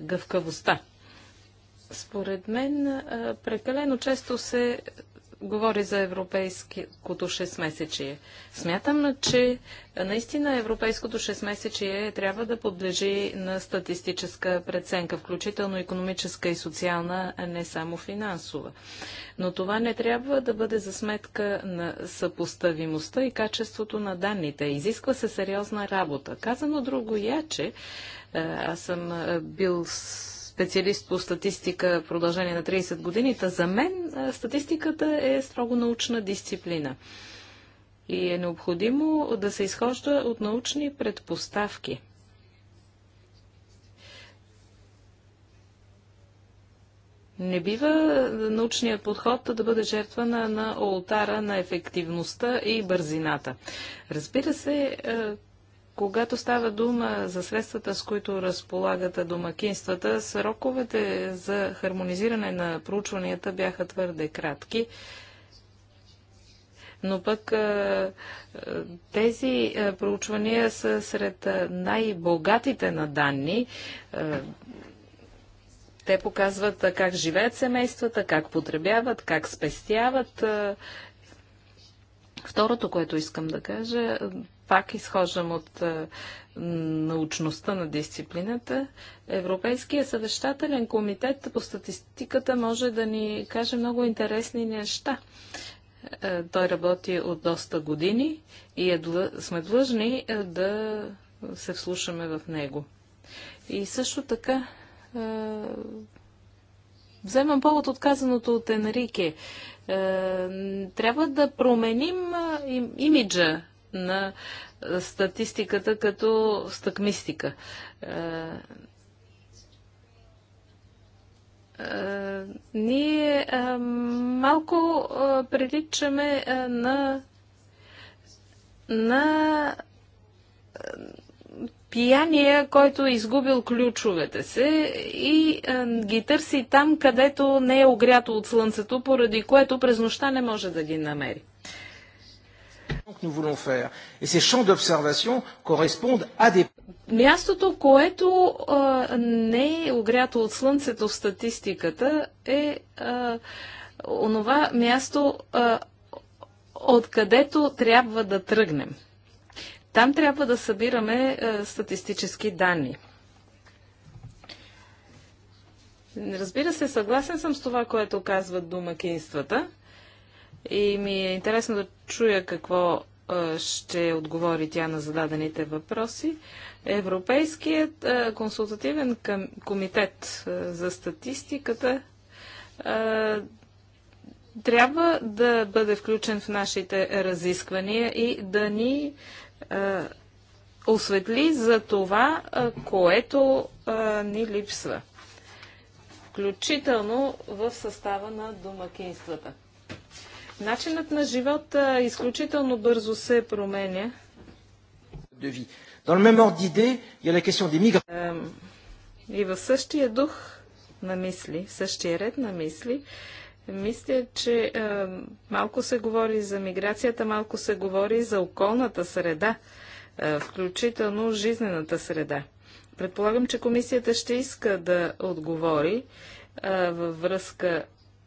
Гъвкавостта. Според мен а, прекалено често се говори за европейското 6-месечие. Смятам, че наистина европейското 6-месечие трябва да подлежи на статистическа преценка, включително економическа и социална, а не само финансова. Но това не трябва да бъде за сметка на съпоставимостта и качеството на данните. Изисква се сериозна работа. Казано друго яче, аз съм бил с специалист по статистика в продължение на 30 години, та за мен статистиката е строго научна дисциплина. И е необходимо да се изхожда от научни предпоставки. Не бива научният подход да бъде жертвана на олтара на ефективността и бързината. Разбира се, когато става дума за средствата, с които разполагат домакинствата, сроковете за хармонизиране на проучванията бяха твърде кратки. Но пък тези проучвания са сред най-богатите на данни. Те показват как живеят семействата, как потребяват, как спестяват Второто, което искам да кажа, пак изхождам от е, научността на дисциплината, Европейския съвещателен комитет по статистиката може да ни каже много интересни неща. Е, той работи от доста години и е, сме длъжни е, да се вслушаме в него. И също така е, вземам повод от казаното от Енрике. Е, трябва да променим имиджа на статистиката като стъкмистика. Е, е, ние е, малко приличаме на на пияния, който изгубил ключовете се и ги търси там, където не е огрято от слънцето, поради което през нощта не може да ги намери. Мястото, което а, не е огрято от слънцето в статистиката, е а, онова място, а, откъдето трябва да тръгнем. Там трябва да събираме а, статистически данни. Разбира се, съгласен съм с това, което казват домакинствата и ми е интересно да чуя какво ще отговори тя на зададените въпроси. Европейският консултативен комитет за статистиката трябва да бъде включен в нашите разисквания и да ни осветли за това, което ни липсва, включително в състава на домакинствата. Начинът на живот изключително бързо се променя. И в същия дух на мисли, в същия ред на мисли, мисля, че е, малко се говори за миграцията, малко се говори за околната среда, е, включително жизнената среда. Предполагам, че комисията ще иска да отговори е, във връзка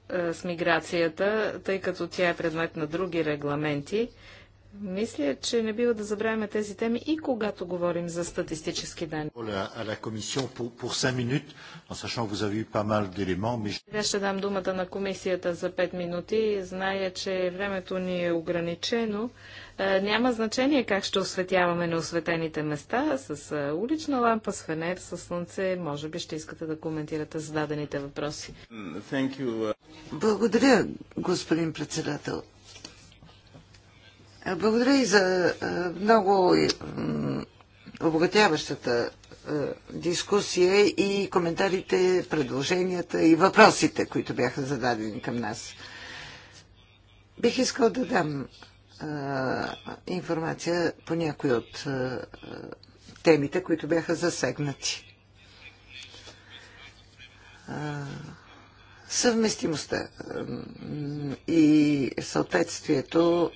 е, с миграцията, тъй като тя е предмет на други регламенти. Мисля, че не бива да забравяме тези теми и когато говорим за статистически данни. Сега ще дам думата на комисията за 5 минути. Зная, че времето ни е ограничено. Е, няма значение как ще осветяваме неосветените места, с е, улична лампа, с фенер, с слънце. Може би ще искате да коментирате зададените въпроси. Uh, благодаря, господин председател. Е, благодаря и за много обогатяващата дискусия и коментарите, предложенията и въпросите, които бяха зададени към нас. Бих искал да дам информация по някои от темите, които бяха засегнати съвместимостта и съответствието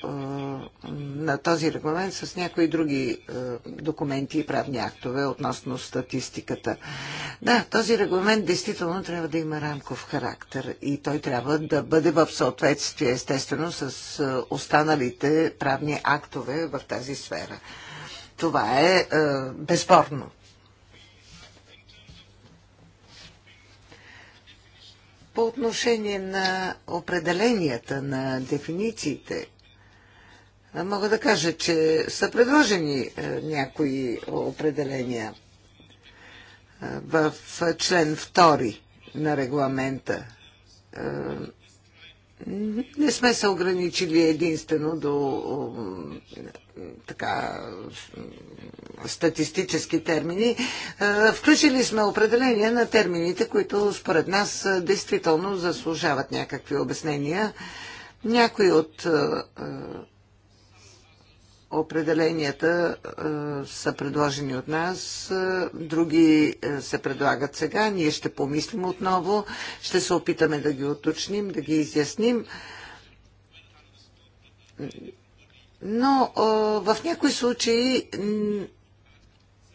на този регламент с някои други е, документи и правни актове относно статистиката. Да, този регламент действително трябва да има рамков характер и той трябва да бъде в съответствие естествено с е, останалите правни актове в тази сфера. Това е, е безспорно. По отношение на определенията, на дефинициите, мога да кажа, че са предложени е, някои определения е, в член 2 на регламента е, не сме се ограничили единствено до така, статистически термини. Включили сме определения на термините, които според нас действително заслужават някакви обяснения. Някои от определенията е, са предложени от нас, е, други е, се предлагат сега. Ние ще помислим отново, ще се опитаме да ги уточним, да ги изясним. Но в някои случаи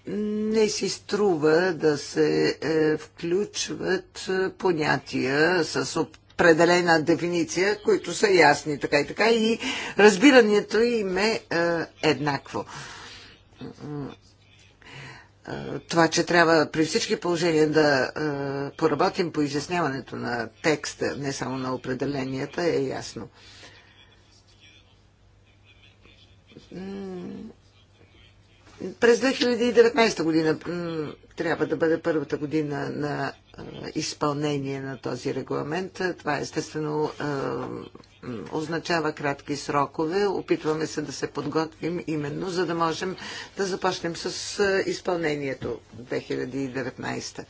не си струва да се включват понятия с определена дефиниция, които са ясни така и така и разбирането им е, е еднакво. Това, че трябва при всички положения да е, поработим по изясняването на текста, не само на определенията, е ясно през 2019 година трябва да бъде първата година на изпълнение на този регламент. Това естествено означава кратки срокове. Опитваме се да се подготвим именно, за да можем да започнем с изпълнението 2019.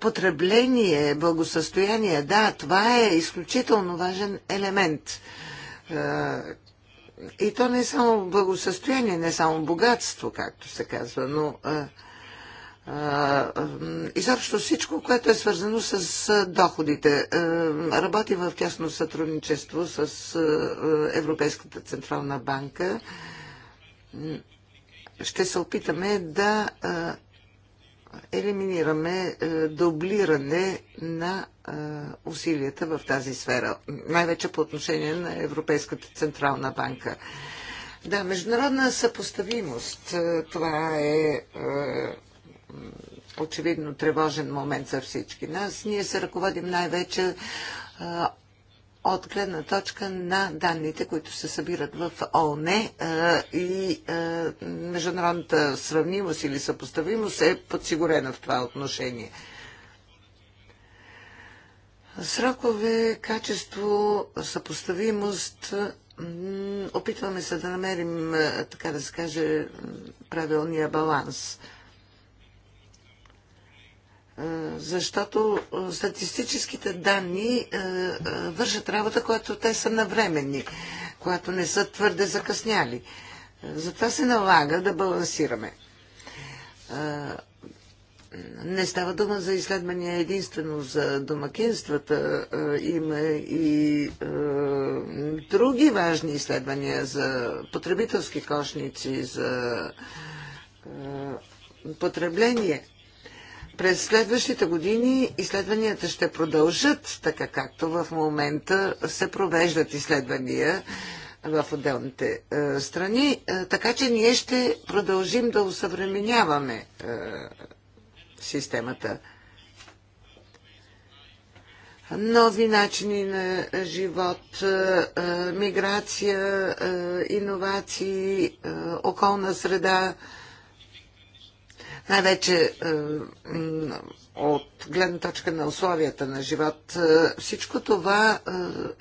Потребление, благосъстояние, да, това е изключително важен елемент. И то не е само благосъстояние, не е само богатство, както се казва, но изобщо всичко, което е свързано с доходите. Работи в тясно сътрудничество с Европейската Централна банка. Ще се опитаме да елиминираме дублиране на усилията в тази сфера, най-вече по отношение на Европейската Централна банка. Да, международна съпоставимост, това е очевидно тревожен момент за всички нас. Ние се ръководим най-вече от гледна точка на данните, които се събират в ООН и международната сравнимост или съпоставимост е подсигурена в това отношение. Срокове, качество, съпоставимост. Опитваме се да намерим, така да се каже, правилния баланс – е, защото е, статистическите данни е, вършат работа, която те са навременни, която не са твърде закъсняли. Затова се налага да балансираме. Не става дума за изследвания единствено за домакинствата. Има и е, други важни изследвания за потребителски кошници, за е, потребление. През следващите години изследванията ще продължат, така както в момента се провеждат изследвания в отделните е, страни, е, така че ние ще продължим да усъвременяваме е, системата. Нови начини на живот, е, е миграция, е, иновации, е, околна среда. Е, най-вече е, от гледна точка на условията на живот. Е, всичко това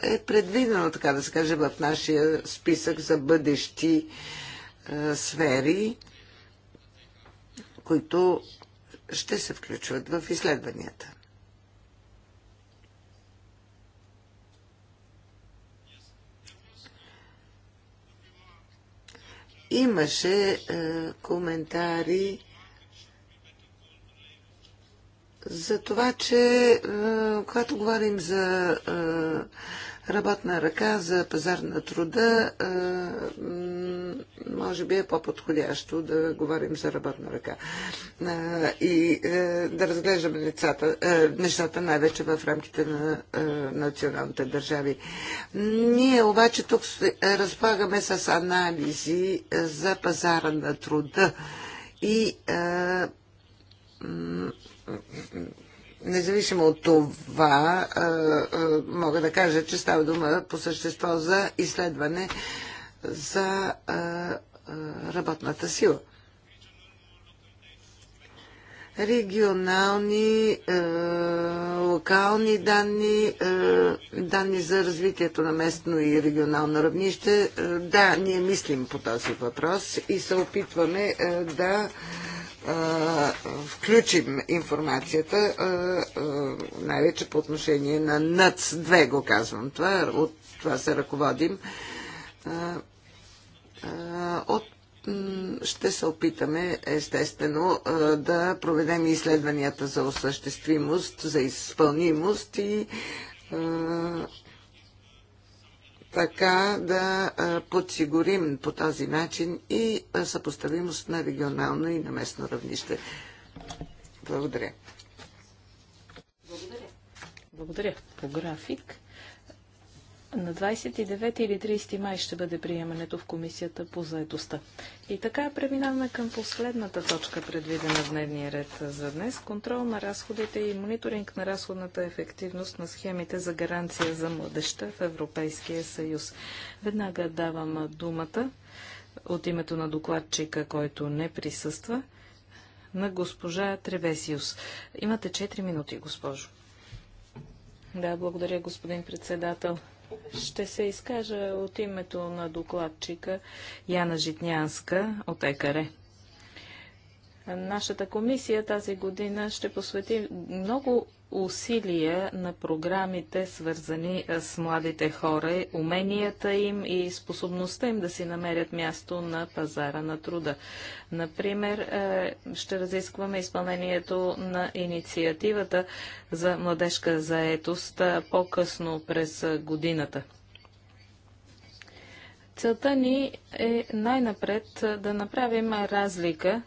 е, е предвидено, така да се каже, в нашия списък за бъдещи сфери, които ще се включват в изследванията. Имаше е, коментари за това, че е, когато говорим за е, работна ръка, за пазар на труда, е, може би е по-подходящо да говорим за работна ръка и да разглеждаме нещата, нещата най-вече в рамките на националните държави. Ние обаче тук разполагаме с анализи за пазара на труда и Независимо от това, мога да кажа, че става дума по същество за изследване за работната сила. Регионални, локални данни, данни за развитието на местно и регионално равнище. Да, ние мислим по този въпрос и се опитваме да включим информацията, най-вече по отношение на НАЦ-2 го казвам, това, от това се ръководим, от ще се опитаме, естествено, да проведем изследванията за осъществимост, за изпълнимост и така да подсигурим по този начин и съпоставимост на регионално и на местно равнище. Благодаря. Благодаря. Благодаря. По график на 29 или 30 май ще бъде приемането в комисията по заедостта. И така преминаваме към последната точка, предвидена в дневния ред за днес. Контрол на разходите и мониторинг на разходната ефективност на схемите за гаранция за младеща в Европейския съюз. Веднага давам думата от името на докладчика, който не присъства, на госпожа Тревесиус. Имате 4 минути, госпожо. Да, благодаря, господин председател. Ще се изкажа от името на докладчика Яна Житнянска от ЕКАРЕ. Нашата комисия тази година ще посвети много усилия на програмите, свързани с младите хора, уменията им и способността им да си намерят място на пазара на труда. Например, ще разискваме изпълнението на инициативата за младежка заетост по-късно през годината. Целта ни е най-напред да направим разлика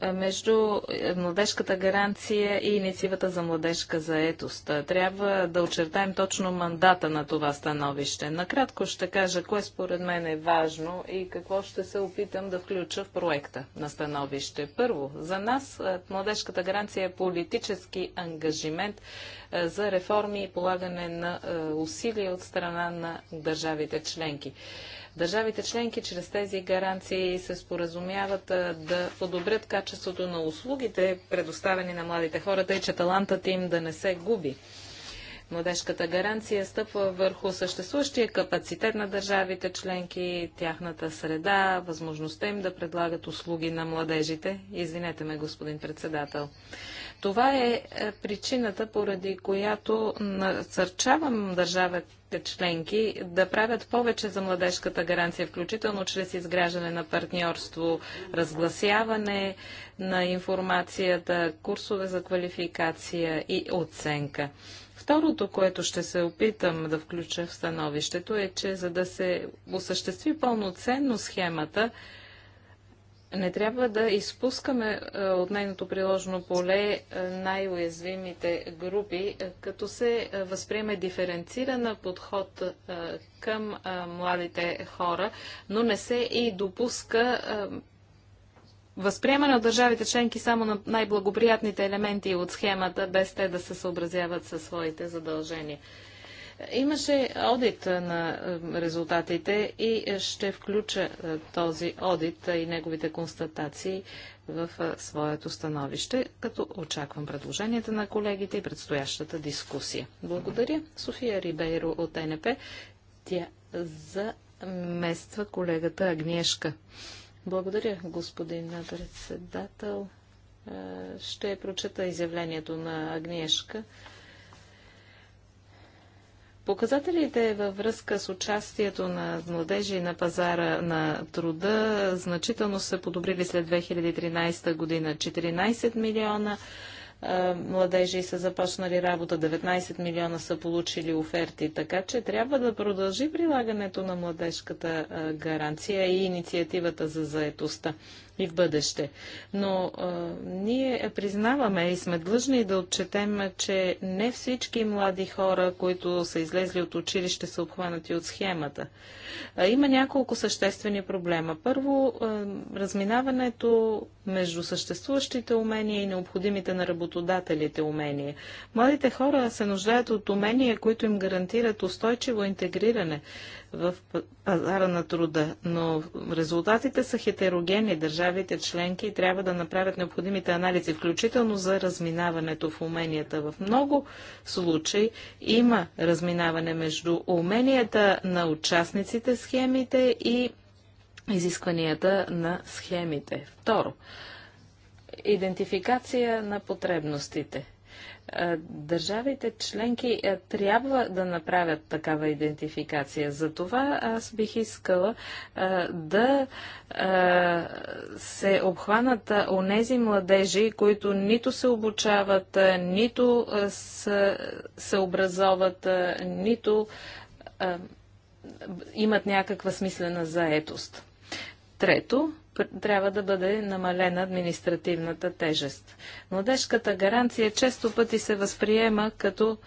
е, между е, младежката гаранция и инициативата за младежка заетост. Е, трябва да очертаем точно мандата на това становище. Накратко ще кажа кое според мен е важно и какво ще се опитам да включа в проекта на становище. Първо, за нас младежката гаранция е политически ангажимент за реформи и полагане на усилия от страна на държавите членки. Държавите членки чрез тези гаранции се споразумяват да подобрят качеството на услугите, предоставени на младите хората, и че талантът им да не се губи младежката гаранция стъпва върху съществуващия капацитет на държавите членки, тяхната среда, възможността им да предлагат услуги на младежите. Извинете ме, господин председател. Това е, е причината, поради която насърчавам държавите членки да правят повече за младежката гаранция, включително чрез изграждане на партньорство, разгласяване на информацията, курсове за квалификация и оценка. Второто, което ще се опитам да включа в становището е, че за да се осъществи пълноценно схемата, не трябва да изпускаме е, от нейното приложено поле е, най-уязвимите групи, е, като се възприеме диференцирана подход към младите хора, но не се и допуска възприемане от държавите членки само на най-благоприятните елементи от схемата, без те да се съобразяват със своите задължения. Имаше одит на резултатите и е, ще включа е, този одит и неговите констатации в е, своето становище, като очаквам предложенията на колегите и предстоящата дискусия. Благодаря. София Рибейро от НП. Тя замества колегата Агнешка. Благодаря, господин председател. Е, ще прочета изявлението на Агнешка. Показателите във връзка с участието на младежи на пазара на труда значително са подобрили след 2013 година. 14 милиона младежи са започнали работа, 19 милиона са получили оферти, така че трябва да продължи прилагането на младежката гаранция и инициативата за заетостта и в бъдеще. Но а, ние признаваме и сме длъжни да отчетем, че не всички млади хора, които са излезли от училище, са обхванати от схемата. А, има няколко съществени проблема. Първо, а, разминаването между съществуващите умения и необходимите на работодателите умения. Младите хора се нуждаят от умения, които им гарантират устойчиво интегриране в пазара на труда, но резултатите са хетерогенни. Държавите членки трябва да направят необходимите анализи, включително за разминаването в уменията. В много случаи има разминаване между уменията на участниците в схемите и изискванията на схемите. Второ, идентификация на потребностите. Е, държавите членки е, трябва да направят такава идентификация. За това аз бих искала е, да се обхванат онези младежи, които нито се обучават, нито се образоват, нито имат някаква смислена заетост. Трето, трябва да бъде намалена административната тежест. Младежката гаранция често пъти се възприема като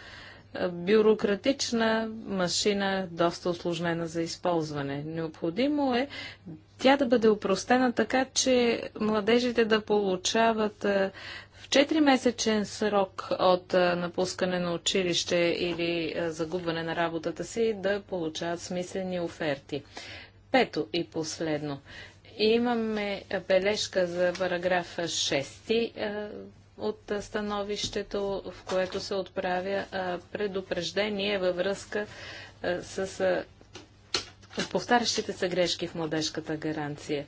бюрократична машина, доста осложнена за използване. Необходимо е тя да бъде упростена така, че младежите да получават в 4-месечен срок от напускане на училище или загубване на работата си да получават смислени оферти. Пето и последно. Имаме бележка за параграф 6 е, от становището, в което се отправя е, предупреждение във връзка е, с повтарящите се грешки в младежката гаранция.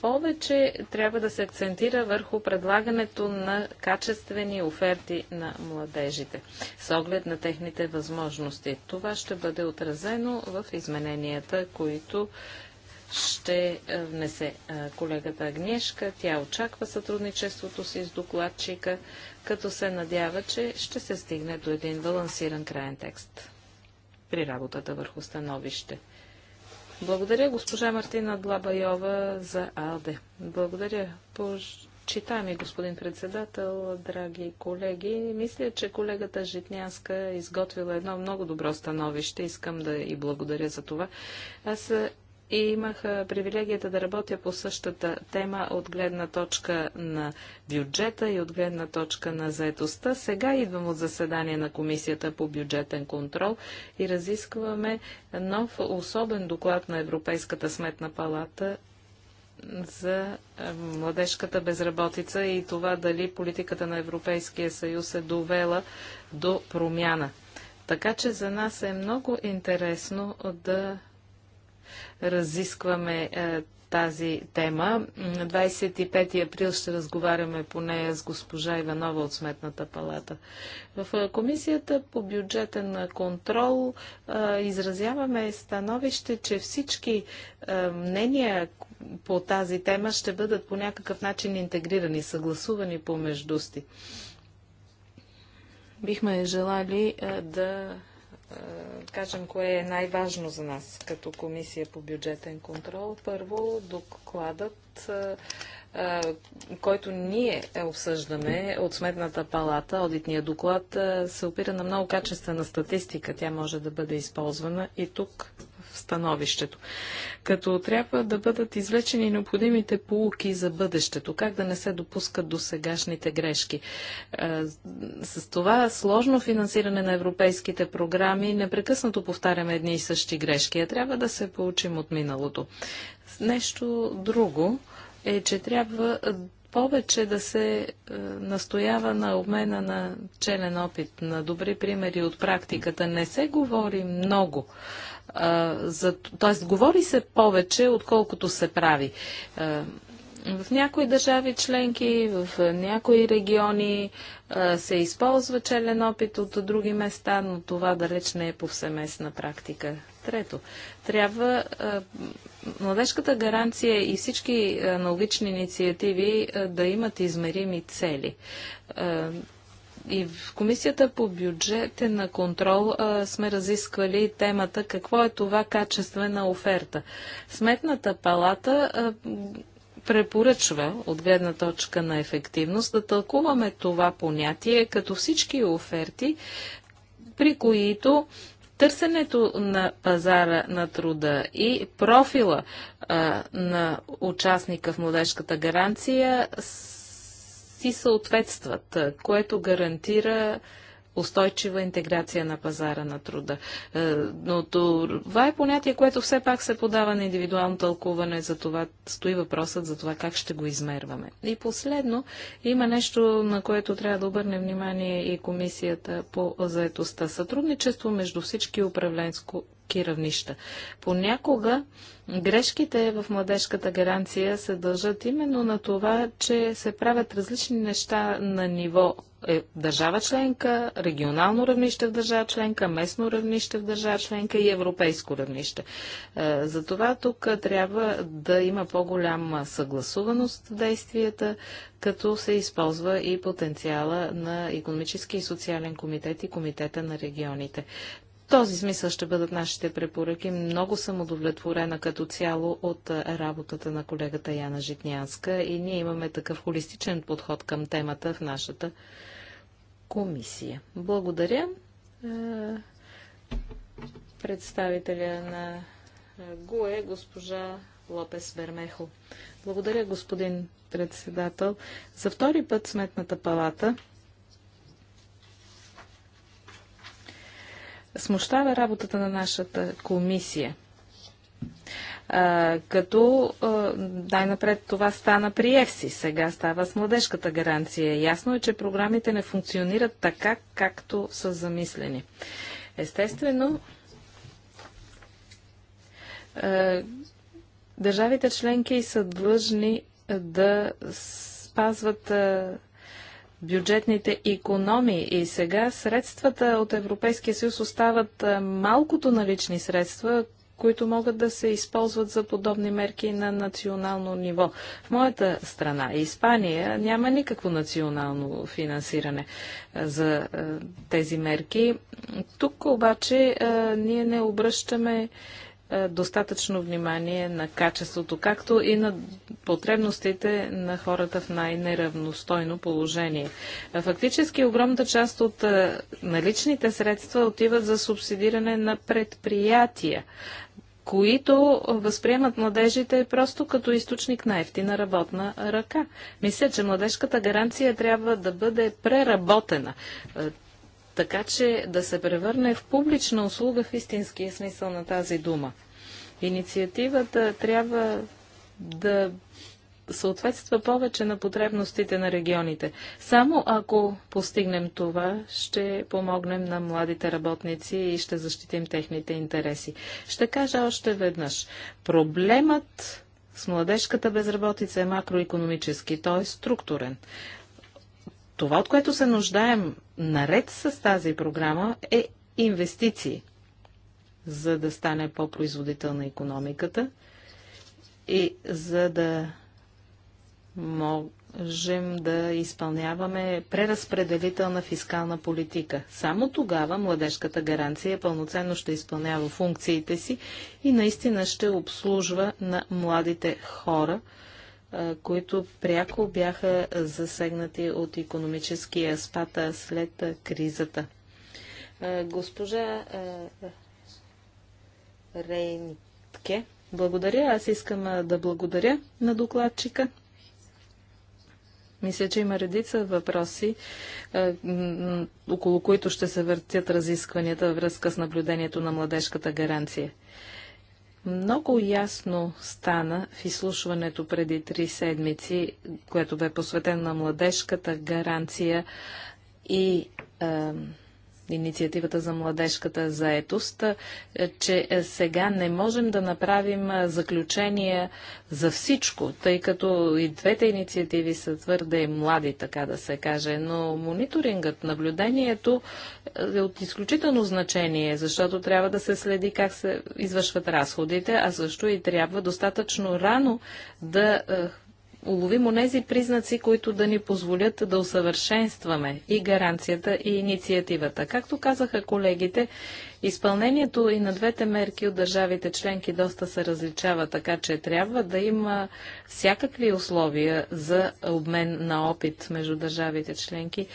Повече трябва да се акцентира върху предлагането на качествени оферти на младежите, с оглед на техните възможности. Това ще бъде отразено в измененията, които ще е, внесе е, колегата Агнешка. Тя очаква сътрудничеството си с докладчика, като се надява, че ще се стигне до един балансиран краен текст при работата върху становище. Благодаря госпожа Мартина Длабайова за АЛДЕ. Благодаря. Почитаеми господин председател, драги колеги, мисля, че колегата Житнянска е изготвила едно много добро становище. Искам да и благодаря за това. Аз и имах привилегията да работя по същата тема от гледна точка на бюджета и от гледна точка на заетостта. Сега идвам от заседание на Комисията по бюджетен контрол и разискваме нов особен доклад на Европейската сметна палата за младежката безработица и това дали политиката на Европейския съюз е довела до промяна. Така че за нас е много интересно да разискваме е, тази тема. На 25 април ще разговаряме по нея с госпожа Иванова от Сметната палата. В е, Комисията по бюджетен контрол е, изразяваме становище, че всички мнения по тази тема ще бъдат по някакъв начин интегрирани, съгласувани помежду си. Бихме желали да е, кажем кое е най-важно за нас като комисия по бюджетен контрол. Първо, докладът, е, е, който ние обсъждаме от Сметната палата, одитния доклад, се опира на много качествена статистика. Тя може да бъде използвана и тук становището. Като трябва да бъдат извлечени необходимите полуки за бъдещето, как да не се допускат до сегашните грешки. Е, с това сложно финансиране на европейските програми непрекъснато повтаряме едни и същи грешки, а трябва да се получим от миналото. Нещо друго е, че трябва повече да се е, настоява на обмена на челен опит, на добри примери от практиката. Не се говори много т.е. говори се повече, отколкото се прави. В някои държави членки, в някои региони се използва челен опит от други места, но това далеч не е повсеместна практика. Трето, трябва младежката гаранция и всички аналогични инициативи да имат измерими цели. И в Комисията по бюджетен на контрол а, сме разисквали темата какво е това качествена оферта. Сметната палата а, препоръчва от гледна точка на ефективност да тълкуваме това понятие като всички оферти, при които търсенето на пазара на труда и профила а, на участника в младежката гаранция си съответстват, което гарантира устойчива интеграция на пазара на труда. Но това е понятие, което все пак се подава на индивидуално тълкуване, за това стои въпросът за това как ще го измерваме. И последно, има нещо, на което трябва да обърне внимание и комисията по заетостта. Сътрудничество между всички управленско, равнища. Понякога грешките в младежката гаранция се дължат именно на това, че се правят различни неща на ниво е, държава членка, регионално равнище в държава членка, местно равнище в държава членка и европейско равнище. Е, Затова тук трябва да има по-голяма съгласуваност в действията, като се използва и потенциала на економически и социален комитет и комитета на регионите този смисъл ще бъдат нашите препоръки. Много съм удовлетворена като цяло от работата на колегата Яна Житнянска и ние имаме такъв холистичен подход към темата в нашата комисия. Благодаря представителя на ГУЕ, госпожа Лопес Бермехо. Благодаря, господин председател. За втори път Сметната палата смущава работата на нашата комисия. А, като най-напред това стана при ЕФСИ, сега става с младежката гаранция. Ясно е, че програмите не функционират така, както са замислени. Естествено, а, държавите членки са длъжни да спазват а, бюджетните економии. И сега средствата от Европейския съюз остават малкото налични средства, които могат да се използват за подобни мерки на национално ниво. В моята страна, Испания, няма никакво национално финансиране за тези мерки. Тук обаче ние не обръщаме е, достатъчно внимание на качеството, както и на потребностите на хората в най-неравностойно положение. Е, фактически огромната част от е, наличните средства отиват за субсидиране на предприятия, които възприемат младежите просто като източник на ефтина работна ръка. Мисля, че младежката гаранция трябва да бъде преработена така че да се превърне в публична услуга в истинския смисъл на тази дума. Инициативата трябва да съответства повече на потребностите на регионите. Само ако постигнем това, ще помогнем на младите работници и ще защитим техните интереси. Ще кажа още веднъж. Проблемът с младежката безработица е макроекономически, той е структурен. Това, от което се нуждаем наред с тази програма, е инвестиции, за да стане по-производителна економиката и за да можем да изпълняваме преразпределителна фискална политика. Само тогава младежката гаранция пълноценно ще изпълнява функциите си и наистина ще обслужва на младите хора, които пряко бяха засегнати от економическия спад след кризата. Госпожа Рейнтке, благодаря. Аз искам да благодаря на докладчика. Мисля, че има редица въпроси, около които ще се въртят разискванията във връзка с наблюдението на младежката гаранция. Много ясно стана в изслушването преди три седмици, което бе посветено на младежката гаранция и е, инициативата за младежката заетост, е, че е, сега не можем да направим е, заключения за всичко, тъй като и двете инициативи са твърде млади, така да се каже. Но мониторингът, наблюдението е от изключително значение, защото трябва да се следи как се извършват разходите, а също и трябва достатъчно рано да уловим онези признаци, които да ни позволят да усъвършенстваме и гаранцията, и инициативата. Както казаха колегите, изпълнението и на двете мерки от държавите членки доста се различава, така че трябва да има всякакви условия за обмен на опит между държавите членки.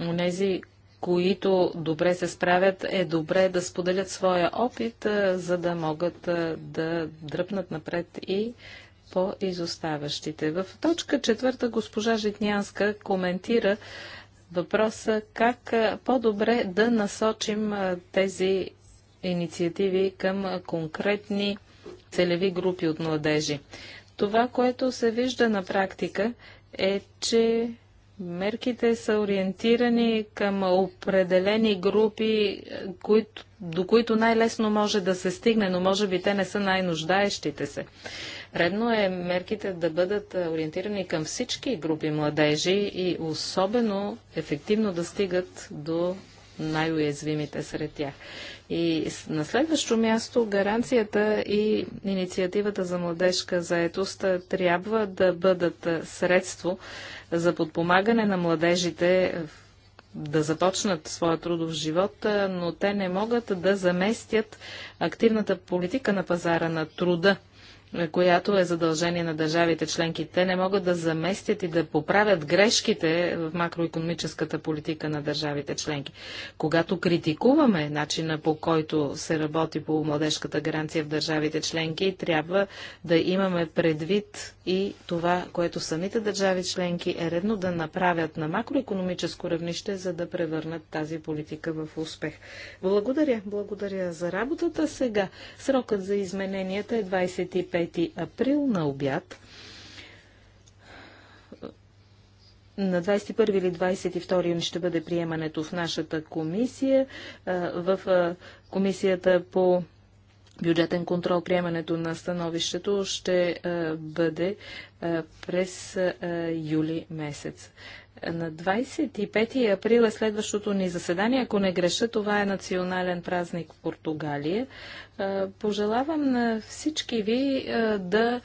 Онези, които добре се справят, е добре да споделят своя опит, за да могат да дръпнат напред и по-изоставащите. В точка четвърта госпожа Житнянска коментира въпроса как по-добре да насочим тези инициативи към конкретни целеви групи от младежи. Това, което се вижда на практика е, че мерките са ориентирани към определени групи, които, до които най-лесно може да се стигне, но може би те не са най-нуждаещите се. Редно е мерките да бъдат ориентирани към всички групи младежи и особено ефективно да стигат до най-уязвимите сред тях. И на следващо място гаранцията и инициативата за младежка заетост трябва да бъдат средство за подпомагане на младежите да започнат своя трудов живот, но те не могат да заместят активната политика на пазара на труда която е задължение на държавите членки. Те не могат да заместят и да поправят грешките в макроекономическата политика на държавите членки. Когато критикуваме начина по който се работи по младежката гаранция в държавите членки, трябва да имаме предвид и това, което самите държави членки е редно да направят на макроекономическо равнище, за да превърнат тази политика в успех. Благодаря, благодаря за работата сега. Срокът за измененията е 25 25 април на обяд. На 21 или 22 юни ще бъде приемането в нашата комисия, в комисията по бюджетен контрол. Приемането на становището ще бъде през юли месец. На 25 април е следващото ни заседание. Ако не греша, това е национален празник в Португалия. Пожелавам на всички ви да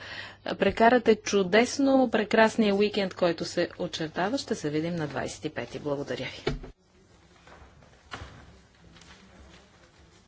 прекарате чудесно, прекрасния уикенд, който се очертава. Ще се видим на 25. Благодаря ви.